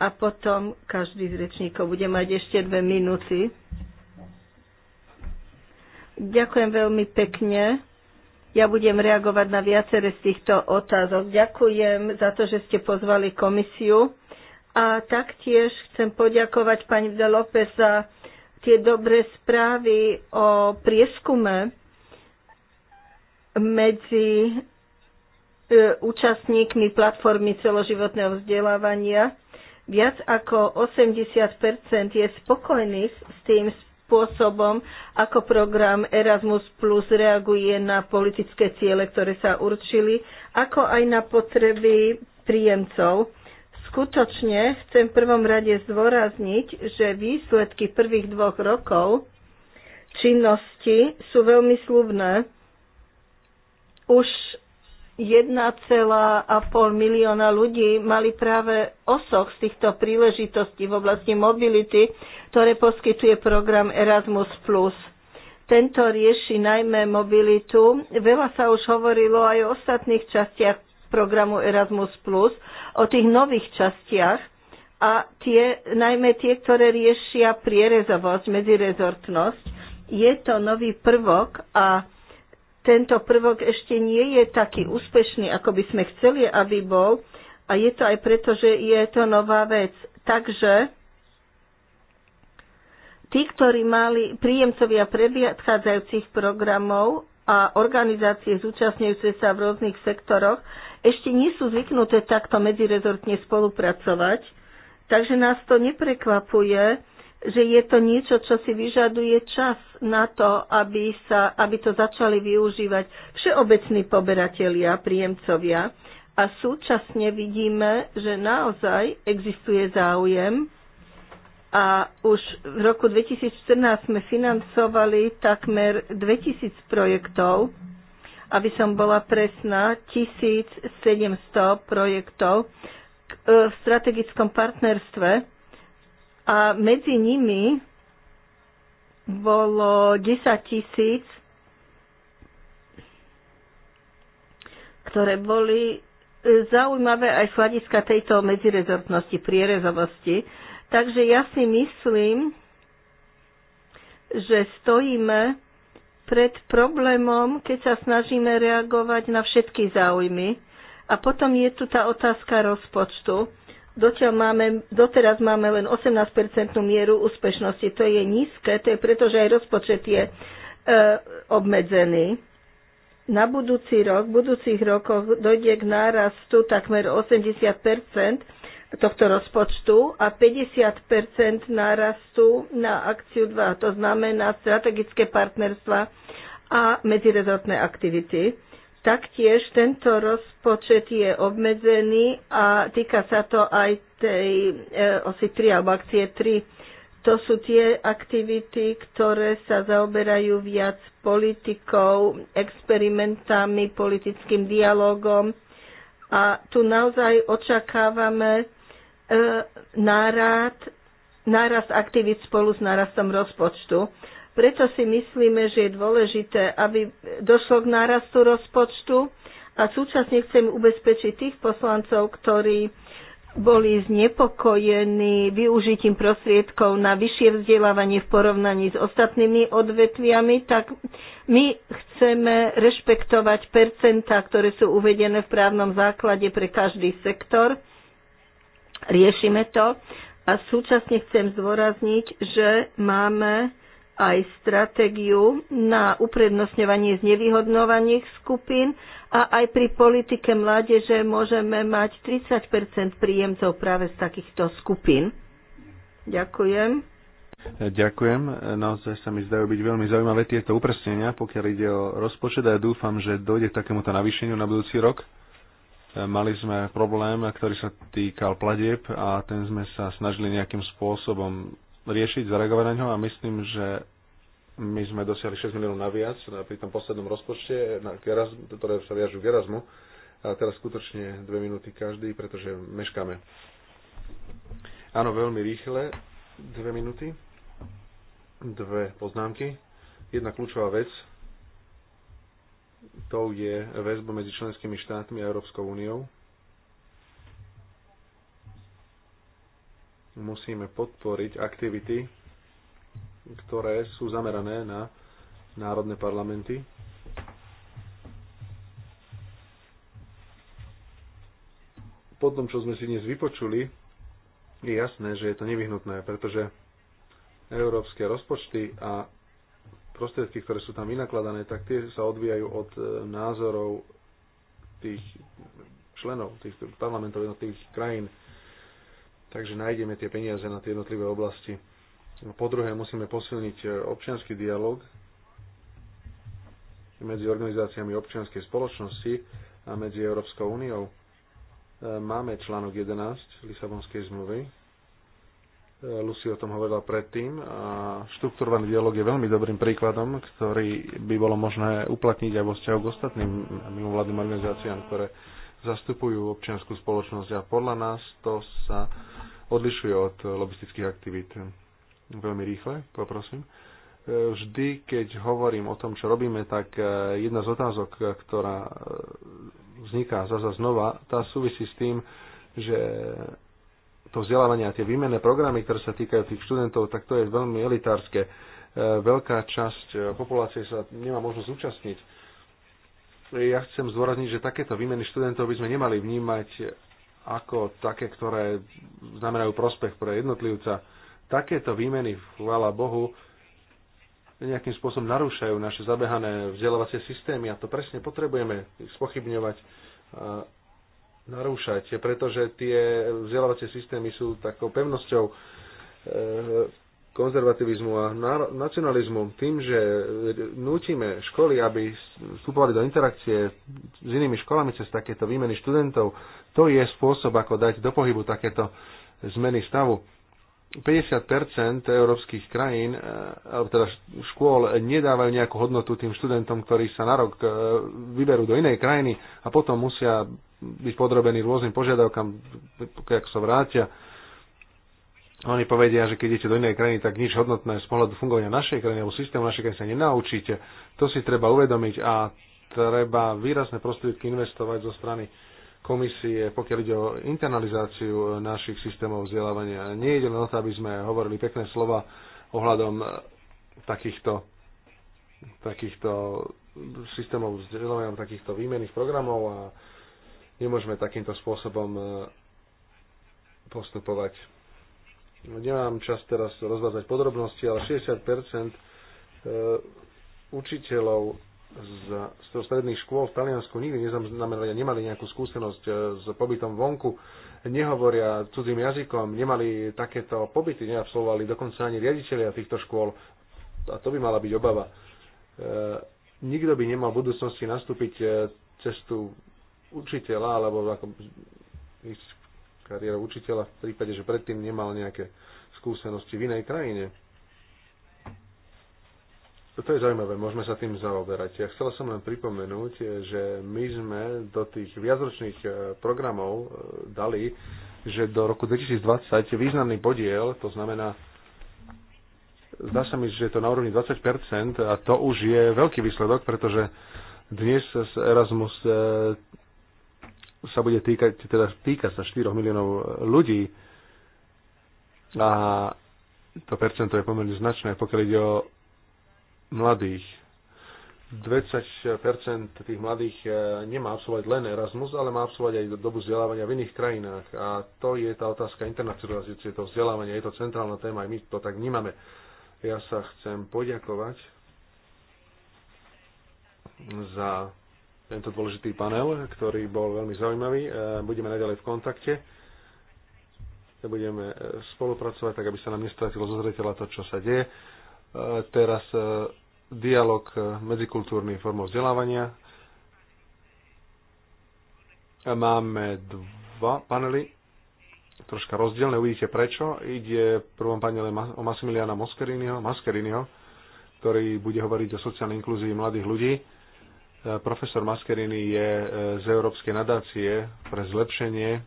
Speaker 5: a potom každý z rečníkov bude mať ešte dve minúty. Ďakujem veľmi pekne ja budem reagovať na viacere z týchto otázok. Ďakujem za to, že ste pozvali komisiu. A taktiež chcem poďakovať pani De López za tie dobré správy o prieskume medzi e, účastníkmi platformy celoživotného vzdelávania. Viac ako 80 je spokojných s tým spôsobom, ako program Erasmus Plus reaguje na politické ciele, ktoré sa určili, ako aj na potreby príjemcov. Skutočne chcem v prvom rade zdôrazniť, že výsledky prvých dvoch rokov činnosti sú veľmi slubné. Už 1,5 milióna ľudí mali práve osoch z týchto príležitostí v oblasti mobility, ktoré poskytuje program Erasmus+. Tento rieši najmä mobilitu. Veľa sa už hovorilo aj o ostatných častiach programu Erasmus+, o tých nových častiach a tie, najmä tie, ktoré riešia prierezovosť, medzirezortnosť. Je to nový prvok a tento prvok ešte nie je taký úspešný, ako by sme chceli, aby bol. A je to aj preto, že je to nová vec. Takže tí, ktorí mali príjemcovia predchádzajúcich programov a organizácie zúčastňujúce sa v rôznych sektoroch, ešte nie sú zvyknuté takto medzirezortne spolupracovať. Takže nás to neprekvapuje, že je to niečo, čo si vyžaduje čas na to, aby, sa, aby to začali využívať všeobecní poberatelia, príjemcovia. A súčasne vidíme, že naozaj existuje záujem a už v roku 2014 sme financovali takmer 2000 projektov, aby som bola presná, 1700 projektov e, v strategickom partnerstve a medzi nimi bolo 10 tisíc, ktoré boli e, zaujímavé aj z hľadiska tejto medzirezortnosti, prierezovosti. Takže ja si myslím, že stojíme pred problémom, keď sa snažíme reagovať na všetky záujmy. A potom je tu tá otázka rozpočtu. Dotiaľ máme, doteraz máme len 18-percentnú mieru úspešnosti. To je nízke, to je preto, že aj rozpočet je e, obmedzený. Na budúci rok, v budúcich rokoch dojde k nárastu takmer 80 tohto rozpočtu a 50 nárastu na akciu 2, to znamená strategické partnerstva a medzirezortné aktivity. Taktiež tento rozpočet je obmedzený a týka sa to aj tej e, osi 3 alebo akcie 3. To sú tie aktivity, ktoré sa zaoberajú viac politikou, experimentami, politickým dialogom. A tu naozaj očakávame e, nárad, nárast aktivít spolu s nárastom rozpočtu. Preto si myslíme, že je dôležité, aby došlo k nárastu rozpočtu a súčasne chcem ubezpečiť tých poslancov, ktorí boli znepokojení využitím prostriedkov na vyššie vzdelávanie v porovnaní s ostatnými odvetviami, tak my chceme rešpektovať percentá, ktoré sú uvedené v právnom základe pre každý sektor. Riešime to a súčasne chcem zdôrazniť, že máme aj stratégiu na uprednostňovanie znevýhodnovaných skupín a aj pri politike mládeže môžeme mať 30 príjemcov práve z takýchto skupín. Ďakujem.
Speaker 2: Ďakujem. Naozaj sa mi zdajú byť veľmi zaujímavé tieto upresnenia, pokiaľ ide o rozpočet a ja dúfam, že dojde k takémuto navýšeniu na budúci rok. E, mali sme problém, ktorý sa týkal pladieb a ten sme sa snažili nejakým spôsobom riešiť, zareagovať na ňo a myslím, že my sme dosiahli 6 miliónov naviac pri tom poslednom rozpočte, na Geraz, ktoré sa viažu k Erasmu. A teraz skutočne dve minúty každý, pretože meškáme. Áno, veľmi rýchle. Dve minúty. Dve poznámky. Jedna kľúčová vec, to je väzba medzi členskými štátmi a Európskou úniou. musíme podporiť aktivity, ktoré sú zamerané na národné parlamenty. Po tom, čo sme si dnes vypočuli, je jasné, že je to nevyhnutné, pretože európske rozpočty a prostriedky, ktoré sú tam vynakladané, tak tie sa odvíjajú od e, názorov tých členov, tých parlamentov jednotlivých krajín, Takže nájdeme tie peniaze na tie jednotlivé oblasti. Po druhé, musíme posilniť e, občianský dialog medzi organizáciami občianskej spoločnosti a medzi Európskou úniou. E, máme článok 11 Lisabonskej zmluvy. E, Lucy o tom hovorila predtým a štruktúrovaný dialog je veľmi dobrým príkladom, ktorý by bolo možné uplatniť aj vo vzťahu k ostatným mimovládnym organizáciám, ktoré zastupujú občianskú spoločnosť a podľa nás to sa odlišuje od lobistických aktivít. Veľmi rýchle, poprosím. E, vždy, keď hovorím o tom, čo robíme, tak e, jedna z otázok, ktorá e, vzniká zase znova, tá súvisí s tým, že to vzdelávanie a tie výmenné programy, ktoré sa týkajú tých študentov, tak to je veľmi elitárske. Veľká časť populácie sa nemá možnosť zúčastniť ja chcem zdôrazniť, že takéto výmeny študentov by sme nemali vnímať ako také, ktoré znamenajú prospech pre jednotlivca. Takéto výmeny, chvála Bohu, nejakým spôsobom narúšajú naše zabehané vzdelávacie systémy a to presne potrebujeme spochybňovať a narúšať, pretože tie vzdelávacie systémy sú takou pevnosťou e, konzervativizmu a nacionalizmu tým, že nútime školy, aby vstupovali do interakcie s inými školami cez takéto výmeny študentov, to je spôsob, ako dať do pohybu takéto zmeny stavu. 50 európskych krajín, e, alebo teda škôl, nedávajú nejakú hodnotu tým študentom, ktorí sa na rok e, vyberú do inej krajiny a potom musia byť podrobení rôznym požiadavkám, keď sa vrátia oni povedia, že keď idete do inej krajiny, tak nič hodnotné z pohľadu fungovania našej krajiny alebo systému našej krajiny sa nenaučíte. To si treba uvedomiť a treba výrazné prostriedky investovať zo strany komisie, pokiaľ ide o internalizáciu našich systémov vzdelávania. Nie ide len o to, aby sme hovorili pekné slova ohľadom takýchto, takýchto systémov vzdelávania, takýchto výmenných programov a nemôžeme takýmto spôsobom eh, postupovať. No, nemám čas teraz rozvádzať podrobnosti, ale 60 e, učiteľov z, z stredných škôl v Taliansku nikdy neznamenali nemali nejakú skúsenosť e, s pobytom vonku, nehovoria cudzým jazykom, nemali takéto pobyty, neabsolvovali dokonca ani riaditeľia týchto škôl a to by mala byť obava. E, nikto by nemal v budúcnosti nastúpiť cestu učiteľa alebo ako kariéra učiteľa v prípade, že predtým nemal nejaké skúsenosti v inej krajine. To je zaujímavé, môžeme sa tým zaoberať. Ja chcel som len pripomenúť, že my sme do tých viacročných e, programov e, dali, že do roku 2020 významný podiel, to znamená, zdá sa mi, že je to na úrovni 20% a to už je veľký výsledok, pretože dnes Erasmus e, sa bude týkať, teda týka sa 4 miliónov ľudí a to percento je pomerne značné, pokiaľ ide o mladých. 20% tých mladých e, nemá absolvovať len Erasmus, ale má absolvovať aj dobu vzdelávania v iných krajinách. A to je tá otázka internacionalizácie toho vzdelávania, je to centrálna téma, aj my to tak vnímame. Ja sa chcem poďakovať za tento dôležitý panel, ktorý bol veľmi zaujímavý. E, budeme naďalej v kontakte. E, budeme e, spolupracovať, tak aby sa nám nestratilo zozretela to, čo sa deje. Teraz dialog medzikultúrny formou vzdelávania. Máme dva panely, troška rozdielne, uvidíte prečo. Ide v prvom panele o Massimiliana Mascheriniho, ktorý bude hovoriť o sociálnej inklúzii mladých ľudí Profesor Maskerini je e, z Európskej nadácie pre zlepšenie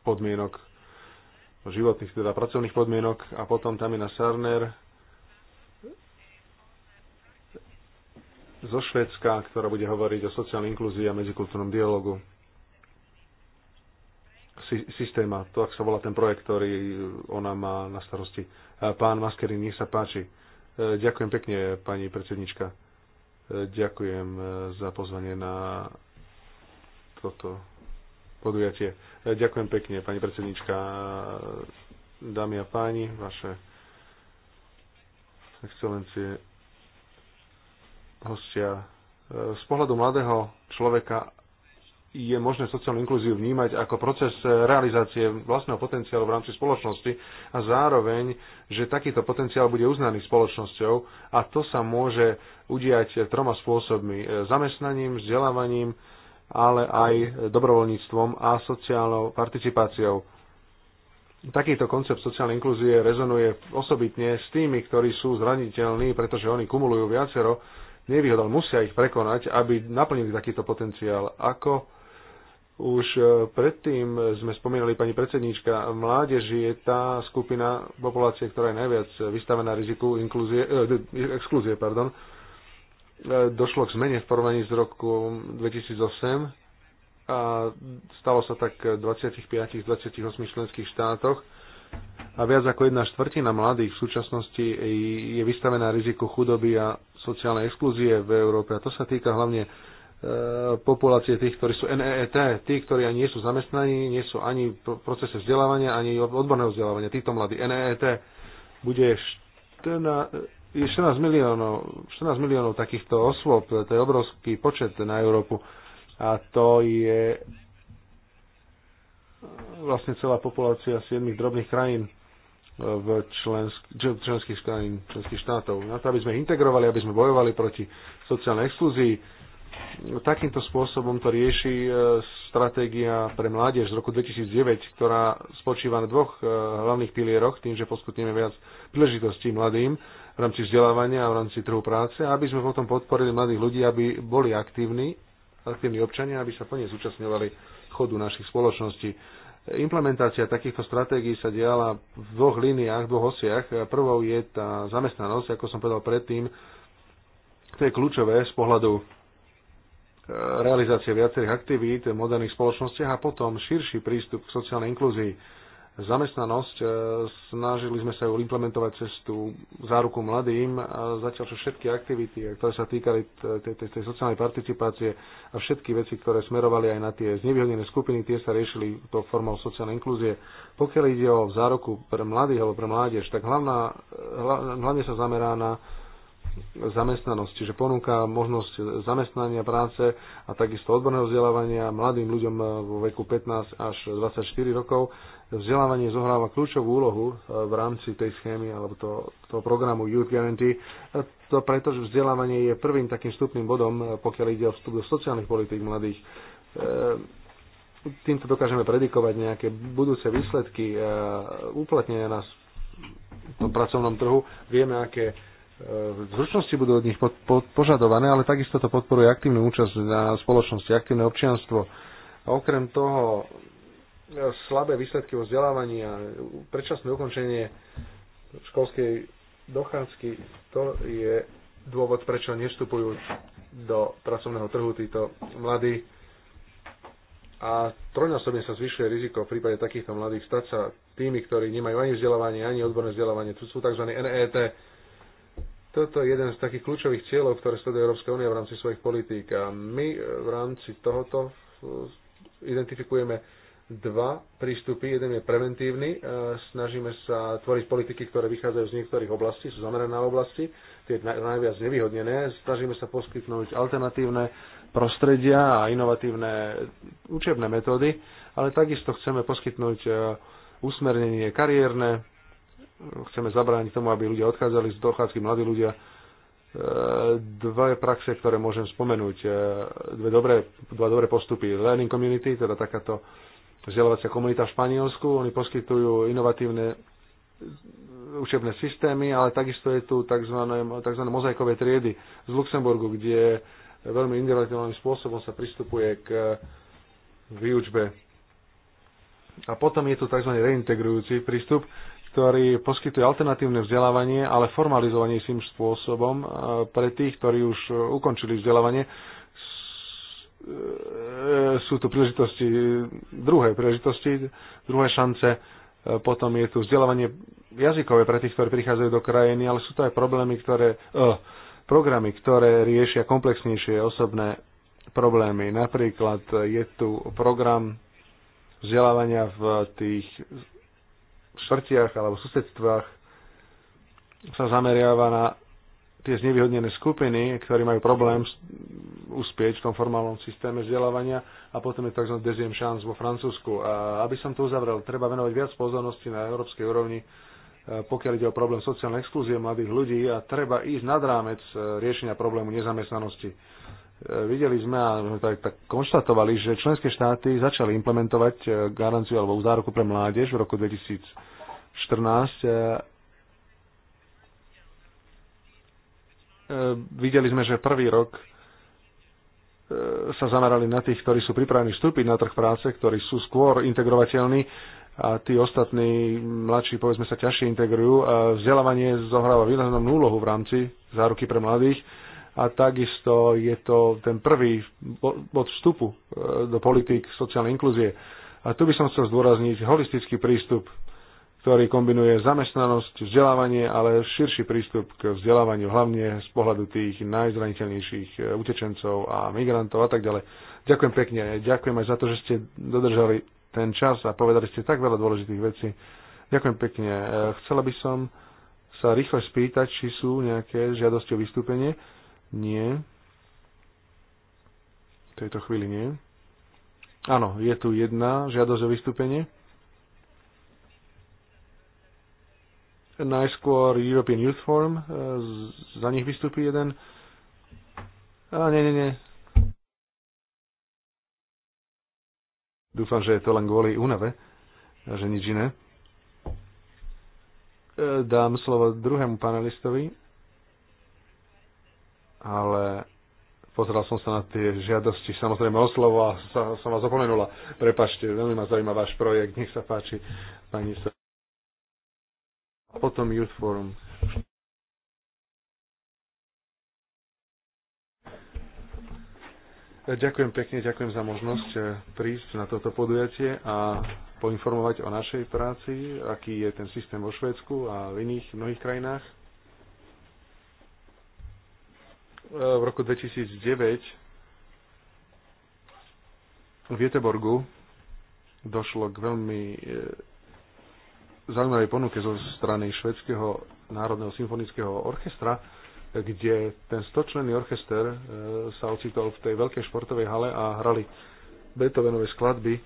Speaker 2: podmienok životných, teda pracovných podmienok a potom na Sarner zo Švedska, ktorá bude hovoriť o sociálnej inklúzii a medzikultúrnom dialogu systéma, to ak sa volá ten projekt, ktorý ona má na starosti. E, pán Maskerin, nech sa páči. E, ďakujem pekne, pani predsednička. Ďakujem eh, za pozvanie na toto podujatie. Eh, ďakujem pekne, pani predsednička, eh, dámy a páni, vaše excelencie, hostia. Z pohľadu mladého človeka je možné sociálnu inklúziu vnímať ako proces realizácie vlastného potenciálu v rámci spoločnosti a zároveň, že takýto potenciál bude uznaný spoločnosťou a to sa môže udiať troma spôsobmi. E, zamestnaním, vzdelávaním, ale aj dobrovoľníctvom a sociálnou participáciou. Takýto koncept sociálnej inklúzie rezonuje osobitne s tými, ktorí sú zraniteľní, pretože oni kumulujú viacero nevýhod, musia ich prekonať, aby naplnili takýto potenciál. Ako už e, predtým sme spomínali pani predsedníčka, mládež je tá skupina populácie, ktorá je najviac vystavená riziku inkluzie, eh, exkluzie. Pardon. E, došlo k zmene v porovnaní s roku 2008 a stalo sa tak v 25 z 28 členských štátoch a viac ako jedna štvrtina mladých v súčasnosti je vystavená riziku chudoby a sociálnej exklúzie v Európe. A to sa týka hlavne Eh, populácie tých, ktorí sú NEET, tí, ktorí ani nie sú zamestnaní, nie sú ani v procese vzdelávania, ani odborného vzdelávania, títo mladí. NEET bude 14, miliónov, 14 miliónov takýchto osôb, to je obrovský počet na Európu a to je vlastne celá populácia 7 drobných krajín eh, v člensk- členských, krajín, členských štátov. Na to, aby sme integrovali, aby sme bojovali proti sociálnej exklúzii, takýmto spôsobom to rieši e, stratégia pre mládež z roku 2009, ktorá spočíva na dvoch e, hlavných pilieroch, tým, že poskytneme viac príležitostí mladým v rámci vzdelávania a v rámci trhu práce, aby sme potom podporili mladých ľudí, aby boli aktívni, aktívni občania, aby sa plne zúčastňovali chodu našich spoločností. Implementácia takýchto stratégií sa diala v dvoch líniách, v dvoch osiach. Prvou je tá zamestnanosť, ako som povedal predtým, to je kľúčové z pohľadu realizácie viacerých aktivít v moderných spoločnostiach a potom širší prístup k sociálnej inklúzii. Zamestnanosť, e, snažili sme sa ju implementovať cez tú záruku mladým, a zatiaľ čo všetky aktivity, ktoré sa týkali tej, tej, tej sociálnej participácie a všetky veci, ktoré smerovali aj na tie znevýhodnené skupiny, tie sa riešili to formou sociálnej inklúzie. Pokiaľ ide o záruku pre mladých alebo pre mládež, tak hlavná, hlavne sa zamerá na zamestnanosť, čiže ponúka možnosť zamestnania práce a takisto odborného vzdelávania mladým ľuďom vo veku 15 až 24 rokov. Vzdelávanie zohráva kľúčovú úlohu eh, v rámci tej schémy alebo to, toho programu Youth Guarantee, to preto, že vzdelávanie je prvým takým vstupným bodom, eh, pokiaľ ide o vstup do sociálnych politík mladých. Eh, týmto dokážeme predikovať nejaké budúce výsledky uplatnenia na tom pracovnom trhu. Vieme, aké zručnosti budú od nich pod, pod, požadované, ale takisto to podporuje aktívnu účasť na spoločnosti, aktívne občianstvo. A okrem toho e, slabé výsledky vo vzdelávaní a predčasné ukončenie školskej dochádzky, to je dôvod, prečo nevstupujú do pracovného trhu títo mladí. A trojnásobne sa zvyšuje riziko v prípade takýchto mladých stať sa tými, ktorí nemajú ani vzdelávanie, ani odborné vzdelávanie. Tu sú tzv. NET, toto je jeden z takých kľúčových cieľov, ktoré sleduje Európska únia v rámci svojich politík. A my e, v rámci tohoto e, identifikujeme dva prístupy. Jeden je preventívny. E, snažíme sa tvoriť politiky, ktoré vychádzajú z niektorých oblastí, sú zamerané na oblasti, tie najviac nevyhodnené. Snažíme sa poskytnúť alternatívne prostredia a inovatívne učebné metódy, ale takisto chceme poskytnúť usmernenie kariérne, chceme zabrániť tomu, aby ľudia odchádzali z dochádzky, mladí ľudia. E, dve praxe, ktoré môžem spomenúť, e, dve dobré, dva dobré postupy. Learning Community, teda takáto vzdelávacia komunita v Španielsku, oni poskytujú inovatívne učebné systémy, ale takisto je tu tzv. tzv. mozaikové triedy z Luxemburgu, kde veľmi individuálnym spôsobom sa pristupuje k e, výučbe. A potom je tu tzv. reintegrujúci prístup, ktorý poskytuje alternatívne vzdelávanie, ale formalizovanejším spôsobom e, pre tých, ktorí už e, ukončili vzdelávanie. E, sú tu príležitosti, druhé príležitosti, druhé šance. Potom je tu vzdelávanie jazykové pre tých, ktorí prichádzajú do krajiny, ale sú to aj problémy, ktoré, eh, programy, ktoré riešia komplexnejšie osobné problémy. Napríklad je tu program vzdelávania v tých štvrtiach alebo susedstvách sa zameriava na tie znevýhodnené skupiny, ktorí majú problém uspieť v tom formálnom systéme vzdelávania a potom je tzv. deziem šans vo Francúzsku. A aby som to uzavrel, treba venovať viac pozornosti na európskej úrovni, e, pokiaľ ide o problém sociálnej exklúzie mladých ľudí a treba ísť nad rámec e, riešenia problému nezamestnanosti. E, videli sme a tak, tak konštatovali, že členské štáty začali implementovať garanciu alebo záruku pre mládež v roku 2000 14 e, e, videli sme, že prvý rok e, sa zamerali na tých, ktorí sú pripravení vstúpiť na trh práce, ktorí sú skôr integrovateľní a tí ostatní, mladší, povedzme sa, ťažšie integrujú. Vzdelávanie zohráva výraznú úlohu v rámci záruky pre mladých a takisto je to ten prvý bod vstupu do politik sociálnej inklúzie. A tu by som chcel zdôrazniť holistický prístup ktorý kombinuje zamestnanosť, vzdelávanie, ale širší prístup k vzdelávaniu, hlavne z pohľadu tých najzraniteľnejších e, utečencov a migrantov a tak ďalej. Ďakujem pekne, ďakujem aj za to, že ste dodržali ten čas a povedali ste tak veľa dôležitých vecí. Ďakujem pekne. E, chcela by som sa rýchle spýtať, či sú nejaké žiadosti o vystúpenie. Nie. V tejto chvíli nie. Áno, je tu jedna žiadosť o vystúpenie. najskôr European Youth Forum, e, za nich vystúpi jeden. A nie, nie, nie. Dúfam, že je to len kvôli únave a že nič iné. E, dám slovo druhému panelistovi, ale pozeral som sa na tie žiadosti, samozrejme o slovo a sa, som vás opomenula. Prepašte, veľmi ma zaujíma váš projekt, nech sa páči, pani sa potom Youth Forum. Ďakujem pekne, ďakujem za možnosť e, prísť na toto podujatie a poinformovať o našej práci, aký je ten systém vo Švédsku a v iných mnohých krajinách. E, v roku 2009 v Göteborgu došlo k veľmi e, zaujímavej ponuke zo strany Švedského národného symfonického orchestra, kde ten stočlenný orchester e, sa ocitol v tej veľkej športovej hale a hrali Beethovenové skladby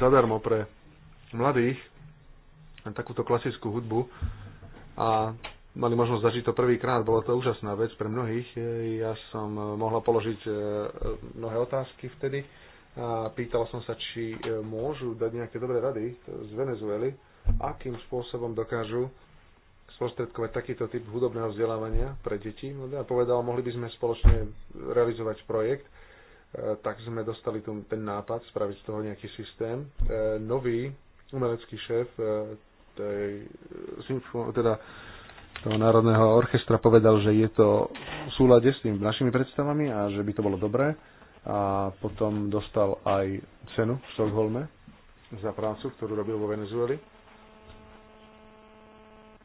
Speaker 2: zadarmo pre mladých, takúto klasickú hudbu a mali možnosť zažiť to prvýkrát, bola to úžasná vec pre mnohých. E, ja som e, mohla položiť mnohé otázky vtedy a pýtal som sa, či môžu dať nejaké dobré rady z Venezuely akým spôsobom dokážu sprostredkovať takýto typ hudobného vzdelávania pre deti. No ja povedal, mohli by sme spoločne realizovať projekt, e, tak sme dostali tu ten nápad spraviť z toho nejaký systém. E, nový umelecký šéf e, tej, teda toho Národného orchestra povedal, že je to v súlade s tým našimi predstavami a že by to bolo dobré. A potom dostal aj cenu v Stockholme za prácu, ktorú robil vo Venezueli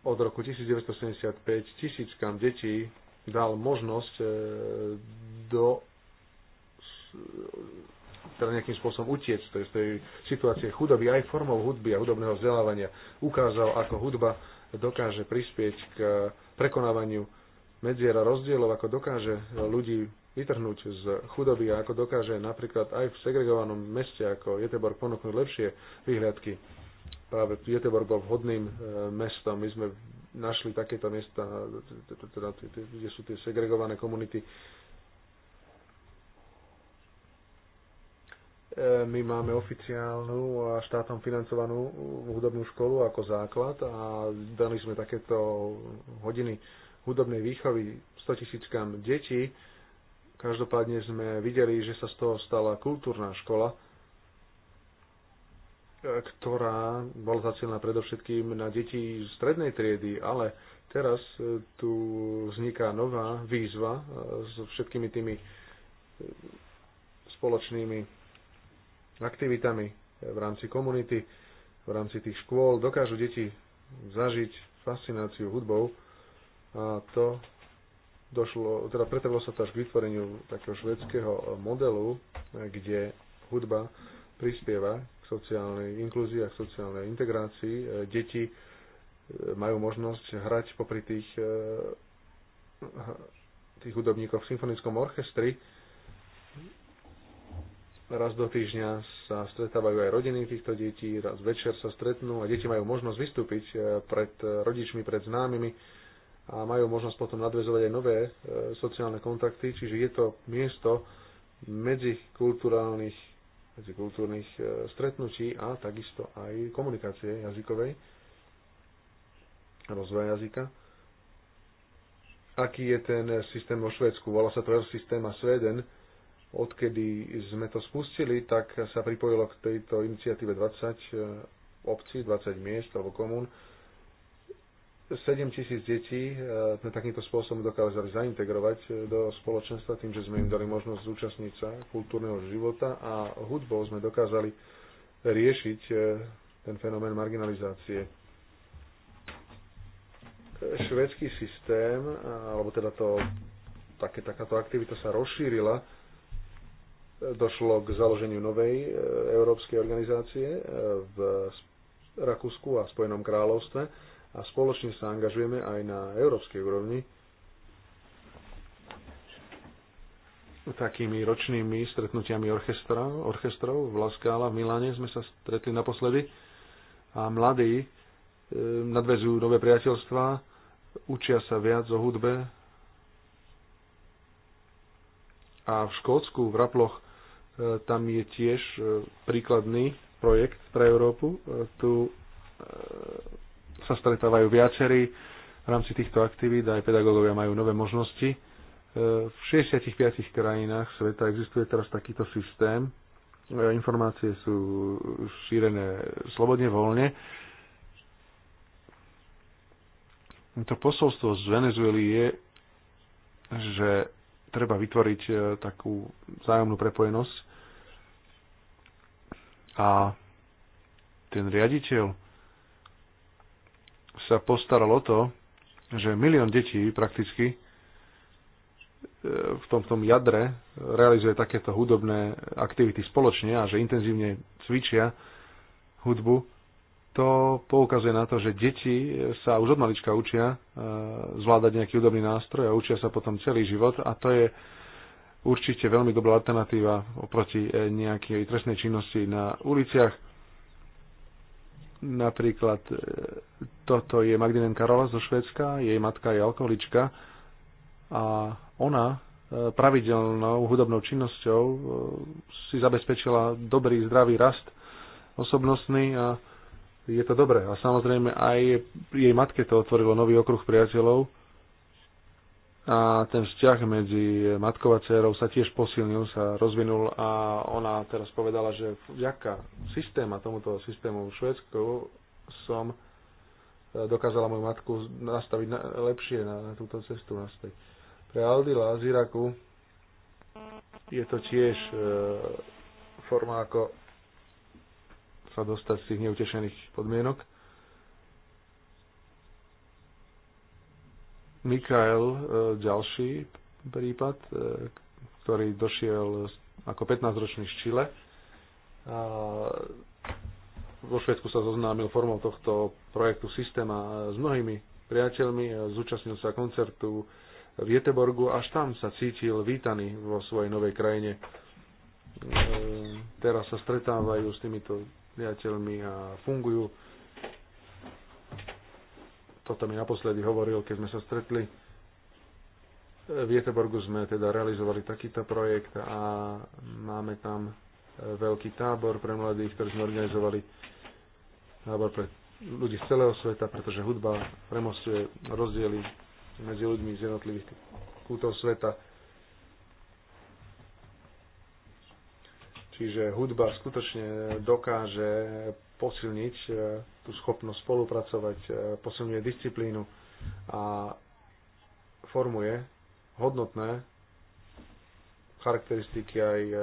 Speaker 2: od roku 1975 tisíckam detí dal možnosť e, do e, teda nejakým spôsobom utiec to je z tej situácie chudoby aj formou hudby a hudobného vzdelávania. Ukázal, ako hudba dokáže prispieť k e, prekonávaniu medziera rozdielov, ako dokáže ľudí vytrhnúť z chudoby a ako dokáže napríklad aj v segregovanom meste ako Jeteborg ponúknuť lepšie vyhľadky práve Göteborgo vhodným e, mestom. My sme našli takéto miesta, teda kde sú tie segregované komunity. E, my máme oficiálnu a štátom financovanú hudobnú školu ako základ a dali sme takéto hodiny hudobnej výchovy 100 tisíckam detí. Každopádne sme videli, že sa z toho stala kultúrna škola, ktorá bola zacielená predovšetkým na deti strednej triedy, ale teraz e, tu vzniká nová výzva e, so všetkými tými e, spoločnými aktivitami v rámci komunity, v rámci tých škôl. Dokážu deti zažiť fascináciu hudbou a to došlo, teda pretavilo sa to až k vytvoreniu takého švedského modelu, kde hudba prispieva sociálnej inklúzii a k sociálnej integrácii. E, deti e, majú možnosť hrať popri tých, e, tých hudobníkov v symfonickom orchestri. Raz do týždňa sa stretávajú aj rodiny týchto detí, raz večer sa stretnú a deti majú možnosť vystúpiť pred rodičmi, pred známymi a majú možnosť potom nadvezovať aj nové sociálne kontakty, čiže je to miesto medzikulturálnych medzikultúrnych e, stretnutí a takisto aj komunikácie jazykovej, rozvoja jazyka. Aký je ten systém vo Švédsku? Volá sa to systém a Sveden. Odkedy sme to spustili, tak sa pripojilo k tejto iniciatíve 20 e, obcí, 20 miest alebo komún 7 tisíc detí e, sme takýmto spôsobom dokázali zaintegrovať e, do spoločenstva tým, že sme im dali možnosť zúčastniť sa kultúrneho života a hudbou sme dokázali riešiť e, ten fenomén marginalizácie. Švedský systém, alebo teda to, také, takáto aktivita sa rozšírila, došlo k založeniu novej európskej organizácie v Rakúsku a Spojenom kráľovstve a spoločne sa angažujeme aj na európskej úrovni takými ročnými stretnutiami orchestra, orchestrov v Laskála v Miláne sme sa stretli naposledy a mladí e, nadvezujú nové priateľstvá, učia sa viac o hudbe a v Škótsku, v Raploch, e, tam je tiež e, príkladný projekt pre Európu. E, tu e, sa stretávajú viacerí v rámci týchto aktivít, aj pedagógovia majú nové možnosti. E, v 65 krajinách sveta existuje teraz takýto systém. E, informácie sú šírené slobodne, voľne. To posolstvo z Venezuely je, že treba vytvoriť e, takú vzájomnú prepojenosť a ten riaditeľ sa postaral o to, že milión detí prakticky e, v tom, v tom jadre realizuje takéto hudobné aktivity spoločne a že intenzívne cvičia hudbu, to poukazuje na to, že deti sa už od malička učia e, zvládať nejaký hudobný nástroj a učia sa potom celý život a to je určite veľmi dobrá alternatíva oproti e, nejakej trestnej činnosti na uliciach Napríklad e, toto je Magdalen Karola zo Švedska, jej matka je alkoholička a ona e, pravidelnou hudobnou činnosťou e, si zabezpečila dobrý, zdravý rast osobnostný a je to dobré. A samozrejme aj jej matke to otvorilo nový okruh priateľov, a ten vzťah medzi matkou a dcerou sa tiež posilnil, sa rozvinul a ona teraz povedala, že vďaka systéma, tomuto systému v Švedsku som e, dokázala moju matku nastaviť na, lepšie na, na túto cestu naspäť. Pre Aldila z Iraku je to tiež e, forma, ako sa dostať z tých neutešených podmienok Mikael, e, ďalší prípad, e, ktorý došiel ako 15-ročný z Čile. Vo Švedsku sa zoznámil formou tohto projektu Systema s mnohými priateľmi, e, zúčastnil sa koncertu v Jeteborgu, až tam sa cítil vítaný vo svojej novej krajine. Teraz sa stretávajú s týmito priateľmi a fungujú toto mi naposledy hovoril, keď sme sa stretli. V Jeteborgu sme teda realizovali takýto projekt a máme tam e, veľký tábor pre mladých, ktorý sme organizovali tábor pre ľudí z celého sveta, pretože hudba premostuje rozdiely medzi ľuďmi z jednotlivých kútov sveta. Čiže hudba skutočne dokáže posilniť e, tú schopnosť spolupracovať, e, posilňuje disciplínu a formuje hodnotné charakteristiky aj e,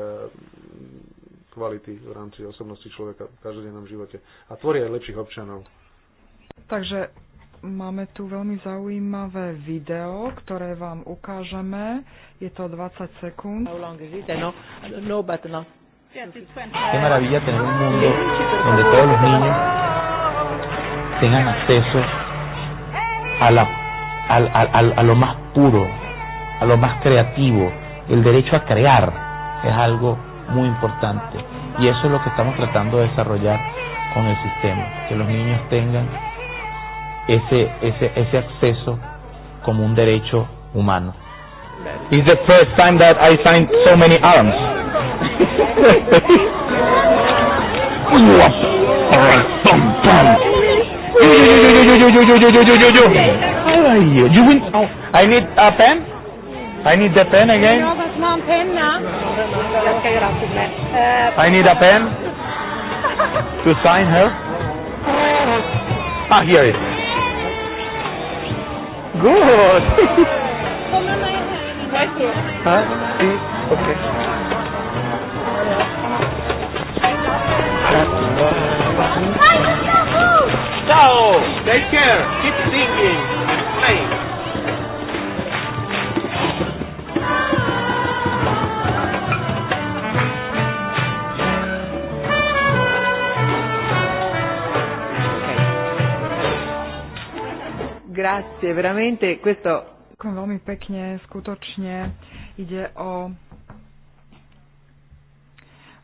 Speaker 2: kvality v rámci osobnosti človeka v každodennom živote a tvorí aj lepších občanov.
Speaker 4: Takže máme tu veľmi zaujímavé video, ktoré vám ukážeme. Je to 20 sekúnd.
Speaker 3: Qué maravilla tener un mundo donde todos los niños tengan acceso a, la, a, a,
Speaker 1: a, lo más puro, a lo más creativo. El derecho a crear es algo muy importante y eso es lo que estamos tratando de desarrollar con el sistema, que los niños tengan ese, ese, ese acceso como un derecho humano. Es la primera vez que signed so many arms.
Speaker 3: (laughs) All right, yo, yo, yo, yo, yo, yo, yo, yo, yo, yo, yo, yo, yo, I need a pen. I need the pen again. I need a pen to sign her. Ah, here it is. Good. huh? Okay. Ah! Ciao. Take care. Keep singing and
Speaker 1: Grazie, veramente
Speaker 4: questo... Veľmi pekne, skutočne ide o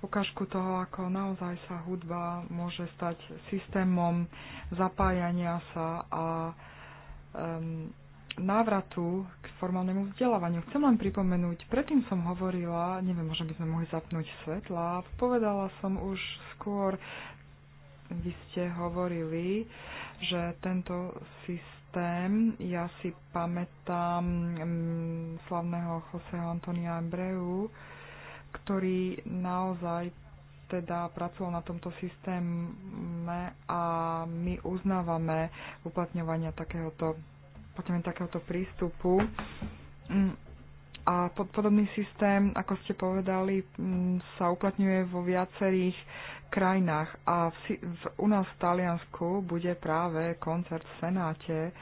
Speaker 4: ukážku toho, ako naozaj sa hudba môže stať systémom zapájania sa a um, návratu k formálnemu vzdelávaniu. Chcem len pripomenúť, predtým som hovorila, neviem, možno by sme mohli zapnúť svetla, povedala som už skôr, vy ste hovorili, že tento systém, ja si pamätám um, slavného Joseho Antonia Embreu, ktorý naozaj teda pracoval na tomto systéme a my uznávame uplatňovania takéhoto, uplatňovania takéhoto prístupu. Mm, a podobný systém, ako ste povedali, mm, sa uplatňuje vo viacerých krajinách. A v, v, u nás v Taliansku bude práve koncert v Senáte.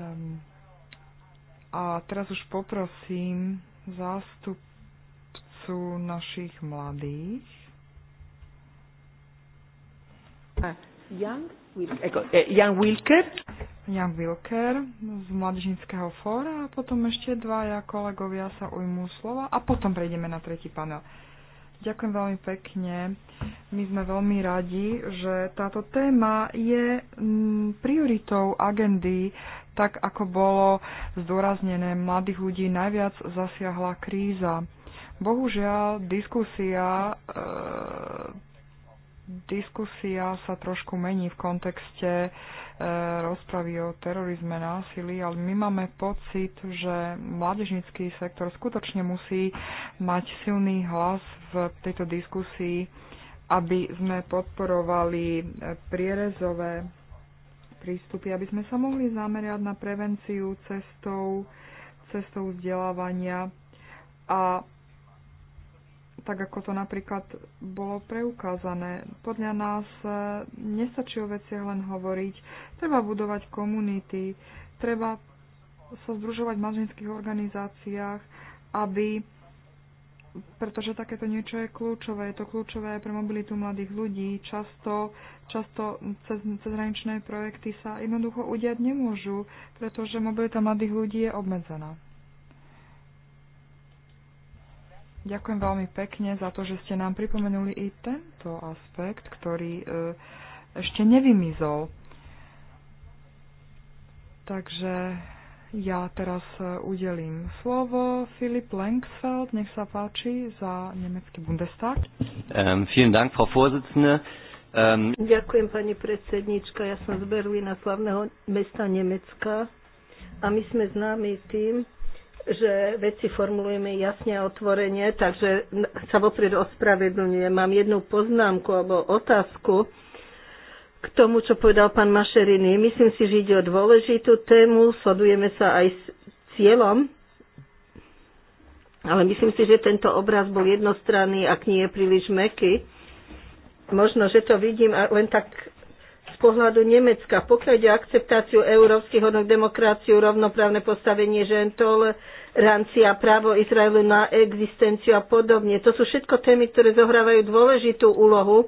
Speaker 4: Um, a teraz už poprosím zástup prácu našich mladých. Jan uh, eh, eh, Wilker. Jan Wilker z Mladežnického fóra a potom ešte dvaja kolegovia sa ujmú slova a potom prejdeme na tretí panel. Ďakujem veľmi pekne. My sme veľmi radi, že táto téma je mm, prioritou agendy, tak ako bolo zdôraznené, mladých ľudí najviac zasiahla kríza. Bohužiaľ, diskusia, e, diskusia sa trošku mení v kontexte e, rozpravy o terorizme, násilí, ale my máme pocit, že mládežnický sektor skutočne musí mať silný hlas v tejto diskusii, aby sme podporovali e, prierezové prístupy, aby sme sa mohli zamerať na prevenciu cestou, cestou vzdelávania a tak ako to napríklad bolo preukázané. Podľa nás e, nestačí o veciach len hovoriť, treba budovať komunity, treba sa združovať v manželských organizáciách, aby pretože takéto niečo je kľúčové. Je to kľúčové pre mobilitu mladých ľudí. Často, často cez, cezhraničné projekty sa jednoducho udiať nemôžu, pretože mobilita mladých ľudí je obmedzená. Ďakujem veľmi pekne za to, že ste nám pripomenuli i tento aspekt, ktorý e, ešte nevymizol. Takže ja teraz e, udelím slovo Filip Lengsfeld, nech sa páči, za
Speaker 5: nemecký Bundestag.
Speaker 1: Um, vielen Dank, Frau Vorsitzende. Um...
Speaker 5: Ďakujem, pani predsednička. Ja som z Berlína, slavného mesta Nemecka. A my sme známi tým, že veci formulujeme jasne a otvorene, takže sa vopred ospravedlňujem. Mám jednu poznámku alebo otázku k tomu, čo povedal pán Mašeriny. Myslím si, že ide o dôležitú tému, sledujeme sa aj s cieľom, ale myslím si, že tento obraz bol jednostranný, ak nie je príliš meký. Možno, že to vidím len tak z pohľadu Nemecka. Pokiaľ ide akceptáciu európskych hodnot demokraciu, rovnoprávne postavenie žen, to tolerancia, právo Izraelu na existenciu a podobne. To sú všetko témy, ktoré zohrávajú dôležitú úlohu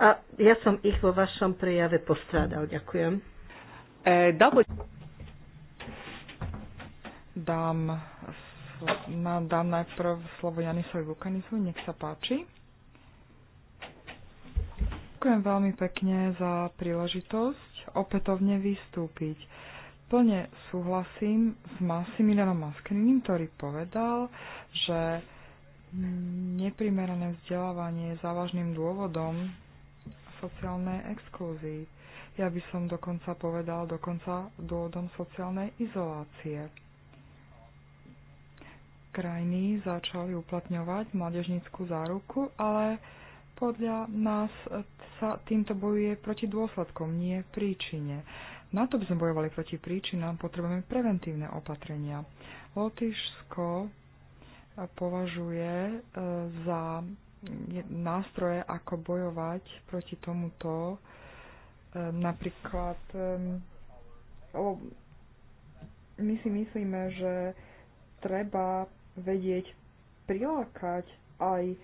Speaker 5: a ja som ich vo vašom prejave postrádal. Ďakujem. E, dám,
Speaker 4: dám najprv slovo Janisovi Vukanizu, nech sa páči. Ďakujem veľmi pekne za príležitosť opätovne vystúpiť. Plne súhlasím s Massimilianom Maskeriným, ktorý povedal, že neprimerané vzdelávanie je závažným dôvodom sociálnej exklúzii. Ja by som dokonca povedal dokonca dôvodom sociálnej izolácie. Krajiny začali uplatňovať mládežnícku záruku, ale podľa nás sa týmto bojuje proti dôsledkom, nie príčine. Na to by sme bojovali proti príčinám, potrebujeme preventívne opatrenia. Lotyšsko považuje e, za nástroje, ako bojovať proti tomuto e, napríklad e, my si myslíme, že treba vedieť prilákať aj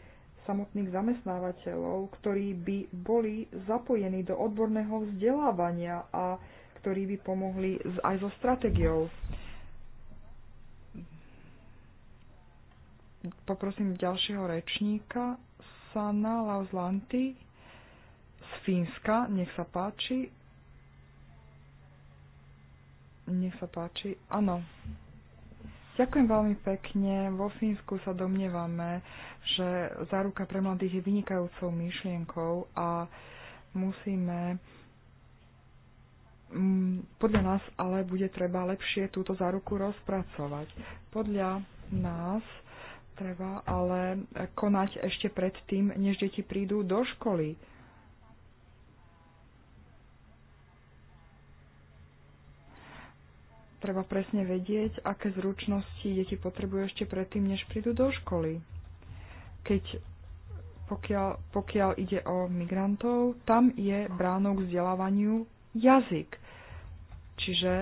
Speaker 4: samotných zamestnávateľov, ktorí by boli zapojení do odborného vzdelávania a ktorí by pomohli aj so stratégiou. Poprosím ďalšieho rečníka, Sana Lauslanti z Fínska. Nech sa páči. Nech sa páči. Áno. Ďakujem veľmi pekne. Vo Fínsku sa domnievame, že záruka pre mladých je vynikajúcou myšlienkou a musíme Mm, podľa nás ale bude treba lepšie túto záruku rozpracovať. Podľa nás treba ale konať ešte predtým, než deti prídu do školy. Treba presne vedieť, aké zručnosti deti potrebujú ešte predtým, než prídu do školy. Keď pokiaľ, pokiaľ ide o migrantov, tam je bránou k vzdelávaniu jazyk. Čiže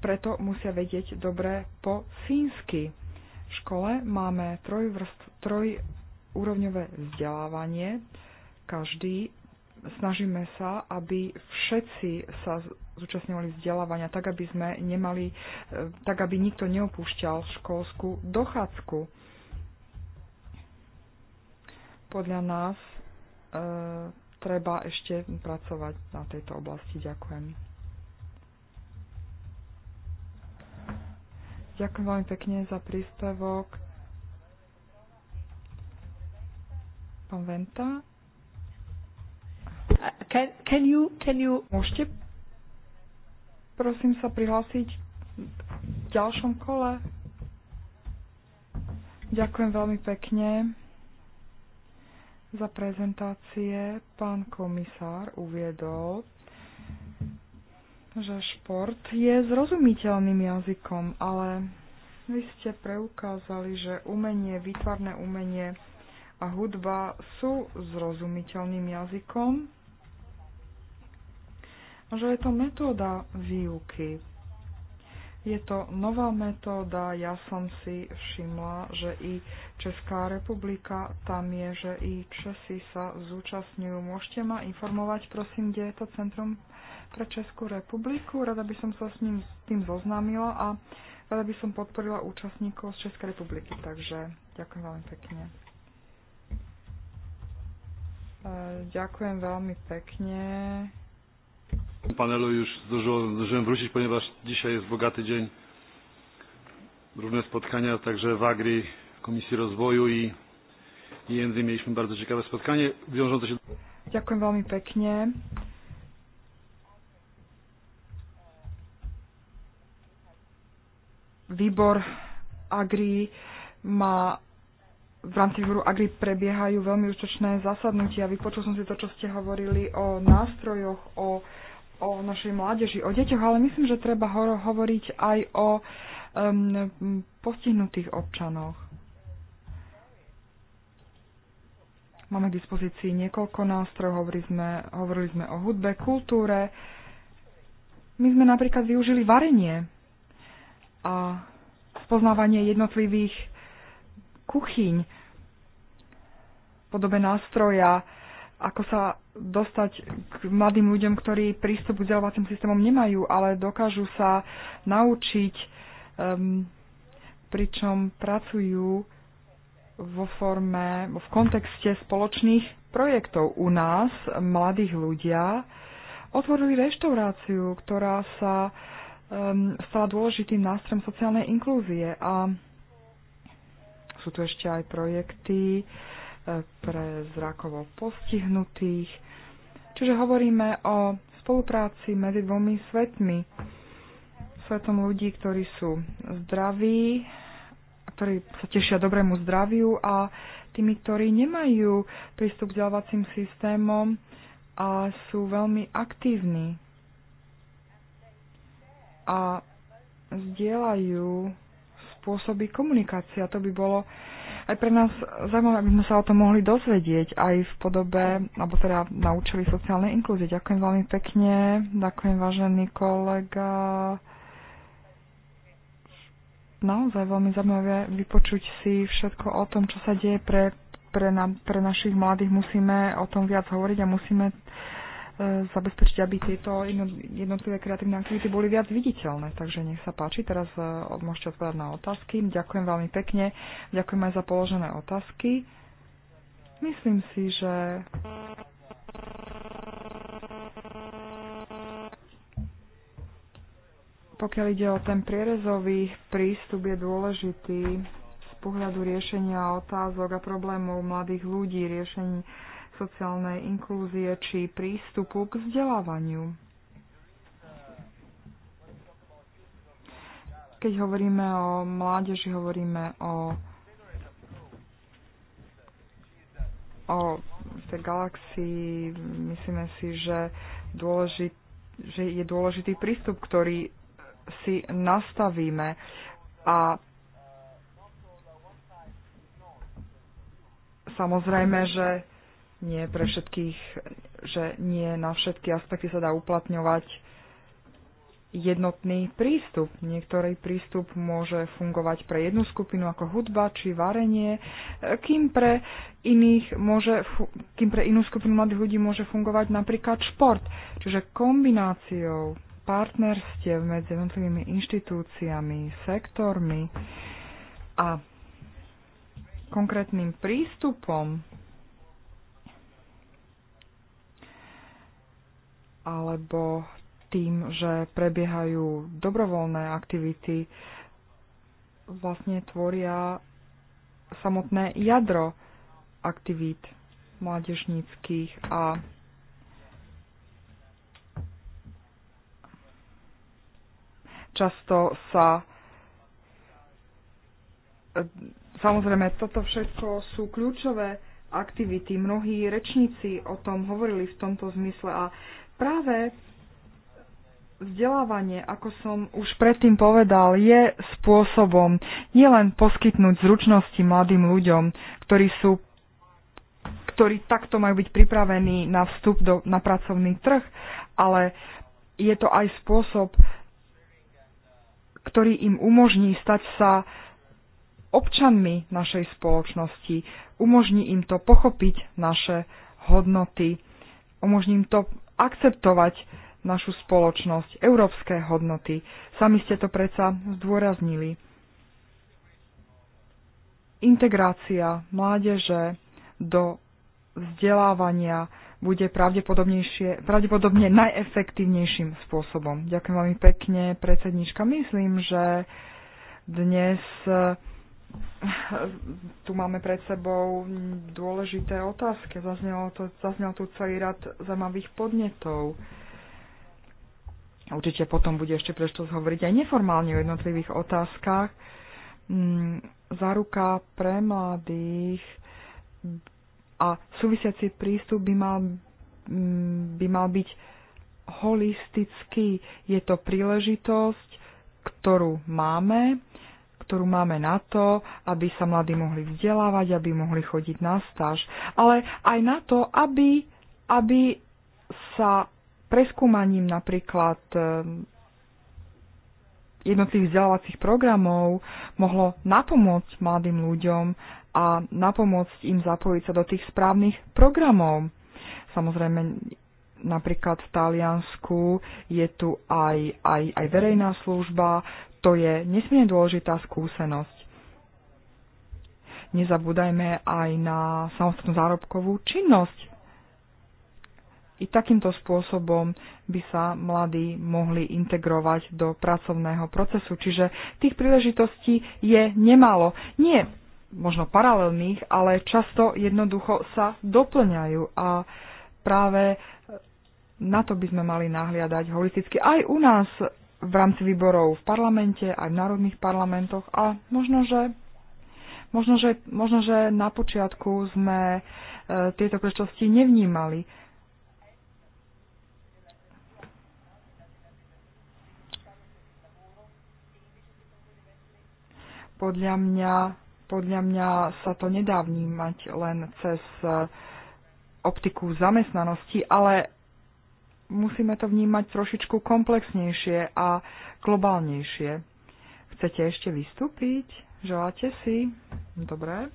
Speaker 4: preto musia vedieť dobre po fínsky. V škole máme trojvrst, trojúrovňové vzdelávanie. Každý snažíme sa, aby všetci sa zúčastňovali vzdelávania, tak aby sme nemali, e, tak aby nikto neopúšťal školskú dochádzku. Podľa nás e, treba ešte pracovať na tejto oblasti. Ďakujem. Ďakujem veľmi pekne za príspevok. Pán Venta. Uh, can, can you, can you... Môžete prosím sa prihlásiť v ďalšom kole? Ďakujem veľmi pekne za prezentácie. Pán komisár uviedol, že šport je zrozumiteľným jazykom, ale vy ste preukázali, že umenie, výtvarné umenie a hudba sú zrozumiteľným jazykom a že je to metóda výuky. Je to nová metóda, ja som si všimla, že i Česká republika tam je, že i Česi sa zúčastňujú. Môžete ma informovať, prosím, kde je to Centrum pre Českú republiku? Rada by som sa s, ním, s tým zoznámila a rada by som podporila účastníkov z Českej republiky. Takže ďakujem veľmi pekne. E, ďakujem veľmi pekne
Speaker 2: panelu już zdążyłem wrócić, ponieważ dzisiaj jest bogaty dzień. Różne spotkania także w Agri, Komisji Rozwoju i, i mieliśmy bardzo ciekawe spotkanie wiążące się...
Speaker 4: Ďakujem veľmi pekne. Výbor Agri má v rámci výboru Agri prebiehajú veľmi užitočné zasadnutia. Vypočul som si to, čo ste hovorili o nástrojoch, o o našej mládeži, o deťoch, ale myslím, že treba ho- hovoriť aj o um, postihnutých občanoch. Máme k dispozícii niekoľko nástrojov, hovorili sme, hovorili sme o hudbe, kultúre. My sme napríklad využili varenie a spoznávanie jednotlivých kuchyň, podobe nástroja, ako sa dostať k mladým ľuďom, ktorí prístup k vzdelávacím systémom nemajú, ale dokážu sa naučiť, um, ehm, pričom pracujú vo forme, v kontexte spoločných projektov. U nás mladých ľudia otvorili reštauráciu, ktorá sa um, stala dôležitým nástrojom sociálnej inklúzie a sú tu ešte aj projekty, uh, pre zrakovo postihnutých. Čiže hovoríme o spolupráci medzi dvomi svetmi. Svetom ľudí, ktorí sú zdraví, ktorí sa tešia dobrému zdraviu a tými, ktorí nemajú prístup k vzdelávacím systémom a sú veľmi aktívni a zdieľajú spôsoby komunikácie. A to by bolo aj pre nás zaujímavé, aby sme sa o tom mohli dozvedieť aj v podobe, alebo teda naučili sociálnej inklúzie. Ďakujem veľmi pekne, ďakujem vážený kolega. Naozaj veľmi zaujímavé vypočuť si všetko o tom, čo sa deje pre, pre, na, pre našich mladých. Musíme o tom viac hovoriť a musíme E, zabezpečiť, aby tieto jednotlivé kreatívne aktivity boli viac viditeľné. Takže nech sa páči, teraz e, môžete odpovedať na otázky. Ďakujem veľmi pekne, ďakujem aj za položené otázky. Myslím si, že pokiaľ ide o ten prierezový prístup, je dôležitý z pohľadu riešenia otázok a problémov mladých ľudí, riešení sociálnej inklúzie či prístupu k vzdelávaniu. Keď hovoríme o mládeži, hovoríme o, o tej galaxii, myslíme si, že, dôležit, že je dôležitý prístup, ktorý si nastavíme a samozrejme, že nie pre všetkých, že nie na všetky aspekty sa dá uplatňovať jednotný prístup. Niektorý prístup môže fungovať pre jednu skupinu ako hudba či varenie, kým pre, iných môže, kým pre inú skupinu mladých ľudí môže fungovať napríklad šport. Čiže kombináciou partnerstiev medzi jednotlivými inštitúciami, sektormi a konkrétnym prístupom alebo tým, že prebiehajú dobrovoľné aktivity, vlastne tvoria samotné jadro aktivít mládežníckých a často sa samozrejme toto všetko sú kľúčové aktivity. Mnohí rečníci o tom hovorili v tomto zmysle a Práve vzdelávanie, ako som už predtým povedal, je spôsobom nielen poskytnúť zručnosti mladým ľuďom, ktorí sú ktorí takto majú byť pripravení na vstup do, na pracovný trh, ale je to aj spôsob, ktorý im umožní stať sa občanmi našej spoločnosti, umožní im to pochopiť naše hodnoty, umožní im to akceptovať našu spoločnosť, európske hodnoty. Sami ste to predsa zdôraznili. Integrácia mládeže do vzdelávania bude pravdepodobnejšie, pravdepodobne najefektívnejším spôsobom. Ďakujem veľmi pekne, predsednička. Myslím, že dnes tu máme pred sebou dôležité otázky. Zaznel, to, zaznel tu celý rad zaujímavých podnetov. Určite potom bude ešte prečo hovoriť aj neformálne o jednotlivých otázkach. Mm, Zaruka pre mladých a súvisiaci prístup by mal, mm, by mal byť holistický. Je to príležitosť, ktorú máme ktorú máme na to, aby sa mladí mohli vzdelávať, aby mohli chodiť na stáž, ale aj na to, aby, aby sa preskúmaním napríklad e, jednotlivých vzdelávacích programov mohlo napomôcť mladým ľuďom a napomôcť im zapojiť sa do tých správnych programov. Samozrejme, napríklad v Taliansku je tu aj, aj, aj verejná služba, to je nesmierne dôležitá skúsenosť. Nezabúdajme aj na samostatnú zárobkovú činnosť. I takýmto spôsobom by sa mladí mohli integrovať do pracovného procesu. Čiže tých príležitostí je nemálo. Nie možno paralelných, ale často jednoducho sa doplňajú a práve na to by sme mali nahliadať holisticky. Aj u nás v rámci výborov v parlamente, aj v národných parlamentoch a možno, že Možno že, možno, že na počiatku sme e, tieto prečosti nevnímali. Podľa mňa, podľa mňa sa to nedá vnímať len cez e, optiku zamestnanosti, ale musíme to vnímať trošičku komplexnejšie a globálnejšie. Chcete ešte vystúpiť? Želáte si? Dobre.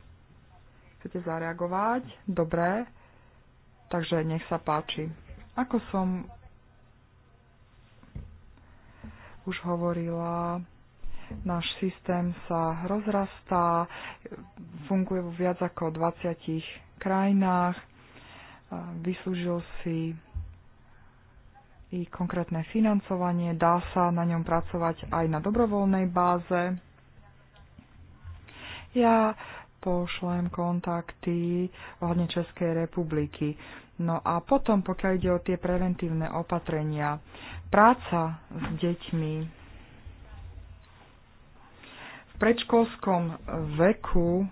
Speaker 4: Chcete zareagovať? Dobre. Takže nech sa páči. Ako som už hovorila, náš systém sa rozrastá, funguje vo viac ako 20 krajinách, vyslúžil si i konkrétne financovanie. Dá sa na ňom pracovať aj na dobrovoľnej báze. Ja pošlem kontakty ohľadne Českej republiky. No a potom, pokiaľ ide o tie preventívne opatrenia, práca s deťmi v predškolskom veku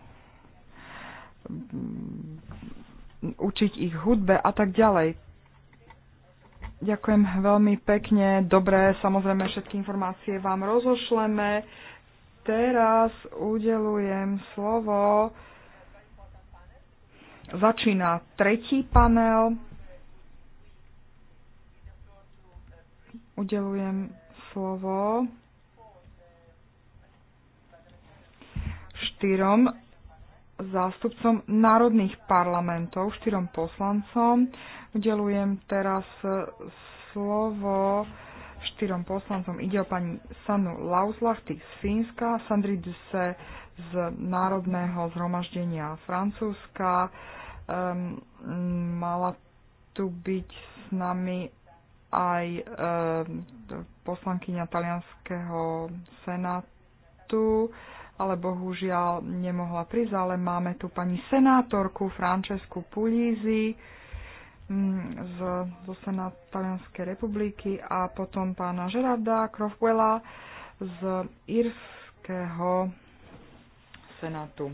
Speaker 4: učiť ich hudbe a tak ďalej. Ďakujem veľmi pekne. Dobre, samozrejme všetky informácie vám rozošleme. Teraz udelujem slovo. Začína tretí panel. Udelujem slovo štyrom zástupcom národných parlamentov, štyrom poslancom. Udelujem teraz e, slovo štyrom poslancom. Ide o pani Sanu Lauslachty z Fínska, Sandri Duse z Národného zhromaždenia Francúzska. Um, mala tu byť s nami aj um, poslankyňa talianského senátu ale bohužiaľ nemohla prísť, ale máme tu pani senátorku Francesku Pulízi mm, z, zo Senát Talianskej republiky a potom pána Gerarda Crofwella z Írskeho senátu.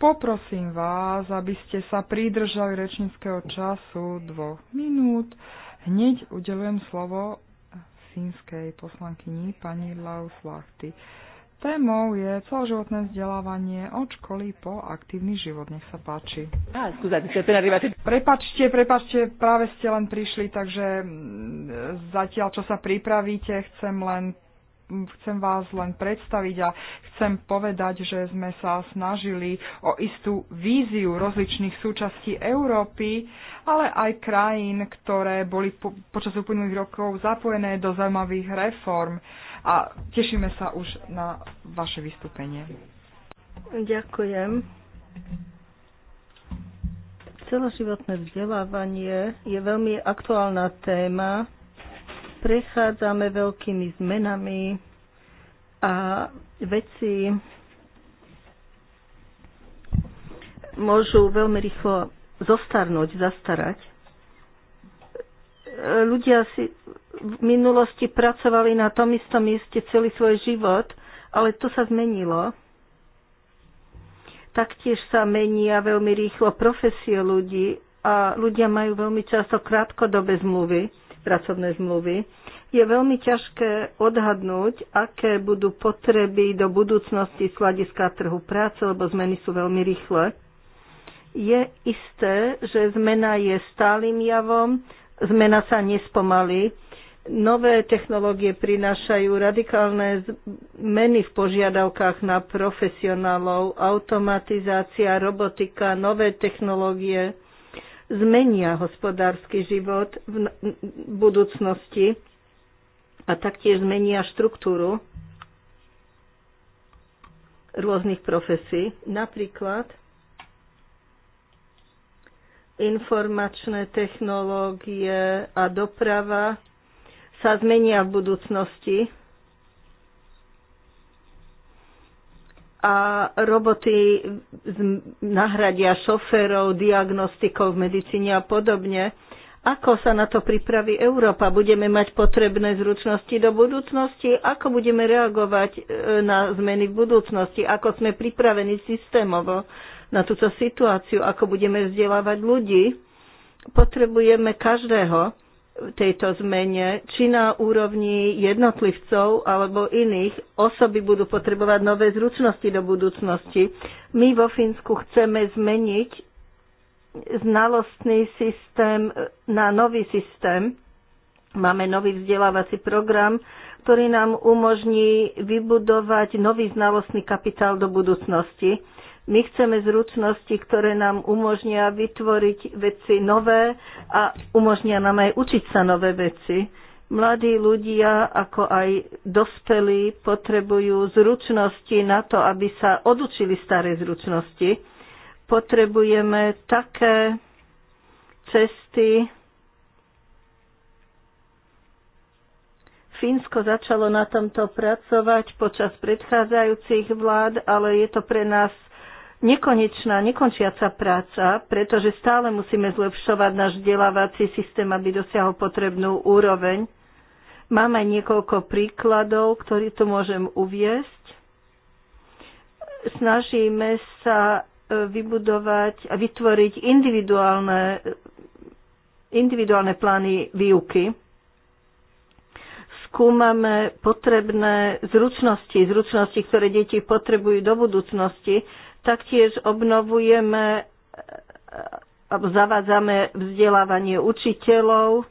Speaker 4: Poprosím vás, aby ste sa pridržali rečníckého času dvoch minút. Hneď udelujem slovo fínskej poslankyni pani Lauslachty. Témou je celoživotné vzdelávanie od školy po aktívny život. Nech sa páči. prepačte, prepačte, práve ste len prišli, takže mm, zatiaľ, čo sa pripravíte, chcem len mm, chcem vás len predstaviť a chcem povedať, že sme sa snažili o istú víziu rozličných súčastí Európy, ale aj krajín, ktoré boli po, počas uplynulých rokov zapojené do zaujímavých reform a tešíme sa už na vaše vystúpenie.
Speaker 5: Ďakujem. Celoživotné vzdelávanie je veľmi aktuálna téma. Prechádzame veľkými zmenami a veci môžu veľmi rýchlo zostarnúť, zastarať. Ľudia si v minulosti pracovali na tom istom mieste celý svoj život, ale to sa zmenilo. Taktiež sa menia veľmi rýchlo profesie ľudí a ľudia majú veľmi často krátkodobé zmluvy, pracovné zmluvy. Je veľmi ťažké odhadnúť, aké budú potreby do budúcnosti z hľadiska trhu práce, lebo zmeny sú veľmi rýchle. Je isté, že zmena je stálym javom, zmena sa nespomalí Nové technológie prinášajú radikálne zmeny v požiadavkách na profesionálov, automatizácia, robotika, nové technológie zmenia hospodársky život v budúcnosti a taktiež zmenia štruktúru rôznych profesí. Napríklad informačné technológie a doprava sa zmenia v budúcnosti. A roboty nahradia šoférov, diagnostikov v medicíne a podobne. Ako sa na to pripraví Európa? Budeme mať potrebné zručnosti do budúcnosti? Ako budeme reagovať e, na zmeny v budúcnosti? Ako sme pripravení systémovo na túto situáciu? Ako budeme vzdelávať ľudí? Potrebujeme každého tejto zmene, či na úrovni jednotlivcov alebo iných. Osoby budú potrebovať nové zručnosti do budúcnosti. My vo Fínsku chceme zmeniť znalostný systém na nový systém. Máme nový vzdelávací program, ktorý nám umožní vybudovať nový znalostný kapitál do budúcnosti. My chceme zručnosti, ktoré nám umožnia vytvoriť veci nové a umožnia nám aj učiť sa nové veci. Mladí ľudia, ako aj dospelí, potrebujú zručnosti na to, aby sa odučili staré zručnosti. Potrebujeme také cesty. Fínsko začalo na tomto pracovať počas predchádzajúcich vlád, ale je to pre nás nekonečná, nekončiaca práca, pretože stále musíme zlepšovať náš vzdelávací systém, aby dosiahol potrebnú úroveň. Mám aj niekoľko príkladov, ktorý tu môžem uviesť. Snažíme sa e, vybudovať a vytvoriť individuálne, individuálne plány výuky skúmame potrebné zručnosti, zručnosti, ktoré deti potrebujú do budúcnosti, Taktiež obnovujeme alebo zavádzame vzdelávanie učiteľov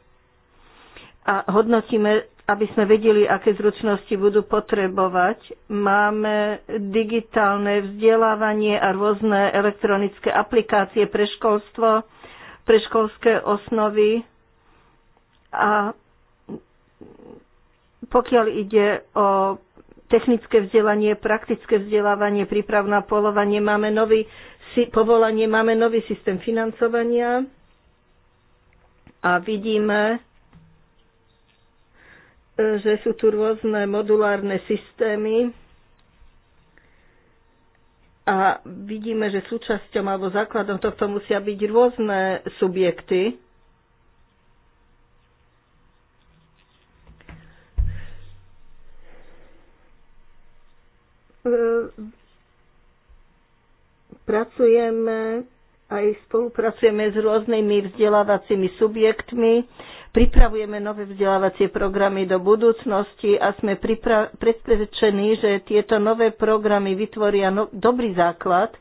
Speaker 5: a hodnotíme, aby sme vedeli, aké zručnosti budú potrebovať. Máme digitálne vzdelávanie a rôzne elektronické aplikácie pre školstvo, pre školské osnovy a pokiaľ ide o technické vzdelanie, praktické vzdelávanie, príprav na polovanie, máme nový povolanie, máme nový systém financovania a vidíme, e, že sú tu rôzne modulárne systémy a vidíme, že súčasťou alebo základom tohto musia byť rôzne subjekty, pracujeme aj spolupracujeme s rôznymi vzdelávacími subjektmi, pripravujeme nové vzdelávacie programy do budúcnosti a sme presvedčení, že tieto nové programy vytvoria no- dobrý základ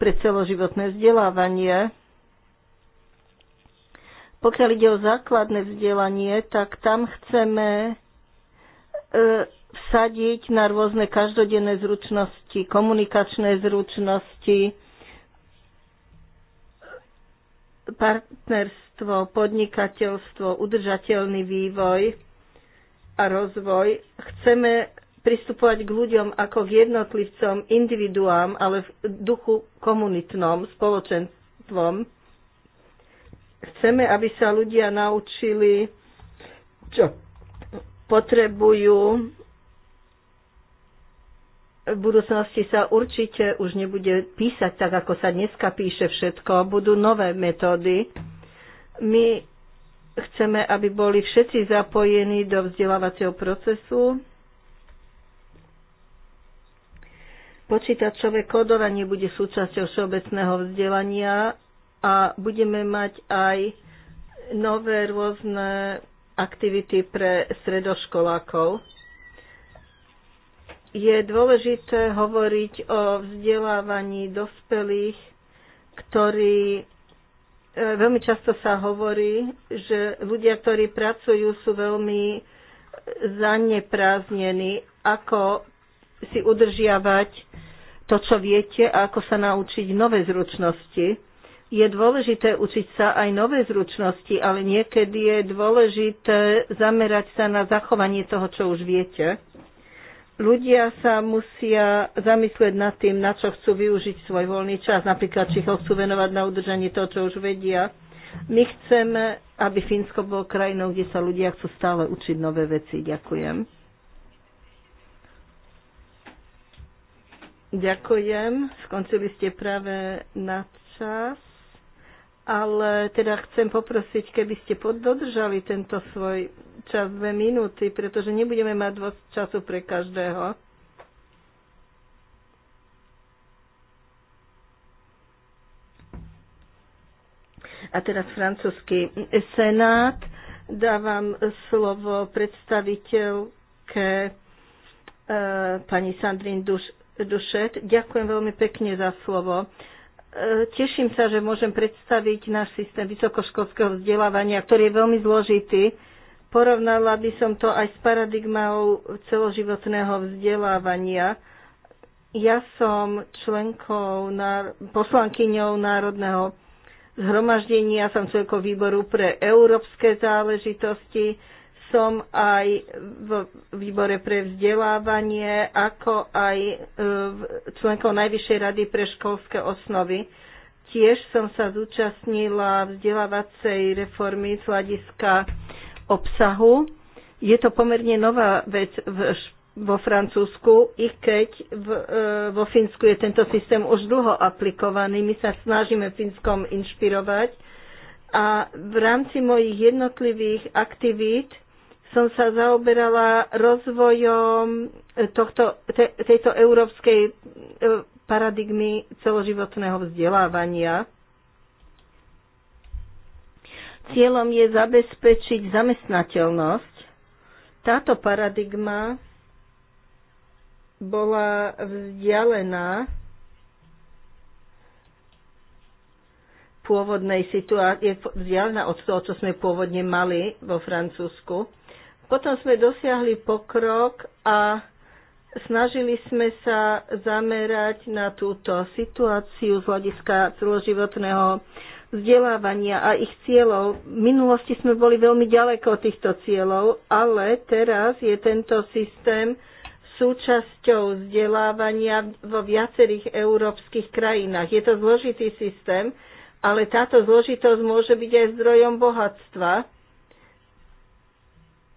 Speaker 5: pre celoživotné vzdelávanie. Pokiaľ ide o základné vzdelanie, tak tam chceme e, vsadiť na rôzne každodenné zručnosti, komunikačné zručnosti, partnerstvo, podnikateľstvo, udržateľný vývoj a rozvoj. Chceme pristupovať k ľuďom ako k jednotlivcom, individuám, ale v duchu komunitnom, spoločenstvom. Chceme, aby sa ľudia naučili, čo potrebujú v budúcnosti sa určite už nebude písať tak, ako sa dneska píše všetko. Budú nové metódy. My chceme, aby boli všetci zapojení do vzdelávacieho procesu. Počítačové kódovanie bude súčasťou všeobecného vzdelania a budeme mať aj nové rôzne aktivity pre stredoškolákov je dôležité hovoriť o vzdelávaní dospelých, ktorí e, veľmi často sa hovorí, že ľudia, ktorí pracujú, sú veľmi zanepráznení, ako si udržiavať to, čo viete a ako sa naučiť nové zručnosti. Je dôležité učiť sa aj nové zručnosti, ale niekedy je dôležité zamerať sa na zachovanie toho, čo už viete ľudia sa musia zamyslieť nad tým, na čo chcú využiť svoj voľný čas, napríklad, či ho chcú venovať na udržanie toho, čo už vedia. My chceme, aby Fínsko bolo krajinou, kde sa ľudia chcú stále učiť nové veci. Ďakujem. Ďakujem. Skončili ste práve na čas ale teda chcem poprosiť, keby ste poddržali tento svoj čas dve minúty, pretože nebudeme mať dosť času pre každého. A teraz francúzsky senát. Dávam slovo predstaviteľke e, pani Sandrine Duš- Dušet. Ďakujem veľmi pekne za slovo. E, Teším sa, že môžem predstaviť náš systém vysokoškolského vzdelávania, ktorý je veľmi zložitý. Porovnala by som to aj s paradigmou celoživotného vzdelávania. Ja som členkou, poslankyňou Národného zhromaždenia, som členkou výboru pre európske záležitosti, som aj v výbore pre vzdelávanie, ako aj e, členkou Najvyššej rady pre školské osnovy. Tiež som sa zúčastnila vzdelávacej reformy z hľadiska obsahu. Je to pomerne nová vec v, vo Francúzsku, i keď v, e, vo Fínsku je tento systém už dlho aplikovaný. My sa snažíme Fínskom inšpirovať a v rámci mojich jednotlivých aktivít som sa zaoberala rozvojom tohto, te, tejto európskej e, paradigmy celoživotného vzdelávania. Cieľom je zabezpečiť zamestnateľnosť. Táto paradigma bola vzdialená pôvodnej situácie, vzdialená od toho, čo sme pôvodne mali vo Francúzsku. Potom sme dosiahli pokrok a snažili sme sa zamerať na túto situáciu z hľadiska celoživotného vzdelávania a ich cieľov. V minulosti sme boli veľmi ďaleko od týchto cieľov, ale teraz je tento systém súčasťou vzdelávania vo viacerých európskych krajinách. Je to zložitý systém, ale táto zložitosť môže byť aj zdrojom bohatstva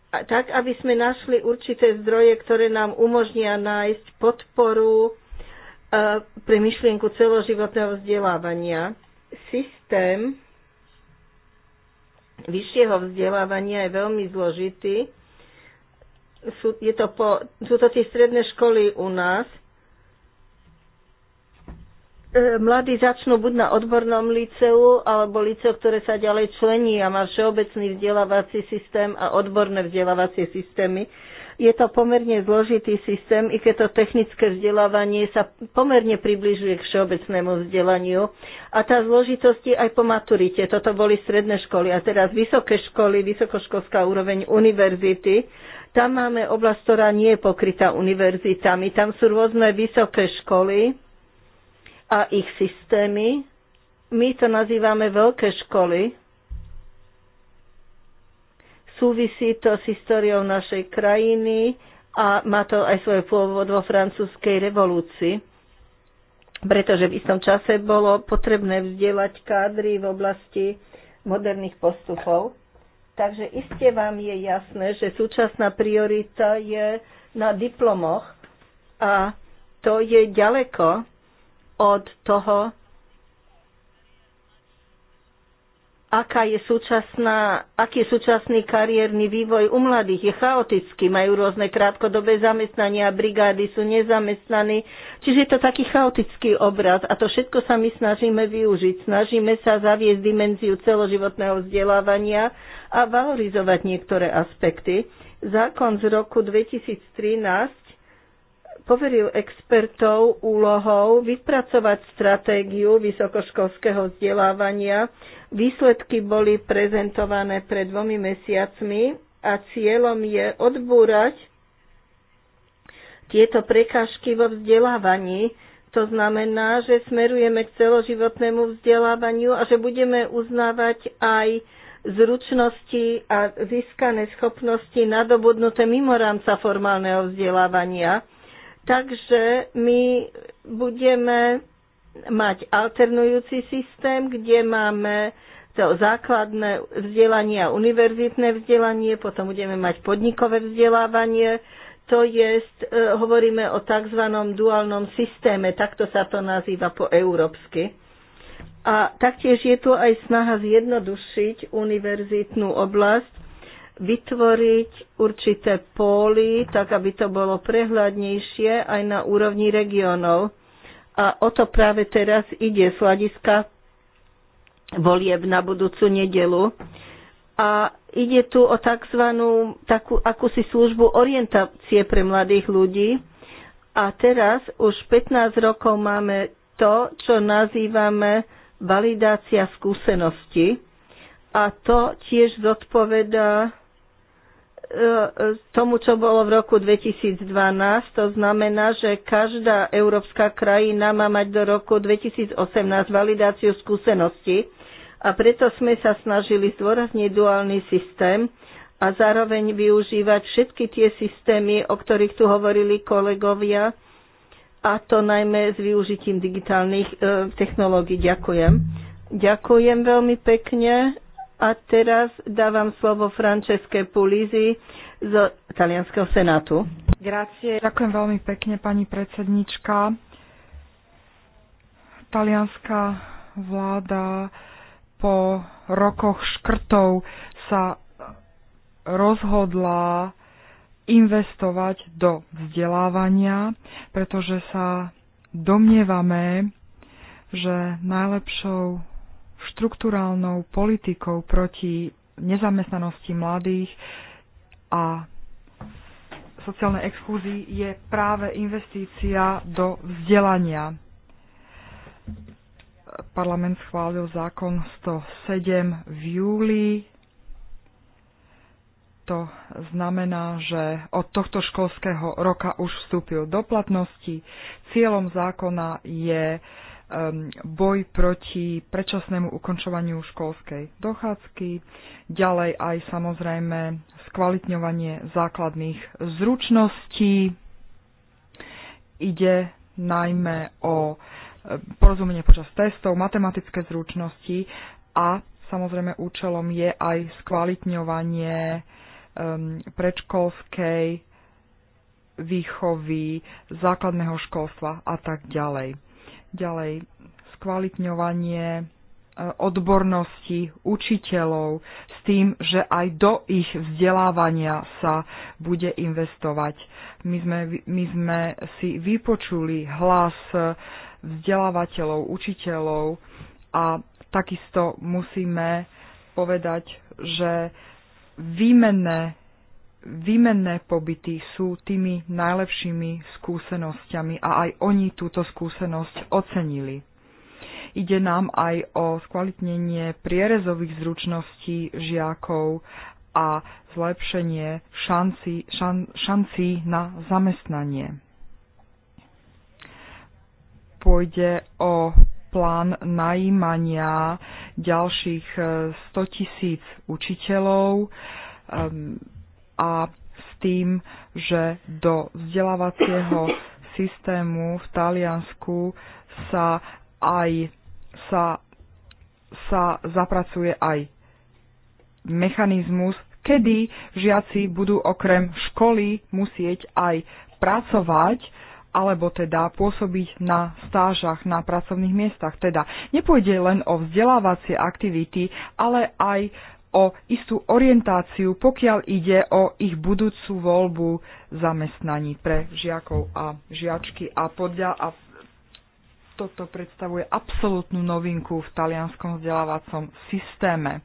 Speaker 5: tak, aby sme našli určité zdroje, ktoré nám umožnia nájsť podporu e, pre myšlienku celoživotného vzdelávania. Systém vyššieho vzdelávania je veľmi zložitý. Sú, je to po, sú to tie stredné školy u nás E, mladí začnú buď na odbornom liceu, alebo liceu, ktoré sa ďalej člení a má všeobecný vzdelávací systém a odborné vzdelávacie systémy. Je to pomerne zložitý systém, i keď to technické vzdelávanie sa pomerne približuje k všeobecnému vzdelaniu. A tá zložitosť je aj po maturite. Toto boli stredné školy a teraz vysoké školy, vysokoškolská úroveň univerzity. Tam máme oblasť, ktorá nie je pokrytá univerzitami. Tam sú rôzne vysoké školy, a ich systémy. My to nazývame veľké školy. Súvisí to s históriou našej krajiny a má to aj svoj pôvod vo francúzskej revolúcii, pretože v istom čase bolo potrebné vzdielať kádry v oblasti moderných postupov. Takže iste vám je jasné, že súčasná priorita je na diplomoch a to je ďaleko od toho, aká je súčasná, aký je súčasný kariérny vývoj u mladých. Je chaotický, majú rôzne krátkodobé zamestnania, brigády sú nezamestnaní, čiže je to taký chaotický obraz a to všetko sa my snažíme využiť. Snažíme sa zaviesť dimenziu celoživotného vzdelávania a valorizovať niektoré aspekty. Zákon z roku 2013 poveril expertov úlohou vypracovať stratégiu vysokoškolského vzdelávania. Výsledky boli prezentované pred dvomi mesiacmi a cieľom je odbúrať tieto prekážky vo vzdelávaní. To znamená, že smerujeme k celoživotnému vzdelávaniu a že budeme uznávať aj zručnosti a získané schopnosti nadobudnuté mimo rámca formálneho vzdelávania. Takže my budeme mať alternujúci systém, kde máme to základné vzdelanie a univerzitné vzdelanie, potom budeme mať podnikové vzdelávanie, to je, e, hovoríme o tzv. duálnom systéme, takto sa to nazýva po európsky. A taktiež je tu aj snaha zjednodušiť univerzitnú oblasť, vytvoriť určité póly, tak aby to bolo prehľadnejšie aj na úrovni regiónov. A o to práve teraz ide z hľadiska volieb na budúcu nedelu. A ide tu o tzv. takú akúsi službu orientácie pre mladých ľudí. A teraz už 15 rokov máme to, čo nazývame validácia skúsenosti. A to tiež zodpovedá E, tomu, čo bolo v roku 2012. To znamená, že každá európska krajina má mať do roku 2018 validáciu skúsenosti a preto sme sa snažili zdôrazniť duálny systém a zároveň využívať všetky tie systémy, o ktorých tu hovorili kolegovia, a to najmä s využitím digitálnych e, technológií. Ďakujem. Ďakujem veľmi pekne a teraz dávam slovo Franceske Pulizi z Talianského senátu. Grazie. Ďakujem veľmi pekne, pani predsednička. Talianská
Speaker 4: vláda po rokoch škrtov sa rozhodla investovať do vzdelávania, pretože sa domnievame, že najlepšou štruktúrálnou politikou proti nezamestnanosti mladých a sociálnej exkluzii je práve investícia do vzdelania. Parlament schválil zákon 107 v júli. To znamená, že od tohto školského roka už vstúpil do platnosti. Cieľom zákona je Um, boj proti predčasnému ukončovaniu školskej dochádzky, ďalej aj samozrejme skvalitňovanie základných zručností. Ide najmä o um, porozumenie počas testov, matematické zručnosti a samozrejme účelom je aj skvalitňovanie um, predškolskej výchovy, základného školstva a tak ďalej. Ďalej, skvalitňovanie e, odbornosti učiteľov s tým, že aj do ich vzdelávania sa bude investovať. My sme, my sme si vypočuli hlas e, vzdelávateľov, učiteľov a takisto musíme povedať, že výmenné výmenné pobyty sú tými najlepšími skúsenosťami a aj oni túto skúsenosť ocenili. Ide nám aj o skvalitnenie prierezových zručností žiakov a zlepšenie šanci, šan, šancí na zamestnanie. Pôjde o plán najímania ďalších 100 eh, tisíc učiteľov. Um, a s tým, že do vzdelávacieho systému v Taliansku sa aj sa, sa zapracuje aj mechanizmus, kedy žiaci budú okrem školy musieť aj pracovať, alebo teda pôsobiť na stážach, na pracovných miestach. Teda nepôjde len o vzdelávacie aktivity, ale aj o istú orientáciu, pokiaľ ide o ich budúcu voľbu zamestnaní pre žiakov a žiačky. A podľa a toto predstavuje absolútnu novinku v talianskom vzdelávacom systéme.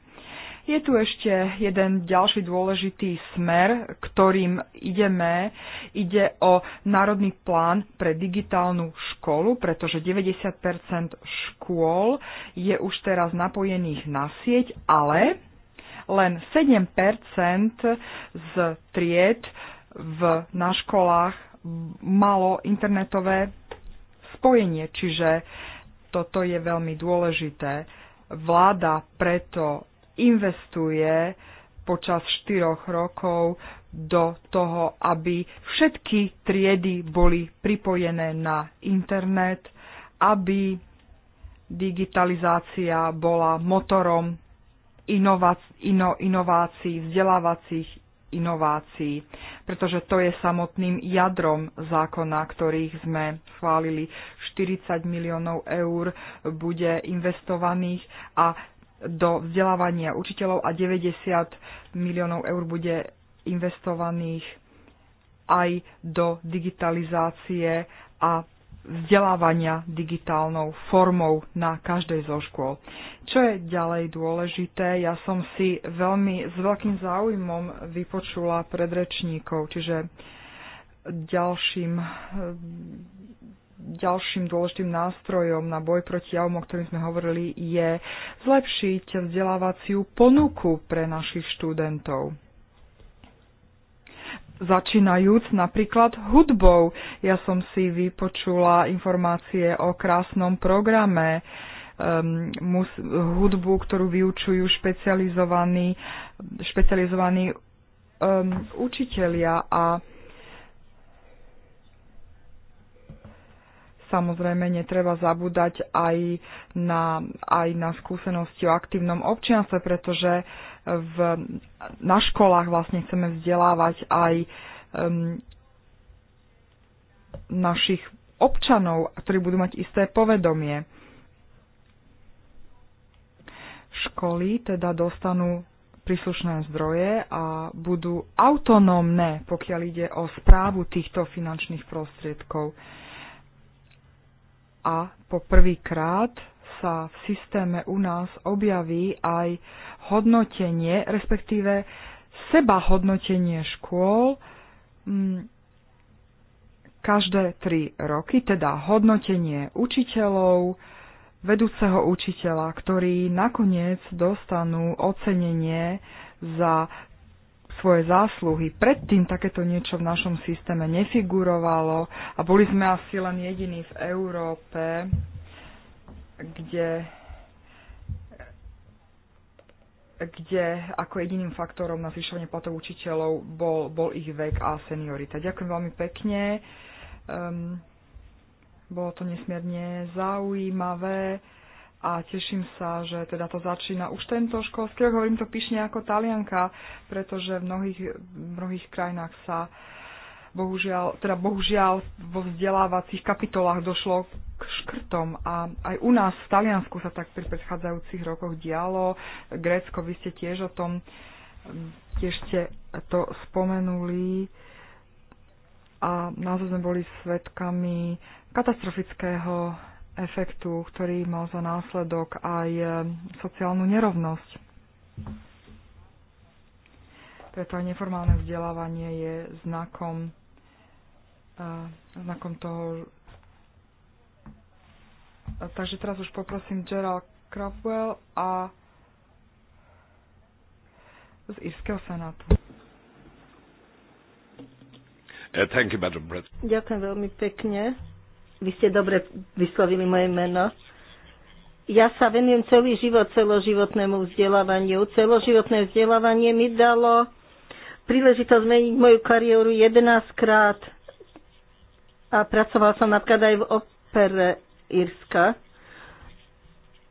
Speaker 4: Je tu ešte jeden ďalší dôležitý smer, ktorým ideme. Ide o národný plán pre digitálnu školu, pretože 90 škôl je už teraz napojených na sieť, ale len 7 z tried v, na školách malo internetové spojenie, čiže toto je veľmi dôležité. Vláda preto investuje počas 4 rokov do toho, aby všetky triedy boli pripojené na internet, aby digitalizácia bola motorom inovac, ino, inovácií, vzdelávacích inovácií, pretože to je samotným jadrom zákona, ktorých sme chválili. 40 miliónov eur bude investovaných a do vzdelávania učiteľov a 90 miliónov eur bude investovaných aj do digitalizácie a vzdelávania digitálnou formou na každej zo škôl. Čo je ďalej dôležité, ja som si veľmi s veľkým záujmom vypočula predrečníkov, čiže ďalším, eh, ďalším dôležitým nástrojom na boj proti javom, o ktorým sme hovorili, je zlepšiť vzdelávaciu ponuku pre našich študentov začínajúc napríklad hudbou. Ja som si vypočula informácie o krásnom programe, um, mus, hudbu, ktorú vyučujú špecializovaní, špecializovaní um, učitelia a Samozrejme, netreba zabúdať aj na, aj na skúsenosti o aktívnom občianstve, pretože uh, v, na školách vlastne chceme vzdelávať aj um, našich občanov, ktorí budú mať isté povedomie. Školy teda dostanú príslušné zdroje a budú autonómne, pokiaľ ide o správu týchto finančných prostriedkov. A po prvýkrát sa v systéme u nás objaví aj hodnotenie, respektíve seba hodnotenie škôl mm, každé tri roky, teda hodnotenie učiteľov, vedúceho učiteľa, ktorí nakoniec dostanú ocenenie za svoje zásluhy. Predtým takéto niečo v našom systéme nefigurovalo a boli sme asi len jediní v Európe, kde kde ako jediným faktorom na zvyšovanie platov učiteľov bol, bol ich vek a seniorita. Ďakujem veľmi pekne. Um, bolo to nesmierne zaujímavé a teším sa, že teda to začína už tento školský rok. Hovorím to píšne ako talianka, pretože v mnohých, v mnohých krajinách sa uh, bohužiaľ, teda bohužiaľ vo vzdelávacích kapitolách došlo k škrtom a aj u nás v Taliansku sa tak pri predchádzajúcich rokoch dialo. Grécko, vy ste tiež o tom, mm, tiež ste to spomenuli a naozaj sme boli svetkami katastrofického efektu, ktorý mal za následok aj e, sociálnu nerovnosť. Preto aj neformálne vzdelávanie je znakom a znakom toho. takže teraz už poprosím Gerald Crabwell a z
Speaker 5: Irského senátu.
Speaker 3: Uh, thank you, Madam
Speaker 5: Ďakujem veľmi pekne. Vy ste dobre vyslovili moje meno. Ja sa venujem celý život celoživotnému vzdelávaniu. Celoživotné vzdelávanie mi dalo príležitosť zmeniť moju kariéru 11 krát a pracoval som napríklad aj v opere Irska.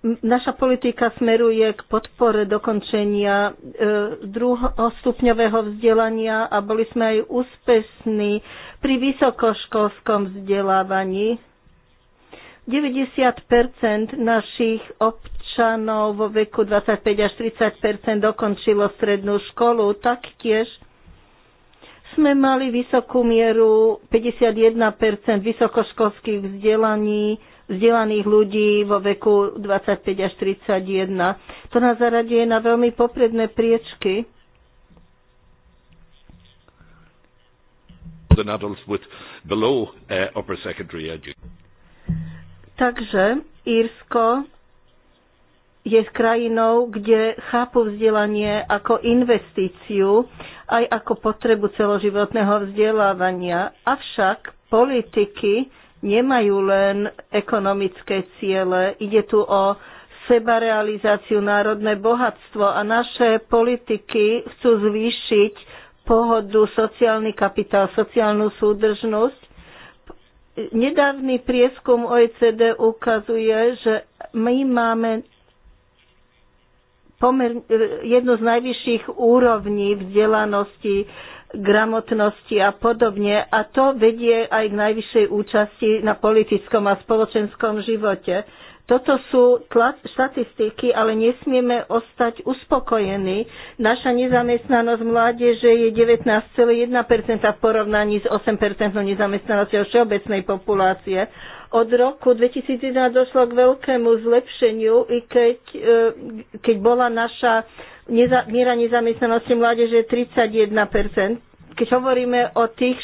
Speaker 5: Naša politika smeruje k podpore dokončenia e, druhostupňového vzdelania a boli sme aj úspešní pri vysokoškolskom vzdelávaní. 90 našich občanov vo veku 25 až 30 dokončilo strednú školu, taktiež sme mali vysokú mieru 51 vysokoškolských vzdelaní, vzdelaných ľudí vo veku 25 až 31. To nás zaraďuje na veľmi popredné priečky.
Speaker 3: Below, uh,
Speaker 5: Takže Írsko je krajinou, kde chápu vzdelanie ako investíciu aj ako potrebu celoživotného vzdelávania. Avšak politiky nemajú len ekonomické ciele, ide tu o sebarealizáciu národné bohatstvo a naše politiky chcú zvýšiť pohodu, sociálny kapitál, sociálnu súdržnosť. Nedávny prieskum OECD ukazuje, že my máme pomer, e, jednu z najvyšších úrovní vzdelanosti, gramotnosti a podobne a to vedie aj k najvyššej účasti na politickom a spoločenskom živote. Toto sú štatistiky, ale nesmieme ostať uspokojení. Naša nezamestnanosť mládeže je 19,1% v porovnaní s 8% nezamestnanosťou všeobecnej populácie. Od roku 2011 došlo k veľkému zlepšeniu, i keď, e, keď bola naša neza, miera nezamestnanosti mládeže 31%. Keď hovoríme o tých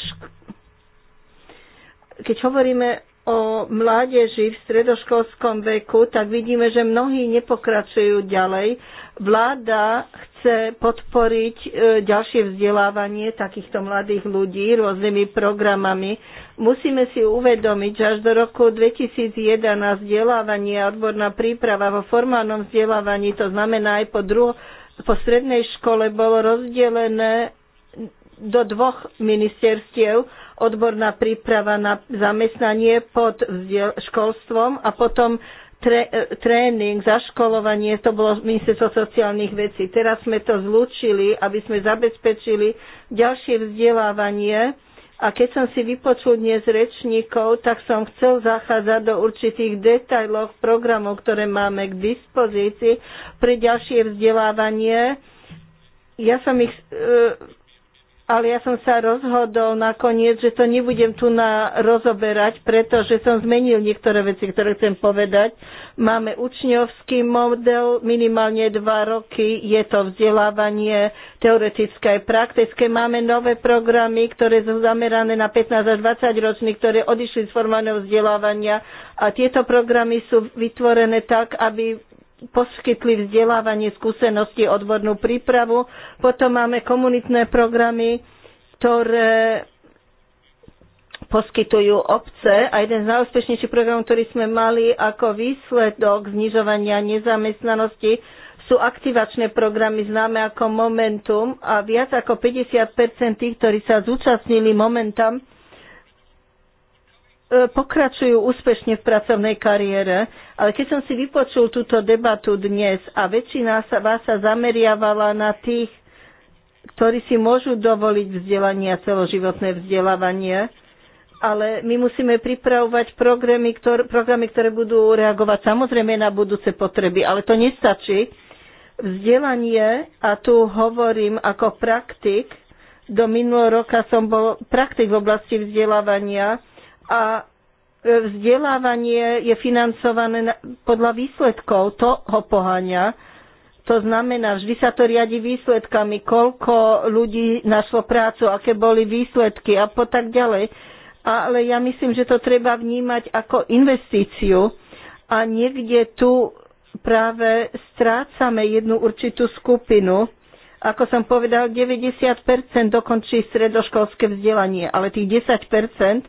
Speaker 5: keď hovoríme o mládeži v stredoškolskom veku, tak vidíme, že mnohí nepokračujú ďalej. Vláda chce podporiť e, ďalšie vzdelávanie takýchto mladých ľudí rôznymi programami. Musíme si uvedomiť, že až do roku 2011 vzdelávanie a odborná príprava vo formálnom vzdelávaní, to znamená aj po, dru- po strednej škole, bolo rozdelené do dvoch ministerstiev odborná príprava na zamestnanie pod školstvom a potom tre, e, tréning, zaškolovanie, to bolo ministerstvo sociálnych vecí. Teraz sme to zlúčili, aby sme zabezpečili ďalšie vzdelávanie. A keď som si vypočul dnes rečníkov, tak som chcel zachádzať do určitých detajlov programov, ktoré máme k dispozícii pre ďalšie vzdelávanie. Ja som ich e, ale ja som sa rozhodol nakoniec, že to nebudem tu na rozoberať, pretože som zmenil niektoré veci, ktoré chcem povedať. Máme učňovský model, minimálne dva roky, je to vzdelávanie teoretické aj praktické. Máme nové programy, ktoré sú zamerané na 15 až 20 ročných, ktoré odišli z formálneho vzdelávania a tieto programy sú vytvorené tak, aby poskytli vzdelávanie, skúsenosti, odbornú prípravu. Potom máme komunitné programy, ktoré poskytujú obce a jeden z najúspešnejších programov, ktorý sme mali ako výsledok znižovania nezamestnanosti, sú aktivačné programy známe ako Momentum a viac ako 50 tých, ktorí sa zúčastnili Momentum, E, pokračujú úspešne v pracovnej kariére. Ale keď som si vypočul túto debatu dnes a väčšina sa vás sa zameriavala na tých, ktorí si môžu dovoliť vzdelanie a celoživotné vzdelávanie, ale my musíme pripravovať programy, ktor, programy, ktoré budú reagovať samozrejme na budúce potreby, ale to nestačí. Vzdelanie, a tu hovorím ako praktik, do minulého roka som bol praktik v oblasti vzdelávania, a e, vzdelávanie je financované podľa výsledkov, toho pohania, To znamená, vždy sa to riadi výsledkami, koľko ľudí našlo prácu, aké boli výsledky a po tak ďalej. Ale ja myslím, že to treba vnímať ako investíciu a niekde tu práve strácame jednu určitú skupinu. Ako som povedal, 90% dokončí stredoškolské vzdelanie, ale tých 10%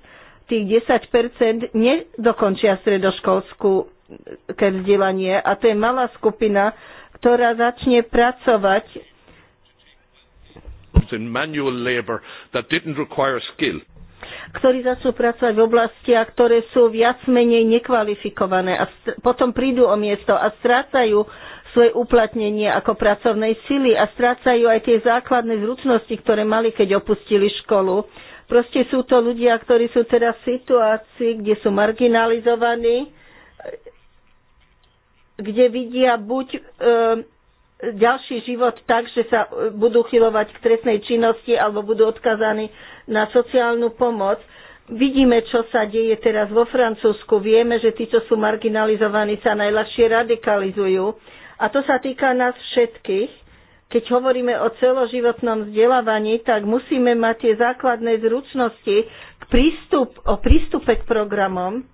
Speaker 5: tých 10% nedokončia stredoškolskú vzdelanie a to je malá skupina, ktorá začne pracovať ktorí začnú pracovať v oblastiach, ktoré sú viac menej nekvalifikované a potom prídu o miesto a strácajú svoje uplatnenie ako pracovnej sily a strácajú aj tie základné zručnosti, ktoré mali, keď opustili školu. Proste sú to ľudia, ktorí sú teraz v situácii, kde sú marginalizovaní, kde vidia buď e, ďalší život tak, že sa e, budú chylovať k trestnej činnosti alebo budú odkazaní na sociálnu pomoc. Vidíme, čo sa deje teraz vo Francúzsku. Vieme, že tí, čo sú marginalizovaní, sa najľahšie radikalizujú. A to sa týka nás všetkých keď hovoríme o celoživotnom vzdelávaní, tak musíme mať tie základné zručnosti k prístup, o prístupe k programom.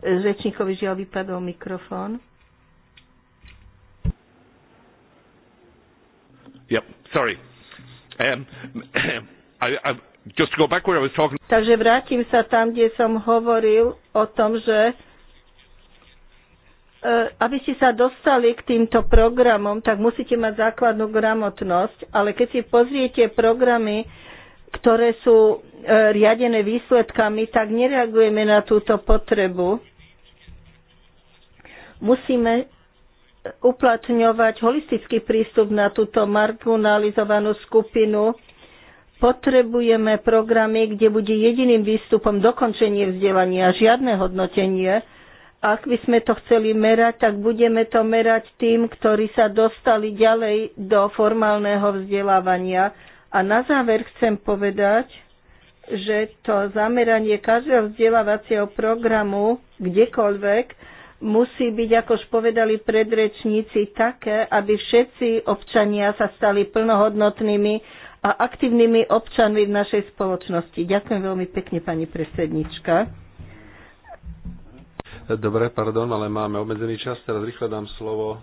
Speaker 5: Rečníkovi žiaľ vypadol mikrofón.
Speaker 3: Yep, sorry. Um, (coughs) I, I, just to go back where I was talking.
Speaker 5: Takže vrátim sa tam, kde som hovoril o tom, že E, aby ste sa dostali k týmto programom, tak musíte mať základnú gramotnosť, ale keď si pozriete programy, ktoré sú e, riadené výsledkami, tak nereagujeme na túto potrebu. Musíme uplatňovať holistický prístup na túto marginalizovanú skupinu. Potrebujeme programy, kde bude jediným výstupom dokončenie vzdelania, žiadne hodnotenie, ak by sme to chceli merať, tak budeme to merať tým, ktorí sa dostali ďalej do formálneho vzdelávania. A na záver chcem povedať, že to zameranie každého vzdelávacieho programu kdekoľvek musí byť, ako už povedali predrečníci, také, aby všetci občania sa stali plnohodnotnými a aktívnymi občanmi v našej spoločnosti. Ďakujem veľmi pekne, pani predsednička.
Speaker 2: Dobre, pardon, ale máme obmedzený čas. Teraz rýchle dám slovo.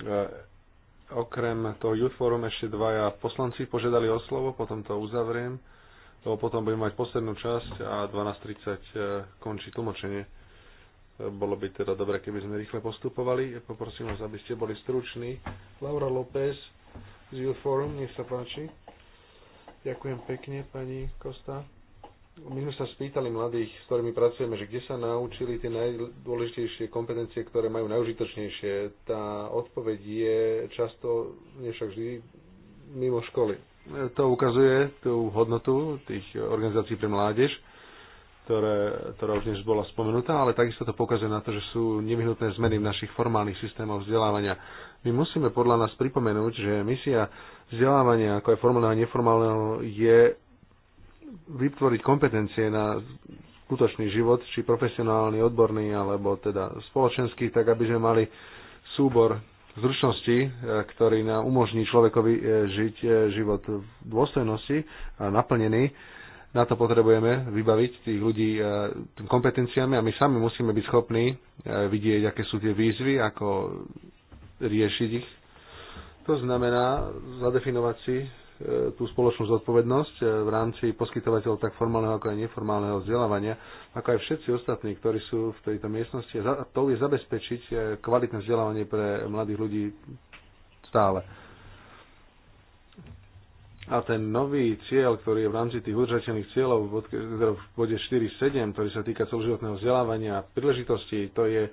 Speaker 2: Eh, okrem toho Youth Forum ešte dvaja poslanci požiadali o slovo, potom to uzavriem. To potom budeme mať poslednú časť a 12.30 eh, končí tlmočenie. Eh, bolo by teda dobre, keby sme rýchle postupovali. Poprosím vás, aby ste boli struční. Laura López z Youth Forum, nech sa páči. Ďakujem pekne, pani Kosta my sme sa spýtali mladých, s ktorými pracujeme, že kde sa naučili tie najdôležitejšie kompetencie, ktoré majú najužitočnejšie. Tá odpoveď je často, nie však vždy, mimo školy. To ukazuje tú hodnotu tých organizácií pre mládež, ktoré, ktorá už dnes bola spomenutá, ale takisto to pokazuje na to, že sú nevyhnutné zmeny v našich formálnych systémoch vzdelávania. My musíme podľa nás pripomenúť, že misia vzdelávania, ako aj formálneho a neformálneho, je vytvoriť kompetencie na skutočný život, či profesionálny, odborný, alebo teda spoločenský, tak aby sme mali súbor zručnosti, e, ktorý nám umožní človekovi e, žiť e, život v dôstojnosti a naplnený. Na to potrebujeme vybaviť tých ľudí kompetenciami a my sami musíme byť schopní vidieť, aké sú tie výzvy, ako riešiť ich. To znamená zadefinovať si E, tú spoločnú zodpovednosť e, v rámci poskytovateľov tak formálneho ako aj neformálneho vzdelávania, ako aj všetci ostatní, ktorí sú v tejto miestnosti. A to je zabezpečiť e, kvalitné vzdelávanie pre mladých ľudí stále. A ten nový cieľ, ktorý je v rámci tých udržateľných cieľov teda v bode 4.7, ktorý sa týka celoživotného vzdelávania a príležitosti, to je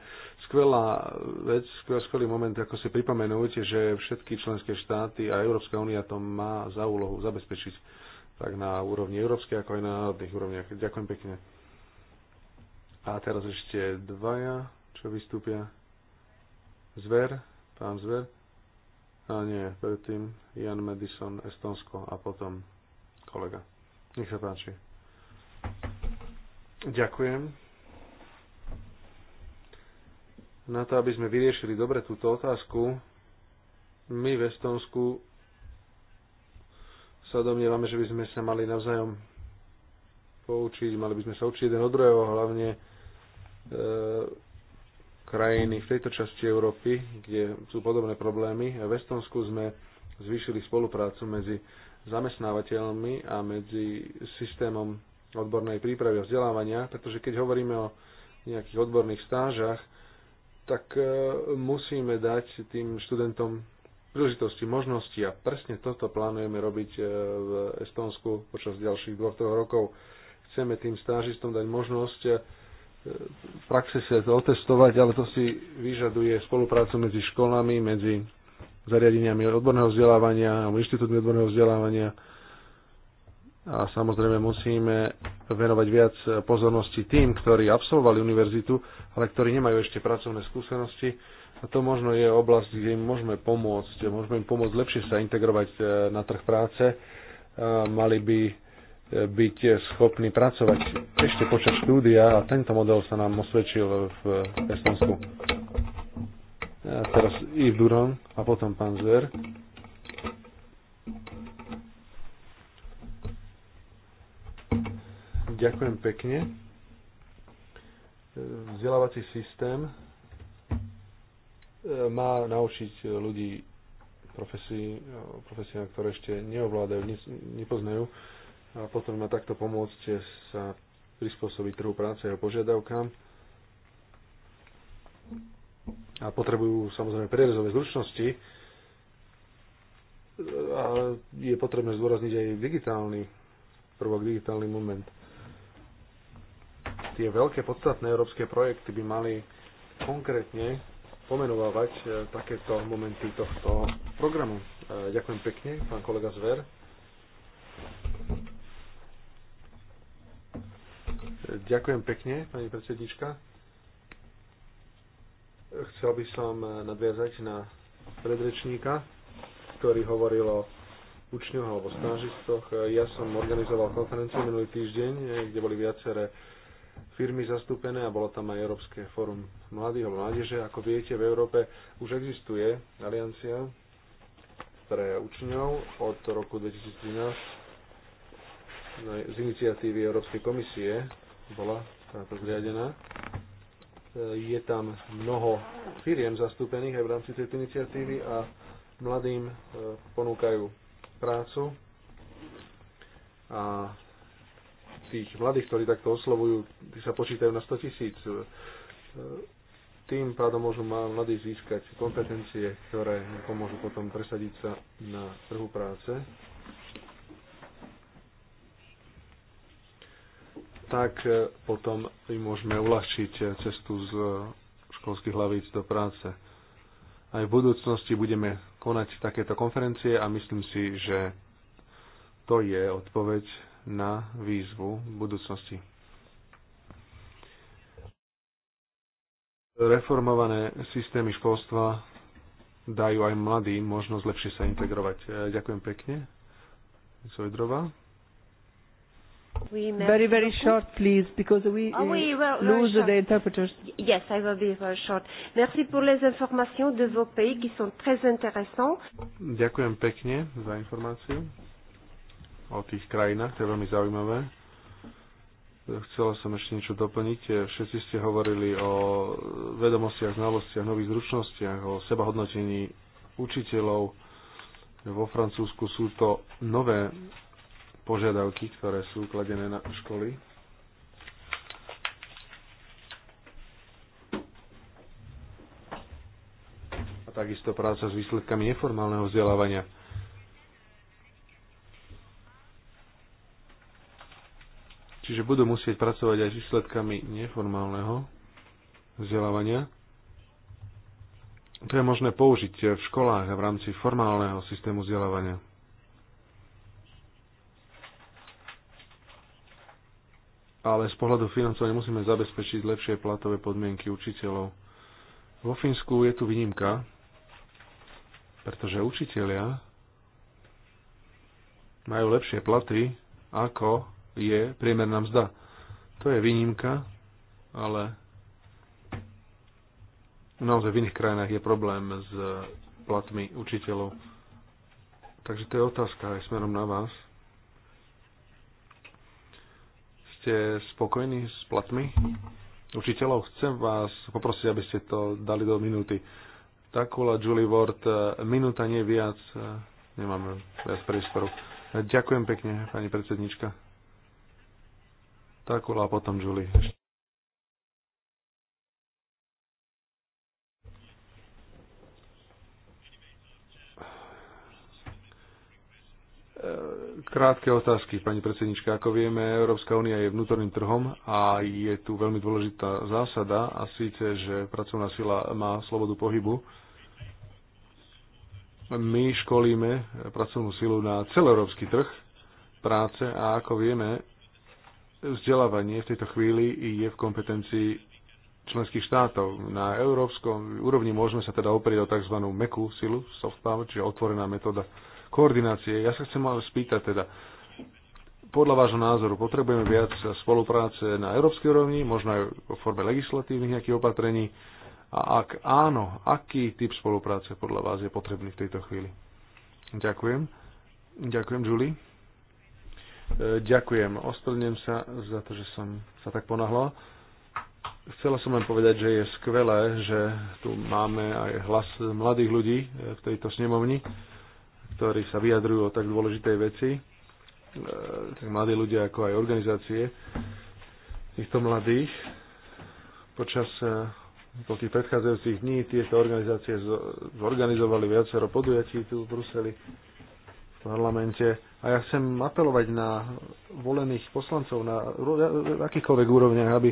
Speaker 2: skvelá vec, skvelý moment, ako si pripomenúť, že všetky členské štáty a Európska únia to má za úlohu zabezpečiť tak na úrovni európskej, ako aj na národných úrovniach. Ďakujem pekne. A teraz ešte dvaja, čo vystúpia. Zver, pán Zver. A nie, predtým Jan Madison, Estonsko a potom kolega. Nech sa páči. Ďakujem na to, aby sme vyriešili dobre túto otázku, my v Estonsku sa domnievame, že by sme sa mali navzájom poučiť, mali by sme sa učiť jeden od druhého, hlavne e, krajiny v tejto časti Európy, kde sú podobné problémy. V Estonsku sme zvýšili spoluprácu medzi zamestnávateľmi a medzi systémom odbornej prípravy a vzdelávania, pretože keď hovoríme o nejakých odborných stážach, tak e, musíme dať tým študentom príležitosti, možnosti a presne toto plánujeme robiť e, v Estonsku počas ďalších dvoch, troch rokov. Chceme tým stážistom dať možnosť e, v praxe sa to otestovať, ale to si vyžaduje spoluprácu medzi školami, medzi zariadeniami odborného vzdelávania, inštitútmi odborného vzdelávania, a samozrejme musíme venovať viac pozornosti tým, ktorí absolvovali univerzitu, ale ktorí nemajú ešte pracovné skúsenosti. A to možno je oblasť, kde im môžeme pomôcť. Môžeme im pomôcť lepšie sa integrovať e, na trh práce. Mali by e, byť schopní pracovať ešte počas štúdia a tento model sa nám osvedčil v Estonsku. A e, teraz Yves Duron a potom pán Zver. Ďakujem pekne. Vzdelávací systém e, má naučiť ľudí profesí, e, profesiám, ktoré ešte neovládajú, nepoznajú a potom má takto pomôcť sa prispôsobiť trhu práce a požiadavkám a potrebujú samozrejme prierezové zručnosti e, a je potrebné zdôrazniť aj digitálny prvok, digitálny moment tie veľké podstatné európske projekty by mali konkrétne pomenovávať e, takéto momenty tohto programu. E, ďakujem pekne, pán kolega Zver. E, ďakujem pekne, pani predsednička. Chcel by som nadviazať na predrečníka, ktorý hovoril o učňoch alebo stážistoch. Ja som organizoval konferenciu minulý týždeň, kde boli viaceré firmy zastúpené a bolo tam aj Európske fórum mladých alebo mládeže. Ako viete, v Európe už existuje aliancia pre učňov od roku 2013 z iniciatívy Európskej komisie bola táto zriadená. Je tam mnoho firiem zastúpených aj v rámci tejto iniciatívy a mladým e, ponúkajú prácu a tých mladých, ktorí takto oslovujú, tí sa počítajú na 100 tisíc. E, tým pádom môžu mladí získať kompetencie, ktoré pomôžu potom presadiť sa na trhu práce. tak e, potom im môžeme uľahčiť e, cestu z školských hlavíc do práce. Aj v budúcnosti budeme konať takéto konferencie a myslím si, že to je odpoveď na výzvu v budúcnosti. Reformované systémy školstva dajú aj mladým možnosť lepšie sa integrovať. E, ďakujem pekne. Sojdrova.
Speaker 5: Very, very short,
Speaker 1: please, because we uh, oui, well, lose short. the interpreters.
Speaker 5: Yes, I will be very short. Merci pour les informations de vos pays qui sont très intéressants.
Speaker 2: Ďakujem pekne za informáciu o tých krajinách, to je veľmi zaujímavé. Chcela som ešte niečo doplniť. Všetci ste hovorili o vedomostiach, znalostiach, nových zručnostiach, o sebahodnotení učiteľov. Vo Francúzsku sú to nové požiadavky, ktoré sú kladené na školy. A takisto práca s výsledkami neformálneho vzdelávania Čiže budú musieť pracovať aj s výsledkami neformálneho vzdelávania. To je možné použiť v školách a v rámci formálneho systému vzdelávania. ale z pohľadu financovania musíme zabezpečiť lepšie platové podmienky učiteľov. Vo Fínsku je tu výnimka, pretože učitelia majú lepšie platy ako je priemerná mzda. To je výnimka, ale naozaj v iných krajinách je problém s platmi učiteľov. Takže to je otázka aj smerom na vás. Ste spokojní s platmi učiteľov? Chcem vás poprosiť, aby ste to dali do minúty. Takula, Julie Ward, minúta nie viac, nemáme viac priestoru. Ďakujem pekne, pani predsednička. Takula a potom Julie. E, krátke otázky, pani predsednička. Ako vieme, Európska únia je vnútorným trhom a je tu veľmi dôležitá zásada a síce, že pracovná sila má slobodu pohybu. My školíme pracovnú silu na celoeurópsky trh práce a ako vieme, vzdelávanie v tejto chvíli je v kompetencii členských štátov. Na európskom úrovni môžeme sa teda oprieť o tzv. mekú silu, soft power, čiže otvorená metóda koordinácie. Ja sa chcem ale spýtať teda, podľa vášho názoru potrebujeme viac spolupráce na európskej úrovni, možno aj vo forme legislatívnych nejakých opatrení. A ak áno, aký typ spolupráce podľa vás je potrebný v tejto chvíli? Ďakujem. Ďakujem, Julie. E, ďakujem. Ostrnem sa za to, že som sa tak ponahla. Chcela som len povedať, že je skvelé, že tu máme aj hlas mladých ľudí e, v tejto snemovni, ktorí sa vyjadrujú o tak dôležitej veci. E, tak mladí ľudia, ako aj organizácie týchto mladých. Počas po tých predchádzajúcich dní tieto organizácie zorganizovali viacero podujatí tu v Bruseli parlamente. A ja chcem apelovať na volených poslancov na akýchkoľvek úrovniach, aby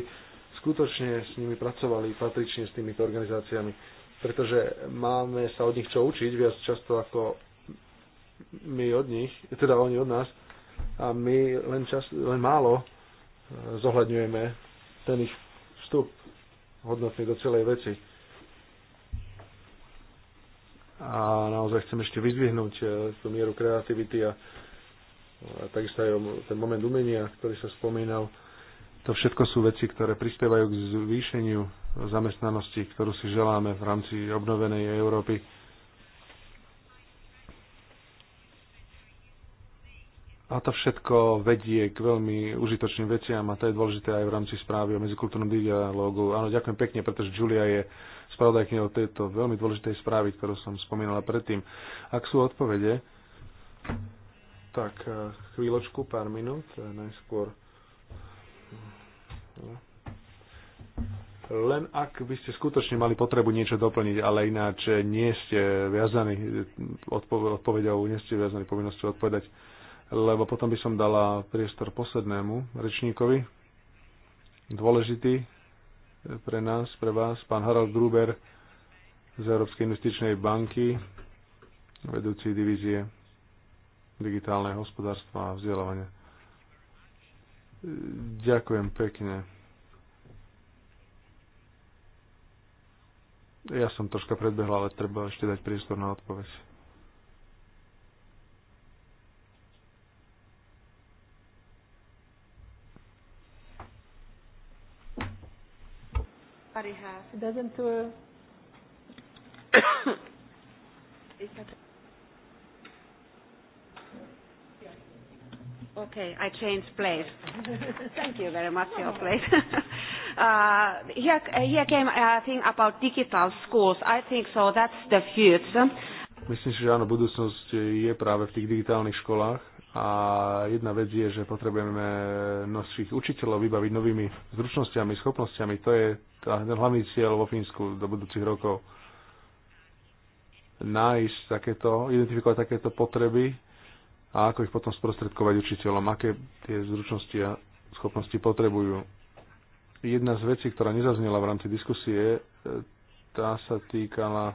Speaker 2: skutočne s nimi pracovali patrične s týmito organizáciami. Pretože máme sa od nich čo učiť viac často ako my od nich, teda oni od nás. A my len, čas, len málo e, zohľadňujeme ten ich vstup hodnotný do celej veci a naozaj chcem ešte vyzvihnúť e, tú mieru kreativity a, a takisto aj ten moment umenia, ktorý sa spomínal. To všetko sú veci, ktoré prispievajú k zvýšeniu zamestnanosti, ktorú si želáme v rámci obnovenej Európy. A to všetko vedie k veľmi užitočným veciam a to je dôležité aj v rámci správy o medzikultúrnom dialogu. Áno, ďakujem pekne, pretože Julia je o tejto veľmi dôležitej správy, ktorú som spomínala predtým. Ak sú odpovede, tak eh, chvíľočku, pár minút, eh, najskôr. Len ak by ste skutočne mali potrebu niečo doplniť, ale ináč eh, nie ste viazaní odpovedou, nie ste viazaní povinnosťou odpovedať, lebo potom by som dala priestor poslednému rečníkovi, dôležitý pre nás, pre vás, pán Harald Gruber z Európskej investičnej banky, vedúci divízie digitálne hospodárstva a vzdelávania. Ďakujem pekne. Ja som troška predbehla, ale treba ešte dať priestor na odpoveď.
Speaker 1: everybody has. It doesn't. Uh...
Speaker 3: (coughs) okay, I changed place. (laughs) Thank you very much, no your place. (laughs) uh,
Speaker 1: here, uh, here came uh, a thing about digital schools. I think so. That's the future.
Speaker 2: Myslím si, že áno, budúcnosť je práve v tých digitálnych školách a jedna vec je, že potrebujeme našich učiteľov vybaviť novými zručnosťami, schopnosťami. To je ten hlavný cieľ vo Fínsku do budúcich rokov. Nájsť takéto, identifikovať takéto potreby a ako ich potom sprostredkovať učiteľom, aké tie zručnosti a schopnosti potrebujú. Jedna z vecí, ktorá nezaznela v rámci diskusie, e, tá sa týkala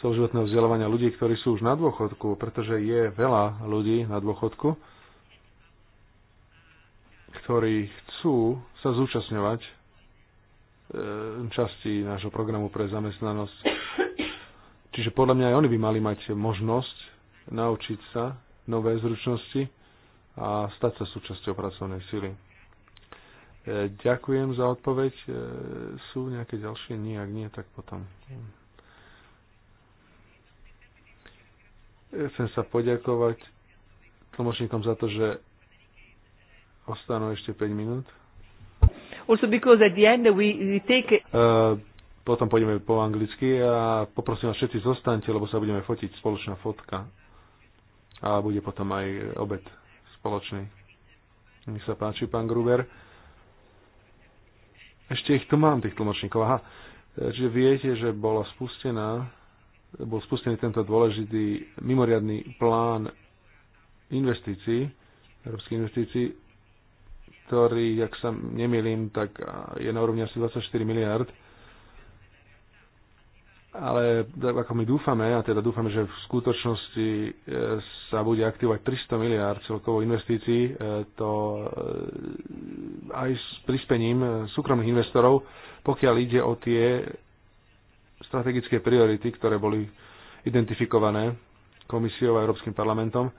Speaker 2: celoživotného vzdelávania ľudí, ktorí sú už na dôchodku, pretože je veľa ľudí na dôchodku, ktorí chcú sa zúčastňovať e, časti nášho programu pre zamestnanosť. Čiže podľa mňa aj oni by mali mať možnosť naučiť sa nové zručnosti a stať sa súčasťou pracovnej sily. E, ďakujem za odpoveď. E, sú nejaké ďalšie? Nie, ak nie, tak potom. Chcem sa poďakovať tlmočníkom za to, že ostanú ešte 5 minút.
Speaker 1: Also because at the end we, we take...
Speaker 2: Uh, potom pôjdeme po anglicky a poprosím vás všetci zostaňte, lebo sa budeme fotiť spoločná fotka. A bude potom aj obed spoločný. Nech sa páči, pán Gruber. Ešte ich tu mám, tých tlmočníkov. Aha. Eh, čiže viete, že bola spustená bol spustený tento dôležitý mimoriadný plán investícií, európskych investícií, ktorý, ak sa nemýlim, tak je na úrovni asi 24 miliard. Ale ako my dúfame, a teda dúfame, že v skutočnosti e, sa bude aktivovať 300 miliard celkovo investícií, e, to e, aj s prispením súkromných investorov, pokiaľ ide o tie strategické priority, ktoré boli identifikované komisiou a Európskym parlamentom. E,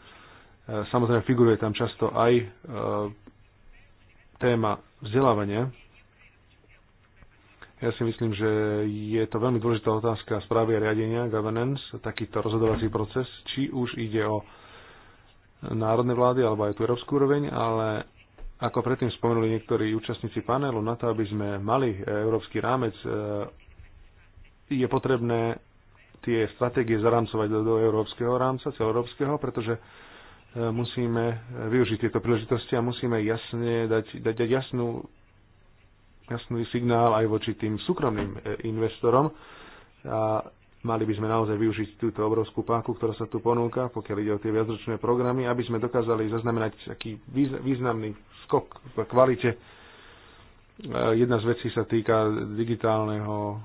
Speaker 2: samozrejme, figuruje tam často aj e, téma vzdelávania. Ja si myslím, že je to veľmi dôležitá otázka správy a riadenia, governance, takýto rozhodovací proces, či už ide o národné vlády alebo aj tú európsku úroveň, ale ako predtým spomenuli niektorí účastníci panelu, na to, aby sme mali európsky rámec e, je potrebné tie stratégie zaramcovať do, do európskeho rámca, celoeurópskeho, pretože e, musíme využiť tieto príležitosti a musíme jasne dať, dať, dať jasnú, jasný signál aj voči tým súkromným e, investorom. A mali by sme naozaj využiť túto obrovskú páku, ktorá sa tu ponúka, pokiaľ ide o tie viacročné programy, aby sme dokázali zaznamenať taký významný skok v kvalite. E, jedna z vecí sa týka digitálneho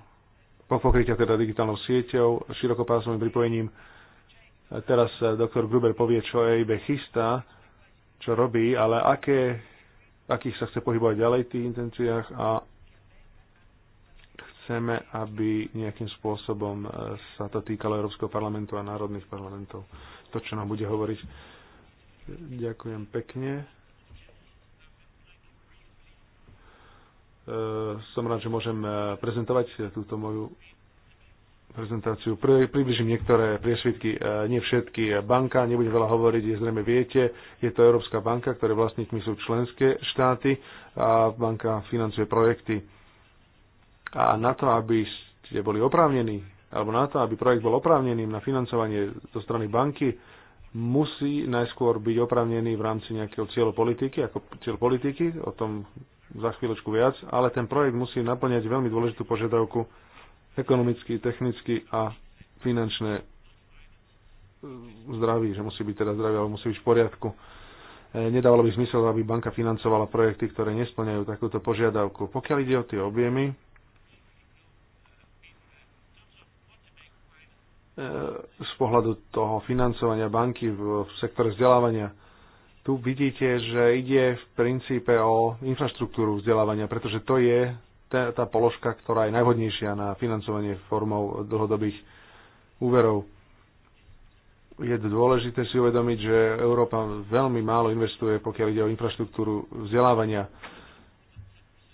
Speaker 2: pokrytia teda digitálnou sieťou, širokopásovým pripojením. Teraz eh, doktor Gruber povie, čo EIB chystá, čo robí, ale aké, akých sa chce pohybovať ďalej v tých intenciách a chceme, aby nejakým spôsobom eh, sa to týkalo Európskeho parlamentu a národných parlamentov. To, čo nám bude hovoriť. Ďakujem pekne. Eh, som rád, že môžem eh, prezentovať túto moju prezentáciu. Pri, približím niektoré priesvitky, eh, nie všetky. Banka, nebudem veľa hovoriť, je zrejme viete, je to Európska banka, ktoré vlastníkmi sú členské štáty a banka financuje projekty. A na to, aby ste boli oprávnení, alebo na to, aby projekt bol oprávneným na financovanie zo strany banky, musí najskôr byť oprávnený v rámci nejakého cieľu politiky, ako cieľ politiky, o tom za chvíľočku viac, ale ten projekt musí naplňať veľmi dôležitú požiadavku ekonomicky, technicky a finančné e, zdraví, že musí byť teda zdravý, ale musí byť v poriadku. E, nedávalo by zmysel, aby banka financovala projekty, ktoré nesplňajú takúto požiadavku. Pokiaľ ide o tie objemy, e, z pohľadu toho financovania banky v sektore vzdelávania, tu vidíte, že ide v princípe o infraštruktúru vzdelávania, pretože to je tá, tá položka, ktorá je najhodnejšia na financovanie formou dlhodobých úverov. Je dôležité si uvedomiť, že Európa veľmi málo investuje, pokiaľ ide o infraštruktúru vzdelávania.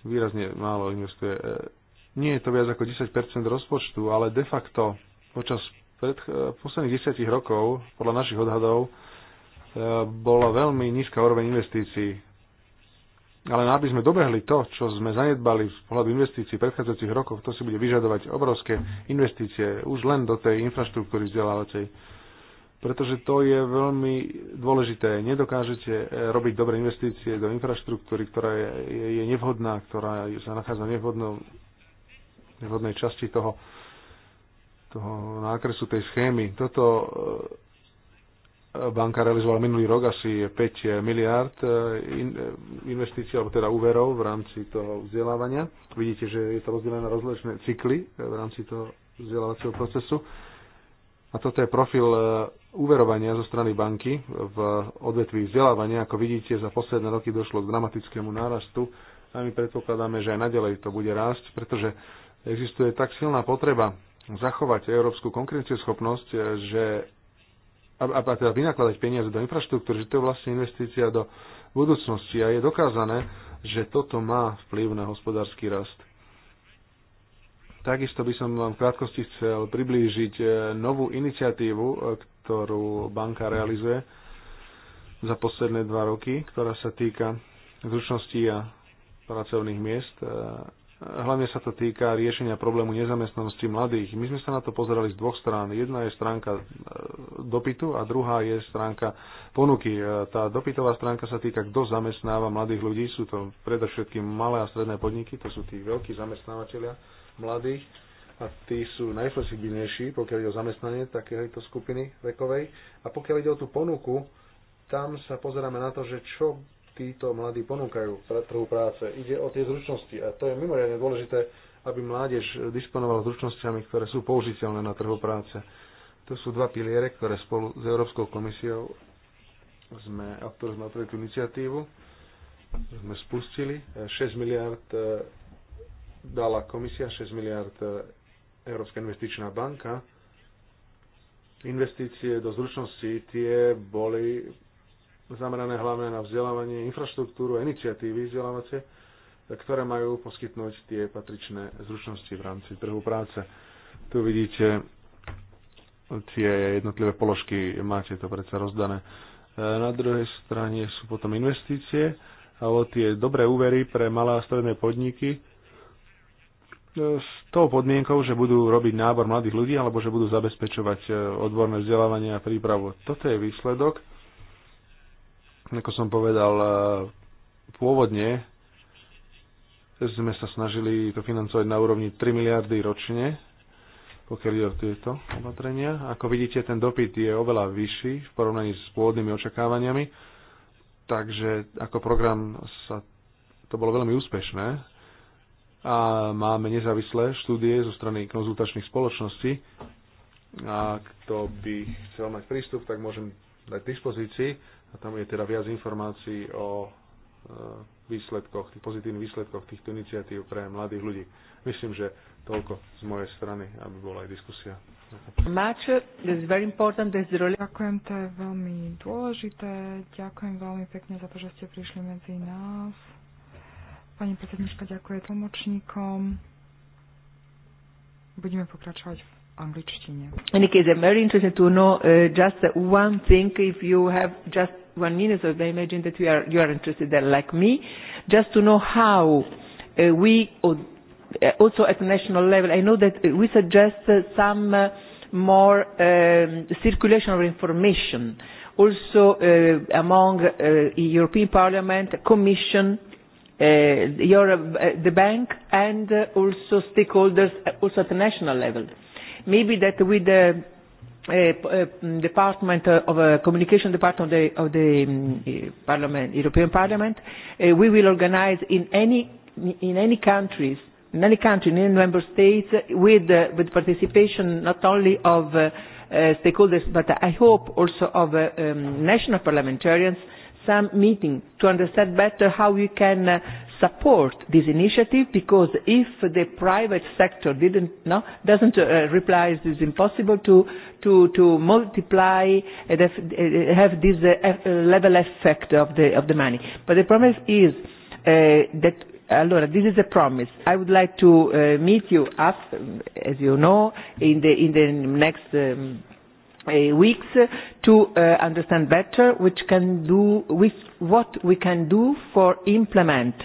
Speaker 2: Výrazne málo investuje. E, nie je to viac ako 10 rozpočtu, ale de facto počas e, posledných 10 rokov, podľa našich odhadov, bola veľmi nízka úroveň investícií. Ale aby sme dobehli to, čo sme zanedbali z pohľadu investícií v predchádzajúcich rokoch, to si bude vyžadovať obrovské investície už len do tej infraštruktúry vzdelávacej. Pretože to je veľmi dôležité. Nedokážete robiť dobré investície do infraštruktúry, ktorá je, je nevhodná, ktorá sa nachádza v nevhodnej časti toho, toho nákresu tej schémy. Toto banka realizovala minulý rok asi 5 miliárd eh, eh, investícií, alebo teda úverov v rámci toho vzdelávania. Vidíte, že je to rozdelené na rozličné cykly eh, v rámci toho vzdelávacieho procesu. A toto je profil úverovania zo strany banky v odvetví vzdelávania. Ako vidíte, za posledné roky došlo k dramatickému nárastu a my predpokladáme, že aj naďalej to bude rásť, pretože existuje tak silná potreba zachovať európsku konkurencieschopnosť, že a, a teda vynakladať peniaze do infraštruktúry, že to je vlastne investícia do budúcnosti a je dokázané, že toto má vplyv na hospodársky rast. Takisto by som vám v krátkosti chcel priblížiť e, novú iniciatívu, e, ktorú banka realizuje za posledné dva roky, ktorá sa týka zručností a pracovných miest. E, Hlavne sa to týka riešenia problému nezamestnanosti mladých. My sme sa na to pozerali z dvoch strán. Jedna je stránka e, dopytu a druhá je stránka ponuky. E, tá dopytová stránka sa týka, kto zamestnáva mladých ľudí. Sú to predovšetkým malé a stredné podniky, to sú tí veľkí zamestnávateľia mladých a tí sú najflexibilnejší, pokiaľ ide o zamestnanie takéhoto skupiny vekovej. A pokiaľ ide o tú ponuku, tam sa pozeráme na to, že čo títo mladí ponúkajú pre trhu práce. Ide o tie zručnosti a to je mimoriadne dôležité, aby mládež disponovala zručnosťami, ktoré sú použiteľné na trhu práce. To sú dva piliere, ktoré spolu s Európskou komisiou sme, o ktorú sme otvorili tú iniciatívu, sme spustili. 6 miliard e, dala komisia, 6 miliard e, Európska investičná banka. Investície do zručnosti tie boli zamerané hlavne na vzdelávanie, infraštruktúru a iniciatívy vzdelávacie, ktoré majú poskytnúť tie patričné zručnosti v rámci trhu práce. Tu vidíte tie jednotlivé položky, máte to predsa rozdané. E, na druhej strane sú potom investície, alebo tie dobré úvery pre malé a stredné podniky e, s tou podmienkou, že budú robiť nábor mladých ľudí alebo že budú zabezpečovať e, odborné vzdelávanie a prípravu. Toto je výsledok ako som povedal, eh, pôvodne sme sa snažili to financovať na úrovni 3 miliardy ročne, pokiaľ ide o tieto opatrenia. Ako vidíte, ten dopyt je oveľa vyšší v porovnaní s pôvodnými očakávaniami, takže ako program sa to bolo veľmi úspešné a máme nezávislé štúdie zo strany konzultačných spoločností a kto by chcel mať prístup, tak môžem dať dispozícii. A tam je teda viac informácií o e, výsledkoch, tých pozitívnych výsledkoch týchto iniciatív pre mladých ľudí. Myslím, že toľko z mojej strany, aby bola aj diskusia.
Speaker 4: Ďakujem, to je veľmi dôležité. Ďakujem veľmi pekne za to, že ste prišli medzi nás. Pani predsednička ďakuje tlmočníkom. Budeme pokračovať v angličtine.
Speaker 1: In any case, I'm very interested to know uh, just one thing, if you have just one minute, so I imagine that you are, you are interested there like me, just to know how uh, we, uh, also at national level, I know that we suggest uh, some uh, more um, circulation of information, also uh, among uh, European Parliament, Commission, uh, Europe, uh, the bank, and uh, also stakeholders, uh, also at the national level maybe that with the uh, uh mm, department of uh, communication department of the, of the um, parliament, European Parliament, uh, we will organize in any in any countries, in any country, in any member states, with uh, with participation not only of uh, uh, stakeholders, but I hope also of uh, um, national parliamentarians, some meeting to understand better how we can uh, support this initiative because if the private sector didn't, no, doesn't uh, reply, it is impossible to, to, to multiply and uh, uh, have this uh, uh, level effect of the, of the money. But the promise is uh, that Allora, this is a promise. I would like to uh, meet you up, as you know, in the, in the next um, uh, weeks to uh, understand better which can do, which, what we can do for implement uh,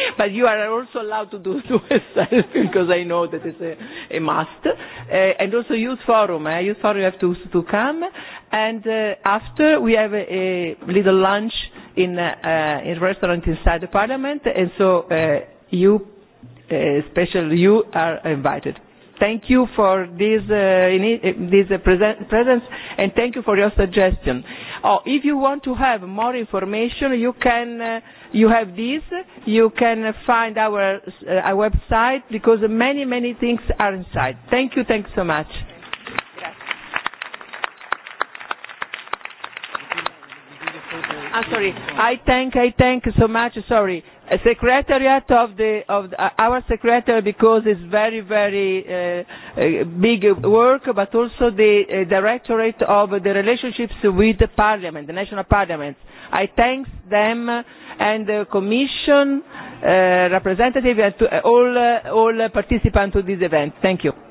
Speaker 1: (laughs) but you are also allowed to do yourself (laughs) because I know that it's a, a must. Uh, and also youth forum, eh? youth forum you have to, to come. And uh, after we have a, a little lunch in uh, uh in restaurant inside the parliament, and so uh, you, uh, especially you, are invited. Thank you for this, uh, in, uh, this uh, present, presence and thank you for your suggestion. Oh, if you want to have more information, you can uh, you have this you can find our, uh, our website because many many things are inside thank you thanks so much I'm ah, sorry. I thank I thank so much. Sorry, a secretariat of the of the, uh, our secretary because it's very very uh, uh, big work, but also the uh, directorate of the relationships with the parliament, the national parliaments i thank them and the Commission uh, representative and to uh, all, uh, all participants to this event. Thank you.